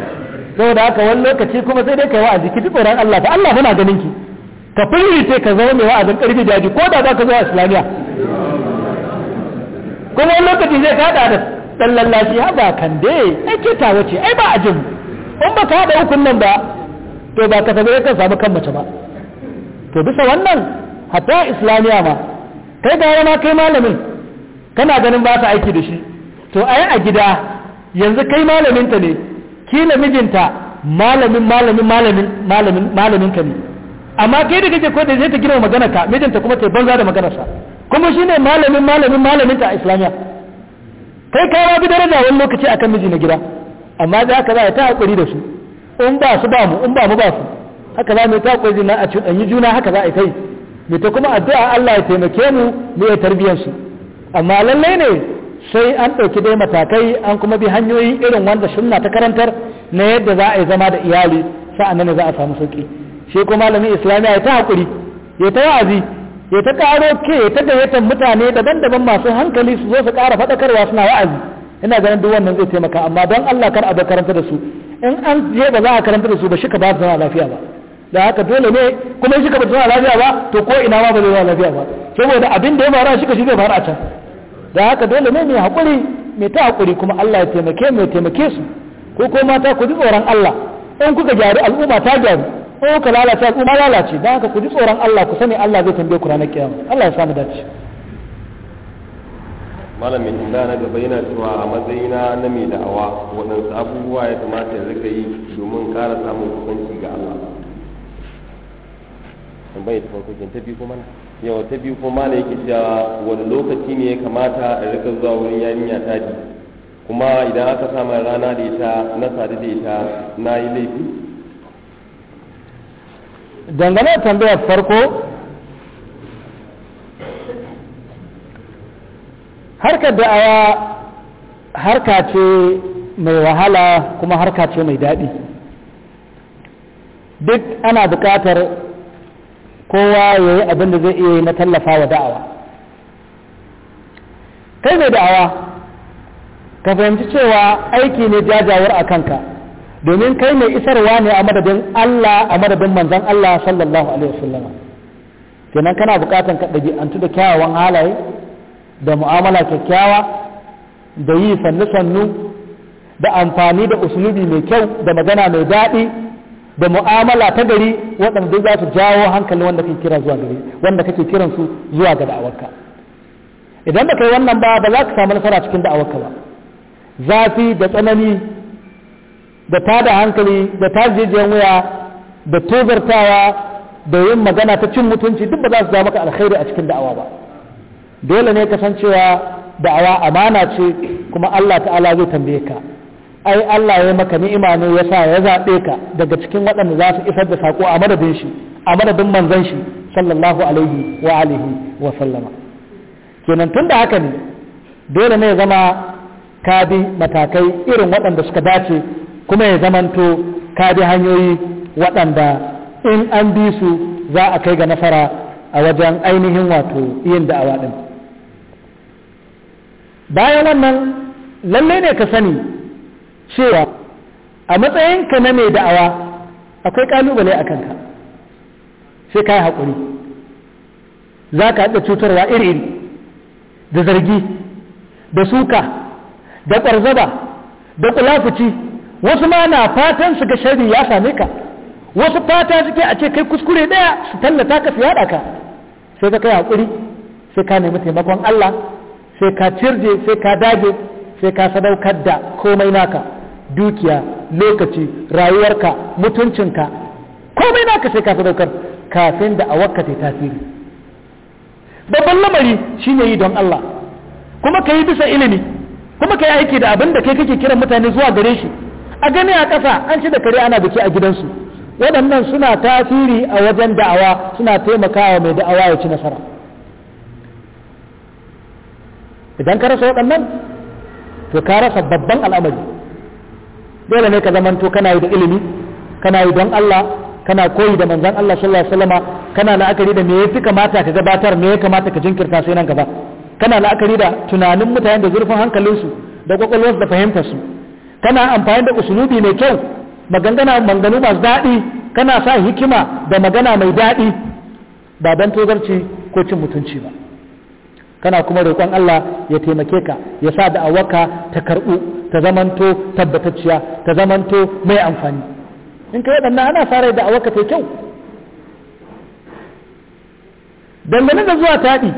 saboda haka wani lokaci kuma sai dai kai wa'azi ki ji tsoron Allah fa Allah muna ganin ki ka sai ka zama mai wa'azin karfi da yaji ko da za ka zo a islamiya kuma wani lokaci zai kada da dan lallashi ya ba kan dai ai ta wace ai ba in ba ka hada hukun nan ba to ba ka tabbata kan samu kan mace ba to bisa wannan hatta islamiyya ma kai da yana kai malamin kana ganin ba ta aiki da shi to ai a gida yanzu kai malamin ta ne kila mijinta malamin malamin malamin malamin malamin ka ne amma kai da kake ko da zai ta girma magana ka mijinta kuma ta banza da magana sa kuma shine malamin malamin malamin ta a kai ka ba bi daraja wani lokaci akan miji na gida amma da haka za ta hakuri da su in ba su ba mu in ba mu ba su haka za mu ta hakuri juna a yi juna haka za a kai mu ta kuma addu'a Allah ya taimake mu mu ya tarbiyyar su amma lallai ne sai an ɗauki dai matakai an kuma bi hanyoyi irin wanda sunna ta karantar na yadda za a yi zama da iyali sa'annan ne za a samu sauki shi kuma malamin islamiyya ya ta hakuri ya ta wa'azi ya ta karo ke ya ta gayyatar mutane daban-daban masu hankali su zo su ƙara faɗakarwa suna wa'azi ina ganin duk wannan zai taimaka amma don Allah kar a bar karanta da su in an je ba za a karanta da su ba shi ka ba zama lafiya ba da haka dole ne kuma shi ka ba zama lafiya ba to ko ina ma ba zai zama lafiya ba saboda abin da ya faru a shi ka shi zai faru a can da haka dole ne mai haƙuri mai ta haƙuri kuma Allah ya taimake mai taimake su ko ko mata ku ji tsoron Allah in kuka gyaru al'umma ta gyaru ko ka lalace al'umma lalace da haka ku ji tsoron Allah ku sani Allah zai tambaye ku ranar kiyama Allah ya samu dace malamin inda na gaba yana cewa a matsayina na mai da'awa waɗansu abubuwa ya kamata ya rika yi domin ƙara samun kusanci ga Allah tambayar ta farko ta biyu kuma na yawa ta biyu kuma da yake cewa wani lokaci ne ya kamata a rika zuwa wurin yarinya ta ji kuma idan aka sama rana da ita na sadu da ita na yi laifi dangane da tambayar farko harkar da'awa harka ce mai wahala kuma harka ce mai daɗi duk ana buƙatar kowa ya yi abin da zai iya yi na tallafa wa da'awa kai mai da'awa ka fahimci cewa aiki ne jajawar a kanka domin kai mai isarwa ne a madadin Allah a madadin manzan Allah sallallahu alaihi wasallam kenan kana bukatan ka ɗabi'antu da kyawawan halaye da mu'amala kyakkyawa da yi sannu sannu da amfani da usulubi mai kyau da magana mai daɗi da mu'amala ta gari waɗanda za su jawo hankali wanda kake kira zuwa gari wanda kake kiran su zuwa ga da'awarka idan ba kai wannan ba ba za ka samu nasara cikin da'awarka ba zafi da tsanani da ta da hankali da ta tajijiyar wuya da tozartawa da yin magana ta cin mutunci duk ba za su maka alkhairi a cikin da'awa ba dole ne kasancewa da'awa amana ce kuma Allah ta'ala zai tambaye ka ai Allah ya maka ni'ima ne ya sa ya zaɓe ka daga cikin waɗanda za su isar da sako a madadin shi a madadin manzon shi sallallahu alaihi wa alihi wa sallama kenan tun da haka ne dole ne ya zama ka bi matakai irin waɗanda suka dace kuma ya zamanto ka bi hanyoyi waɗanda in an bi su za a kai ga nasara a wajen ainihin wato yin da'awa ɗin bayan wannan lalle ne ka sani cewa a matsayinka na mai da'awa akwai kalubale a kanka sai ka yi haƙuri za ka haɗa cutarwa iri-iri da zargi da suka da ƙwarzaba da ƙulafuci wasu ma na fatan su ga shari ya same ka wasu fata suke a ce kai kuskure ɗaya su tallata ka su yaɗa ka sai ka kai haƙuri sai ka nemi taimakon Allah sai ka cirje sai ka dage sai ka sadaukar da komai naka dukiya lokaci rayuwarka mutuncinka komai naka sai ka sadaukar kafin da a ta tasiri babban lamari shine yi don Allah kuma ka yi bisa ilimi kuma ka yi aiki da abin da kai kake kiran mutane zuwa gare shi a gani a ƙasa an ci da kare ana biki a gidansu waɗannan suna tasiri a wajen da'awa suna taimakawa mai da'awa ya ci nasara idan ka rasa waɗannan to ka rasa babban al'amari dole ne ka zamanto kana yi da ilimi kana yi don Allah kana koyi da manzon Allah sallallahu alaihi wasallam kana la'akari da me ya fi kamata ka gabatar me ya kamata ka jinkirta sai nan gaba kana la'akari da tunanin mutanen da zurfin hankalin su da kwakwalwar da su kana amfani da usulubi mai kyau magangana maganganu masu daɗi kana sa hikima da magana mai daɗi ba don tozarci ko cin mutunci ba kana kuma roƙon Allah ya taimake ka ya sa da awaka ta karɓu ta zamanto tabbatacciya ta zamanto mai amfani in ka waɗannan ana fara da awaka ta kyau dangane da zuwa taɗi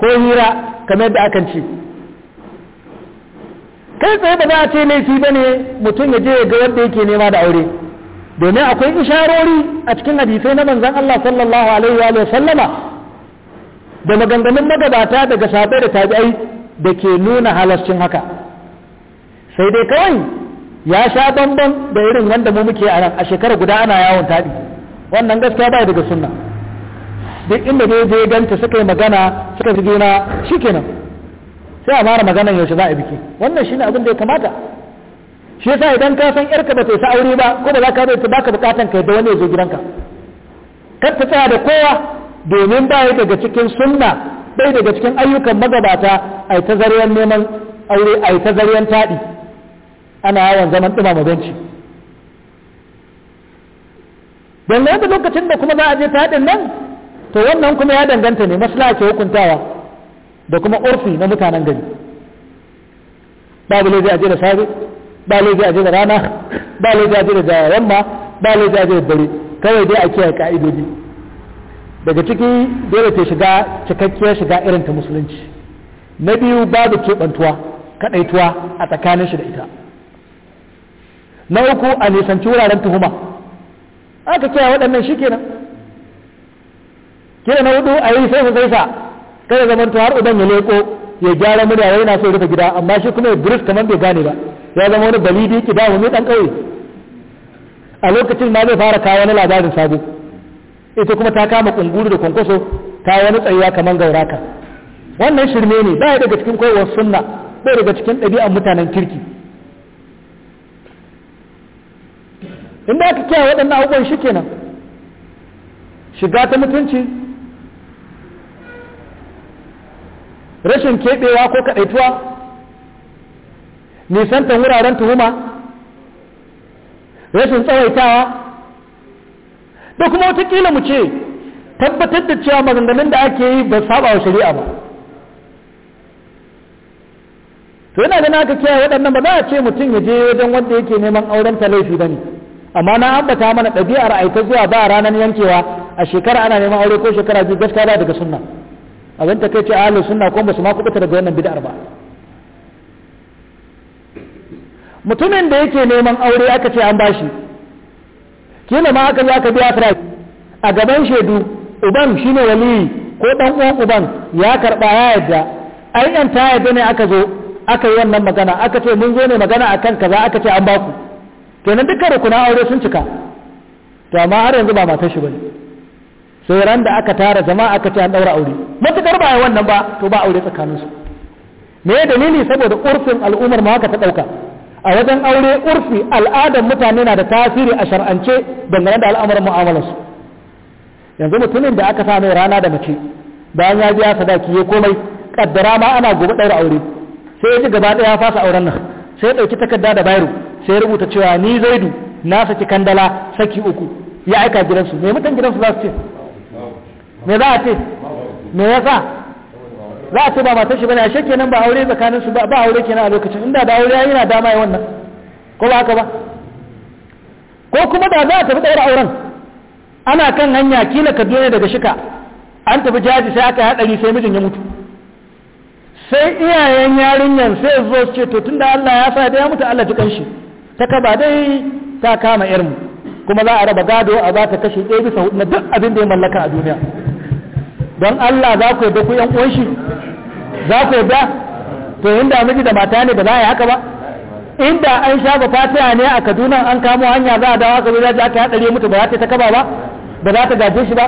ko hira kamar yadda akan ce kai tsaye ba za a ce laifi ba ne mutum ya je ya ga wanda yake nema da aure domin akwai isharori a cikin hadisai na manzon Allah sallallahu alaihi wa sallama da maganganun magabata daga sahabbai da tabi'ai da ke nuna halascin haka sai dai kawai ya sha bambam da irin wanda mu muke a nan a shekara guda ana yawon taɗi wannan gaskiya ba daga sunna duk inda dai je ganta suka yi magana suka fi juna shikenan sai a fara maganar yaushe za a biki wannan shine abin da ya kamata shi yasa idan ka san yarka ba ta sa aure ba ko ba za ka ba ka bukatan ka yadda wani ya zo gidanka kar ta tsaya da kowa domin ba ya daga cikin sunna bai daga cikin ayyukan magabata a yi tazariyar neman aure a yi tazariyar taɗi ana yawan zaman ɗuma mabanci dangane da lokacin da kuma za a je taɗin nan to wannan kuma ya danganta ne masu ke hukuntawa da kuma urfi na mutanen gari Ba laifi zai aje da safe ba zai a da rana ba zai a da yamma ba laifi zai je da dare kawai dai a kiyaye ka'idoji daga ciki dole ta shiga cikakkiyar shiga irin ta musulunci na biyu babu keɓantuwa kaɗaituwa a tsakanin shi da ita na uku a nisanci wuraren tuhuma ka kiyaye waɗannan shi kenan kira na hudu a yi sai sai sa kada zaman har uban ya leko ya gyara murya wai na so rufe gida amma shi kuma ya gris kamar bai gane ba ya zama wani balidi ki dawo ne dan ƙauye a lokacin ma zai fara kawo wani labarin sabo ita kuma ta kama kunguru da kwankwaso ta wani tsayuwa kamar gauraka wannan shirme ne ba daga cikin kowar sunna bai daga cikin ɗabi'an mutanen kirki in da aka kiyaye waɗannan abubuwan shi kenan shiga ta mutunci rashin keɓewa ko kaɗaituwa nisantar wuraren tuhuma rashin tsawaitawa sai kuma watakila mu ce tabbatar da cewa maganganun da ake yi ba saba wa shari'a ba to yana ganin aka kiyaye waɗannan ba za a ce mutum ya je wajen wanda yake neman auren ta laifi ba ne amma na ambata mana ɗabi'ar aita zuwa ba ranar yankewa a shekara ana neman aure ko shekara biyu gaska ba daga sunna abin ta kai ce ahli sunna ko ba su ma ta daga wannan bid'ar ba mutumin da yake neman aure aka ce an bashi ne ma haka za ka biya price a gaban shaidu uban shine waliyi ko dan uwan uban ya karba ya yadda ai yan ta yadda ne aka zo aka yi wannan magana aka ce mun zo ne magana akan kaza aka ce an baku kenan dukkan rukunan aure sun cika to amma har yanzu ba matar shi bane sai ran da aka tara jama'a aka ce an daura aure matukar ba wannan ba to ba aure tsakaninsu me dalili saboda urfin al'ummar ma haka ta ɗauka? a wajen aure urfi al'adar mutane na da tasiri a shar'ance dangane da al'amuran mu'amalarsu yanzu mutumin da aka sami rana da mace bayan ya biya sadaki ya komai kaddara ma ana gobe ɗaura aure sai ya ji gaba ɗaya ya fasa auren nan sai ya ɗauki takarda da bayro sai ya rubuta cewa ni zaidu na saki kandala saki uku ya aika gidansu me mutan gidansu za su ce me za a ce me yasa za a ce ba ba shi bane ashe kenan ba aure tsakanin su ba ba aure kenan a lokacin inda da aure yana dama ya wannan ko ba haka ba ko kuma da za a tafi ɗaura auren ana kan hanya kila kaduna daga shika an tafi jaji sai aka haɗari sai mijin ya mutu sai iyayen yarinyar sai zo su ce to tun da Allah ya sa da ya mutu Allah ji shi ta kaba dai ta kama yarmu kuma za a raba gado a za ta kashe ɗaya bisa hudu na duk abin da ya mallaka a duniya don Allah za ku yi ku yan ƙunshi shi za ku yadda to inda miji da mata ne ba za a yi haka ba inda an shafa fatiha ne a Kaduna an kamo hanya za a dawo wuri za ta haɗari mutu ba za ta kaba ba ba za ta gaje shi ba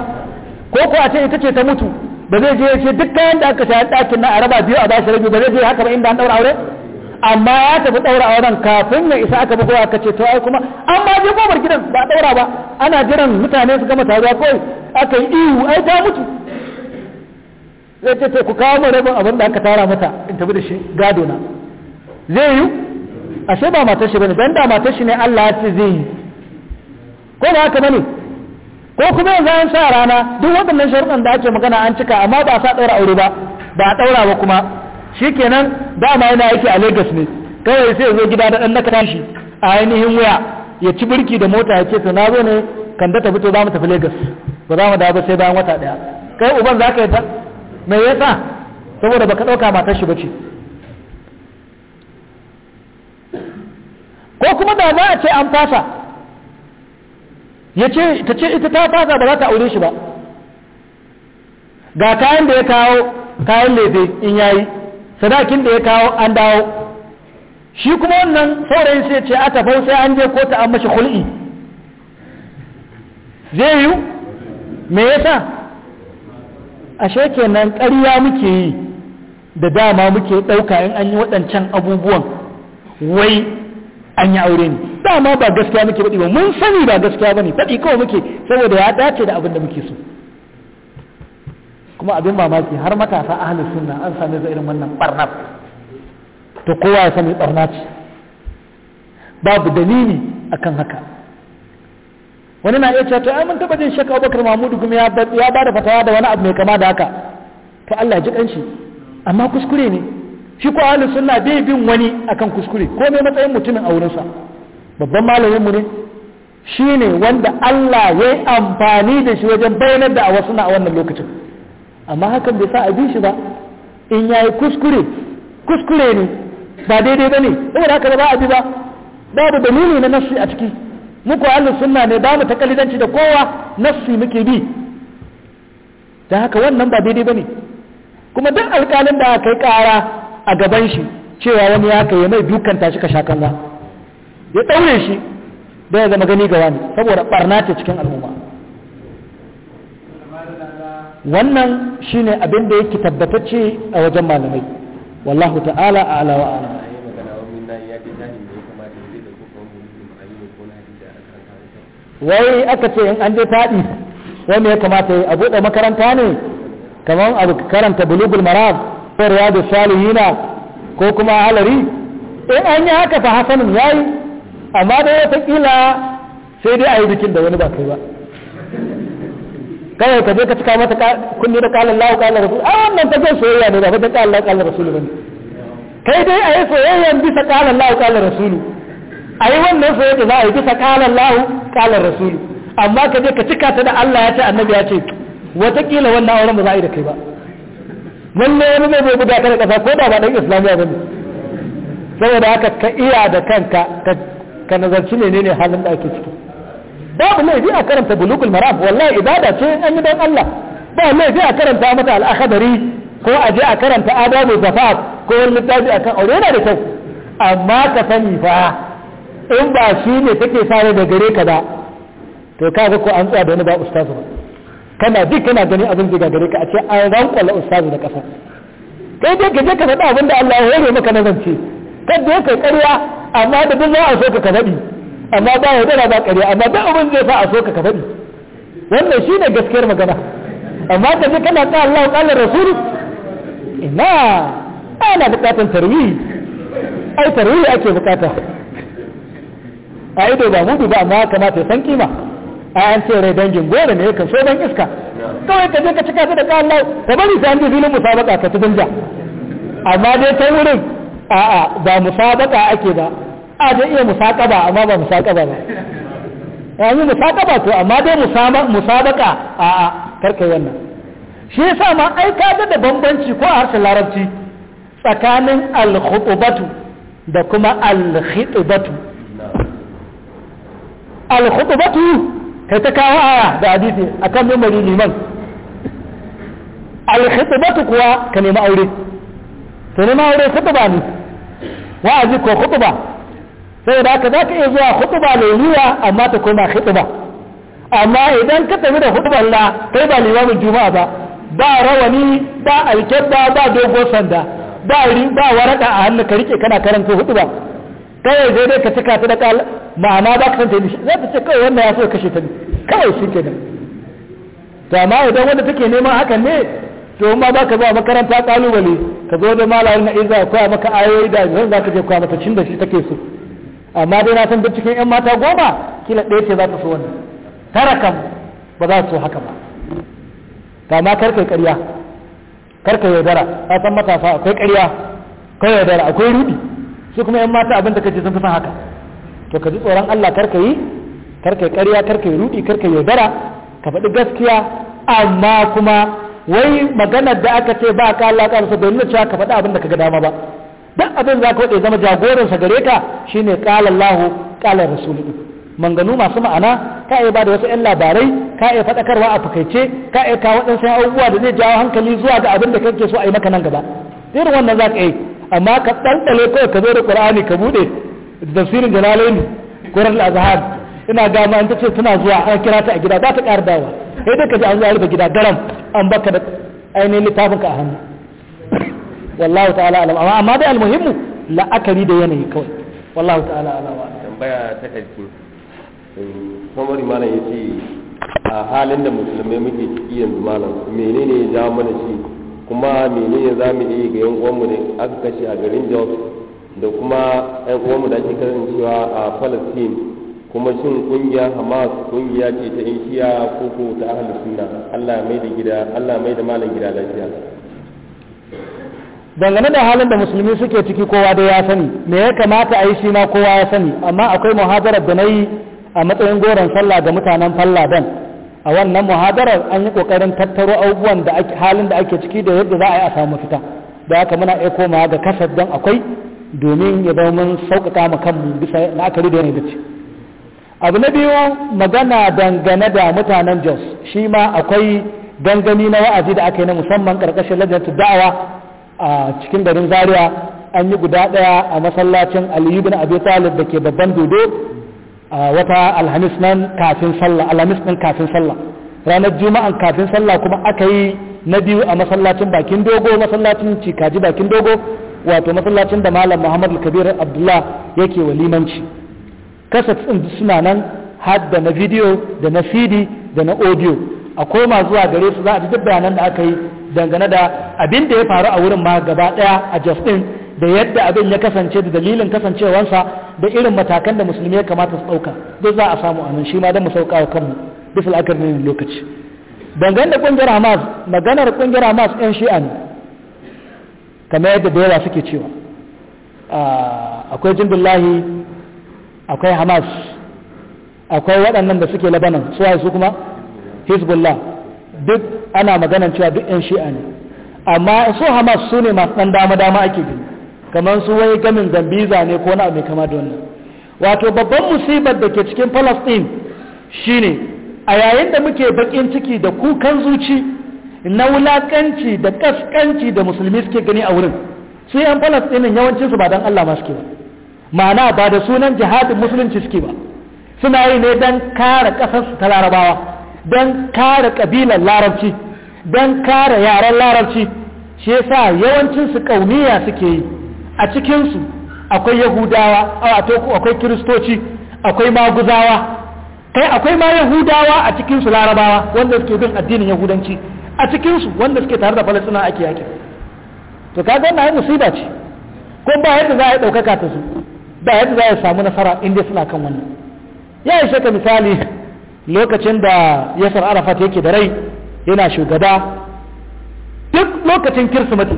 ko ko a ce ita ce ta mutu ba zai je ya ce duk kayan da aka shayar ɗakin na a raba biyu a bashi rabi ba zai je haka ba inda an ɗaura aure amma ya tafi ɗaura auren kafin ya isa aka bugowa aka ce to ai kuma an ma je gobar gidan ba ɗaura ba ana jiran mutane su gama taruwa kawai aka yi ihu ai ta mutu zai ce ta ku kawo mu rabin abin da aka tara mata in tafi da shi gado na zai yi ashe ba matar shi bane dan da matar shi ne Allah ya ce zai yi ko ba haka bane ko kuma yanzu an sa rana duk waɗannan sharuɗan da ake magana an cika amma ba sa ɗaura aure ba ba a ɗaura ba kuma shi shikenan dama yana yake a Lagos ne kawai sai zo gida da ɗan naka shi a ainihin waya ya ci birki da mota ya ce to na zo ne kan da ta fito za mu tafi Lagos ba za mu dawo sai bayan wata ɗaya kai uban za ka yi ta Mai ya yasa saboda baka ɗauka matar shi bace ko kuma da za ce an fasa ya ce ta ce ita ta fasa ba za ta aure shi ba ga kayan da ya kawo kayan lefe in yayi sadakin da ya kawo an dawo shi kuma wannan saurayin sai ce a tafau sai an je kota an mashi hul'i zai yiwu me yasa ashe kenan ƙarya muke yi da dama muke ɗauka in an yi waɗancan abubuwan wai an yi aure ne dama ba gaskiya muke faɗi ba mun sani ba gaskiya ba ne faɗi kawai muke saboda ya dace da abin da muke so kuma abin mamaki har matasa a halin suna an sami su irin wannan ɓarnar, to kowa ya sami barna ce babu dalili akan haka wani na iya cewa ai mun taba jin shakka Abubakar Mahmudu kuma ya ya bada fatawa da wani abu mai kama da haka to Allah ji kanshi amma kuskure ne shi ko ahli sunna bai bin wani akan kuskure ko mai matsayin mutumin auren sa babban malamin mu ne shine wanda Allah ya yi amfani da shi wajen bayanar da a wasu na a wannan lokacin amma hakan bai sa a bi shi ba in yayi kuskure kuskure ne ba daidai bane saboda haka ba a bi ba babu dalili na nasu a ciki muku ahlus sunna ne ba mu takalidanci da kowa nassi muke bi ta haka wannan ba daidai bane kuma duk alƙalin da aka kai ƙara a gaban shi cewa wani ya kai mai dukan tashi ka shakan ba ya daure shi da ya zama gani ga wani saboda barna ce cikin al'umma wannan shine abin da yake tabbatacce a wajen malamai wallahu ta'ala a'la wa a'lam wai aka ce in an je taɗi wanda ya kamata a buɗe makaranta ne kamar a karanta bulugul marab ko riyadu salihina ko kuma halari in eh, an yi haka fa hasanin yayi amma da wataƙila sai dai a yi bikin da wani ba kai ba kawai ka je ka cika mata kunni da kalan lahu kalan rasu a ah, wannan ta zai soyayya ne ba ta kalan lahu kalan rasul ba kai dai a yi soyayyan bisa kalan lahu kalan ne a yi wannan sai da za a yi bisa kalan lahu kalan rasulu amma ka je ka cika ta da Allah ya ce annabi ya ce watakila wannan auren ba za a yi da kai ba wannan wani mai bai guda kada kasa ko da ba dan islamiyya ba ne saboda haka ka iya da kanka ka nazarci menene halin da ake ciki babu laifi a karanta bulugul maram wallahi ibada ce an yi don Allah ba laifi a karanta mata al'akadari ko a je a karanta adamu zafaf ko wani littafi akan aure yana da kyau amma ka sani fa in ba shi ne take sare da gare ka ba to kaga ko an tsaya da wani ba ustazu ba kana duk kana gani abin zai gare ka a ce an rankwala ustazu da kasa kai dai ka je ka faɗa abin da Allah ya hore maka na zance kada ya kai ƙarya amma da duk za a so ka ka faɗi amma ba ya dara ba ƙarya amma duk abin zai sa a so ka ka faɗi wannan shine gaskiyar magana amma ka je kana ta Allah ƙala rasul ina ana buƙatar tarwi ai tarwi ake buƙata a ido ba mudu ba amma kamata ya san kima a an ce rai dangin gore ne kan so ban iska kawai ka je ka cika ta da Allah ka bari sai an ji filin musabaka ka tudun danja amma dai ta wurin a'a ba musabaka ake ba a da iya musakaba amma ba musakaba ba yanzu musakaba to amma dai musabaka a'a karkai wannan shi yasa ma ai ka da bambanci ko a harshen larabci tsakanin al da kuma al-khitbatu al kai ta kawo aya da hadisi akan mimbari liman al-khutbatu kuwa ka nemi aure to nemi aure khutba ne wa'azi ko khutba sai da haka zaka iya zuwa khutba lailuwa amma ta koma khutba amma idan ka tafi da khutban la kai ba limamin juma'a ba ba rawani ba alkebba ba dogon sanda ba waraka a hannu ka rike kana karanta hudu ba kawai zai dai ka cika ta da ma'ana ba ka san ta yi za ta ce kawai wannan ya so kashe ta kawai shi kenan to amma idan wanda take neman hakan ne to ma ba ka zuwa makaranta kalubale ka zo da malamin na iza a eh, maka ayoyi da zan za ka je kwa mata cin da shi take so amma dai na san duk cikin yan mata goma kila ɗaya ce za ta so wannan tara kam ba za su so haka ba to amma kar kai ƙarya kar yi yaudara ka san matasa akwai ƙarya kai yaudara akwai rudi su kuma yan mata abin da kace sun fi son haka to ka ji tsoron Allah karka yi karka ƙarya karka yi rudi karka yaudara ka faɗi gaskiya amma kuma wai maganar da aka ce ba ka Allah ƙarsa bai na cewa ka faɗi abin da ka ga dama ba duk abin za ka waɗe zama jagoransa gare ka shine ƙala Allah ƙala Rasulu manganu masu ma'ana ka iya ba da wasu 'yan labarai ka iya faɗakarwa a fakaice ka iya kawo waɗansu abubuwa da zai jawo hankali zuwa ga abin da kake so a yi maka nan gaba irin wannan za ka yi amma ka ɗanɗale kawai ka zo da ƙur'ani ka buɗe tafsirin jalalain ko ranar azhar ina dama an tace tana zuwa an kira ta a gida za ta ƙara dawa sai dai ka ji an zuwa rufe gida garam an baka da ainihin littafin ka a hannu wallahu ta'ala alama amma dai almuhimmu la'akari da yanayi kawai wallahu ta'ala alama. tambaya ta ƙarfi kuma malam ya ce a halin da musulmai muke ciki yanzu malam menene ya ja mana shi kuma menene za mu iya ga yan uwanmu ne aka kashe a garin jos da kuma yan uwanmu da ake cewa a palestine kuma shin kungiyar hamas kungiya ce ta yan shiya ko ko ta ahlus sunna allah mai da gida allah mai da malam gida lafiya dangane da halin da musulmi suke ciki kowa da ya sani me ya kamata a yi shi ma kowa ya sani amma akwai muhadarar da na yi a matsayin goron sallah ga mutanen falladan a wannan muhadarar an yi kokarin tattaro abubuwan da halin da ake ciki da yadda za a yi a samu fita da haka muna aiko komawa ga kasar dan akwai domin ya ba mun sauƙaƙa ma kanmu bisa la'akari da yanayi da ce abu na biyu magana dangane da mutanen jos shi ma akwai dangani na wa'azi da aka yi na musamman ƙarƙashin lajinta da'awa a cikin garin zaria an yi guda ɗaya a masallacin aliyu bin abu talib da ke babban dodo a wata alhamis nan kafin sallah alhamis nan kafin sallah ranar juma'an kafin sallah kuma aka yi na biyu a masallacin bakin dogo masallacin cikaji bakin dogo wato masallacin da malam muhammad kabir abdullah yake walimanci kasat ɗin suna nan har da na video da na cd da na audio akwai koma zuwa gare su za a ji duk bayanan da aka yi dangane da abin da ya faru a wurin ma gaba ɗaya a jos ɗin da yadda abin ya kasance da dalilin kasancewarsa da irin matakan da musulmi ya kamata su ɗauka duk za a samu a nan shi ma dan mu sauka wa kanmu Duk la'akar ne lokaci dangane da ƙungiyar hamas maganar ƙungiyar hamas 'yan shi'a ne kamar yadda da yawa suke cewa akwai jimbillahi akwai hamas akwai waɗannan da suke labanan suwaye su kuma hezbollah duk ana maganan cewa duk 'yan shi'a ne amma su hamas su ne masu ɗan dama-dama ake bi kamar su wai gamin zambiza ne ko na abu kama da wannan wato babban musibar da ke cikin palestine shine a yayin da muke bakin ciki da kukan zuci na wulakanci da kaskanci da musulmi suke gani a wurin su yan falastinin yawancin su ba dan Allah ba suke ba ma'ana ba da sunan jihadin musulunci suke ba suna yi ne dan kare kasar su ta larabawa don kare kabilar larabci don kare yaren larabci shi yasa yawancin su kauniya suke yi a cikin akwai yahudawa akwai kiristoci akwai maguzawa kai akwai ma yahudawa a cikinsu larabawa wanda suke bin addinin yahudanci a cikinsu wanda suke tare da falastina ake yakin to kaga wannan yin musiba ce ko ba yadda za a yi ɗaukaka ta su ba yadda za a samu nasara inda suna kan wannan ya yi ka misali lokacin da yasar arafat yake da rai yana shugaba duk lokacin kirsimati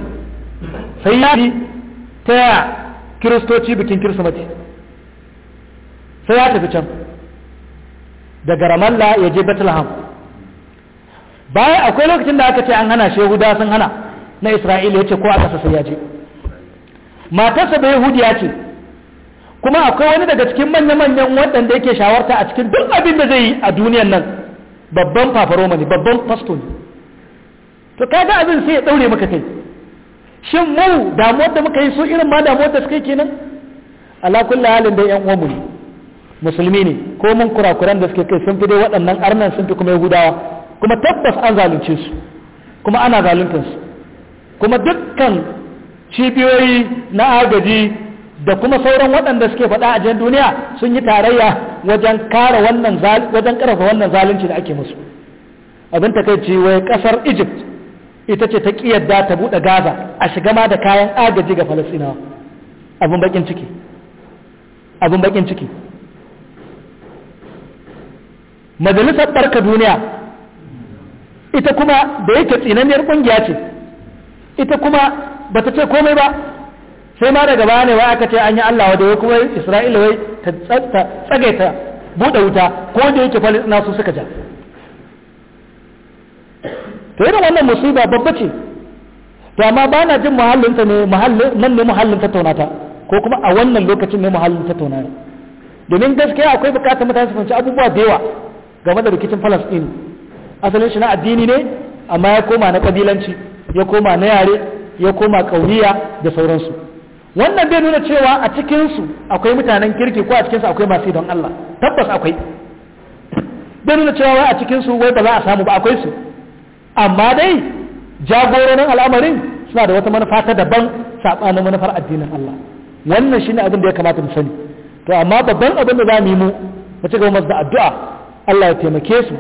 sai ya fi ta kiristoci bikin kirsimati sai ya tafi can daga ramallah ya je bethlehem Bayan akwai lokacin da aka ce an hana shi yahuda sun hana na isra'ila ya ce ko aka sai ya je matarsa da yahudiya ce kuma akwai wani daga cikin manya-manyan waɗanda yake shawarta a cikin duk abin da zai yi a duniyan nan babban fafaroma ne babban fasto ne to kaga abin sai ya daure maka kai shin mu damuwar da muka yi su irin ma damuwar da suka yi kenan ala Ali halin da yan uwanmu ne musulmi ne ko mun kurakuran da suke kai sun fi dai waɗannan arnan sun fi kuma yahudawa kuma tabbas an zalunce su kuma ana zaluntar su kuma dukkan cibiyoyi na agaji da kuma sauran waɗanda suke faɗa a jan duniya sun yi tarayya wajen kara wannan wajen ƙarfa wannan zalunci da ake musu abin takaici wai ƙasar Egypt ita ce ta kiyarda ta buɗe Gaza a shiga ma da kayan agaji ga Falasɗinawa abin bakin ciki abin bakin ciki majalisar ɗarka duniya ita kuma da yake tsinaniyar kungiya ce ita kuma ba ta ce komai ba sai ma daga bane wa aka ce an yi Allah wadda wai kuma Isra'ila wai ta tsagaita buɗe wuta ko da yake Falistina su suka ja to irin wannan musiba babba ce to amma ba na jin muhallinta ne nan ne muhallin tattaunata ko kuma a wannan lokacin ne muhallin tattaunata domin gaskiya akwai bukatar mutane su fahimci abubuwa da yawa game da rikicin Falasɗinu asalin shi na addini ne amma ya koma na kabilanci ya koma na yare ya koma kauriya da sauransu wannan bai nuna cewa a cikinsu akwai mutanen kirki ko a cikinsu akwai masu don Allah tabbas akwai bai nuna cewa a cikinsu wai ba za a samu ba akwai su amma dai jagoranin al'amarin suna da wata manufa ta daban saɓanin manufar addinin Allah wannan shine abin da ya kamata mu sani to amma babban abin da za mu yi mu mu ci gaba da addu'a Allah ya taimake su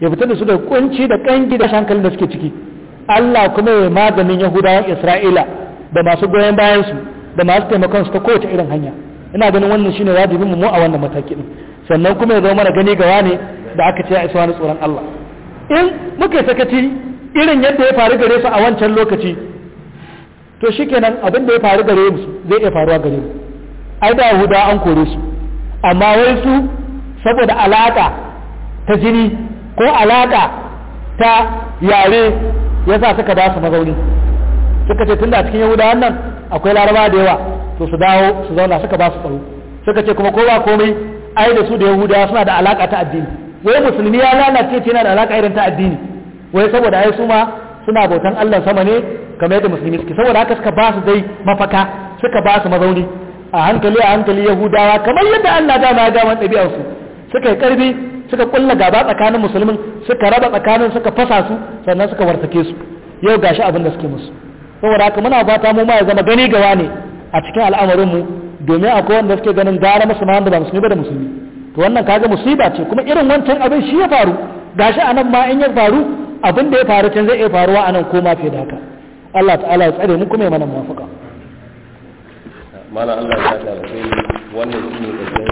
ya fitar da su da kunci da kangi da shankalin da suke ciki Allah kuma ya maganin Yahudawan Isra'ila da masu goyon bayan su da masu taimakon su ta kowace irin hanya ina ganin wannan shine wajibin mu a wannan mataki din sannan kuma ya zama mana gani gawa ne da aka ce ya isa wani tsoron Allah in muka sakaci irin yadda ya faru gare su a wancan lokaci to shikenan abin da ya faru gare su zai iya faruwa gare mu ai da Yahudawa an kore su amma wai su saboda alaka ta jini ko alaƙa ta yare ya sa suka dasu mazauni suka ce tun da cikin yahuda nan akwai laraba da yawa to su dawo su zauna suka ba su tsaro suka ce kuma kowa komai ai da su da yahudawa suna da alaƙa ta addini wai musulmi ya lalace ce yana da alaƙa irin ta addini wai saboda ai su ma suna bautan Allah sama ne kamar yadda musulmi suke saboda haka suka ba su dai mafaka suka ba su mazauni a hankali a hankali yahudawa kamar yadda Allah dama ya gama ɗabi'arsu suka yi ƙarfi suka kulla gaba tsakanin musulmin suka raba tsakanin suka fasa su sannan suka wartake su yau gashi abin da suke musu saboda haka muna fata mu ma ya zama gani gawa ne a cikin al'amarin mu domin akwai wanda suke ganin gara musulman da ba musulmi ba da musulmi to wannan kaga musiba ce kuma irin wancan abin shi ya faru gashi anan ma in ya faru abin da ya faru can zai iya faruwa anan ko ma fiye da haka Allah ta'ala ya tsare mu kuma ya mana muwafaqa mana Allah ya tsare wannan shine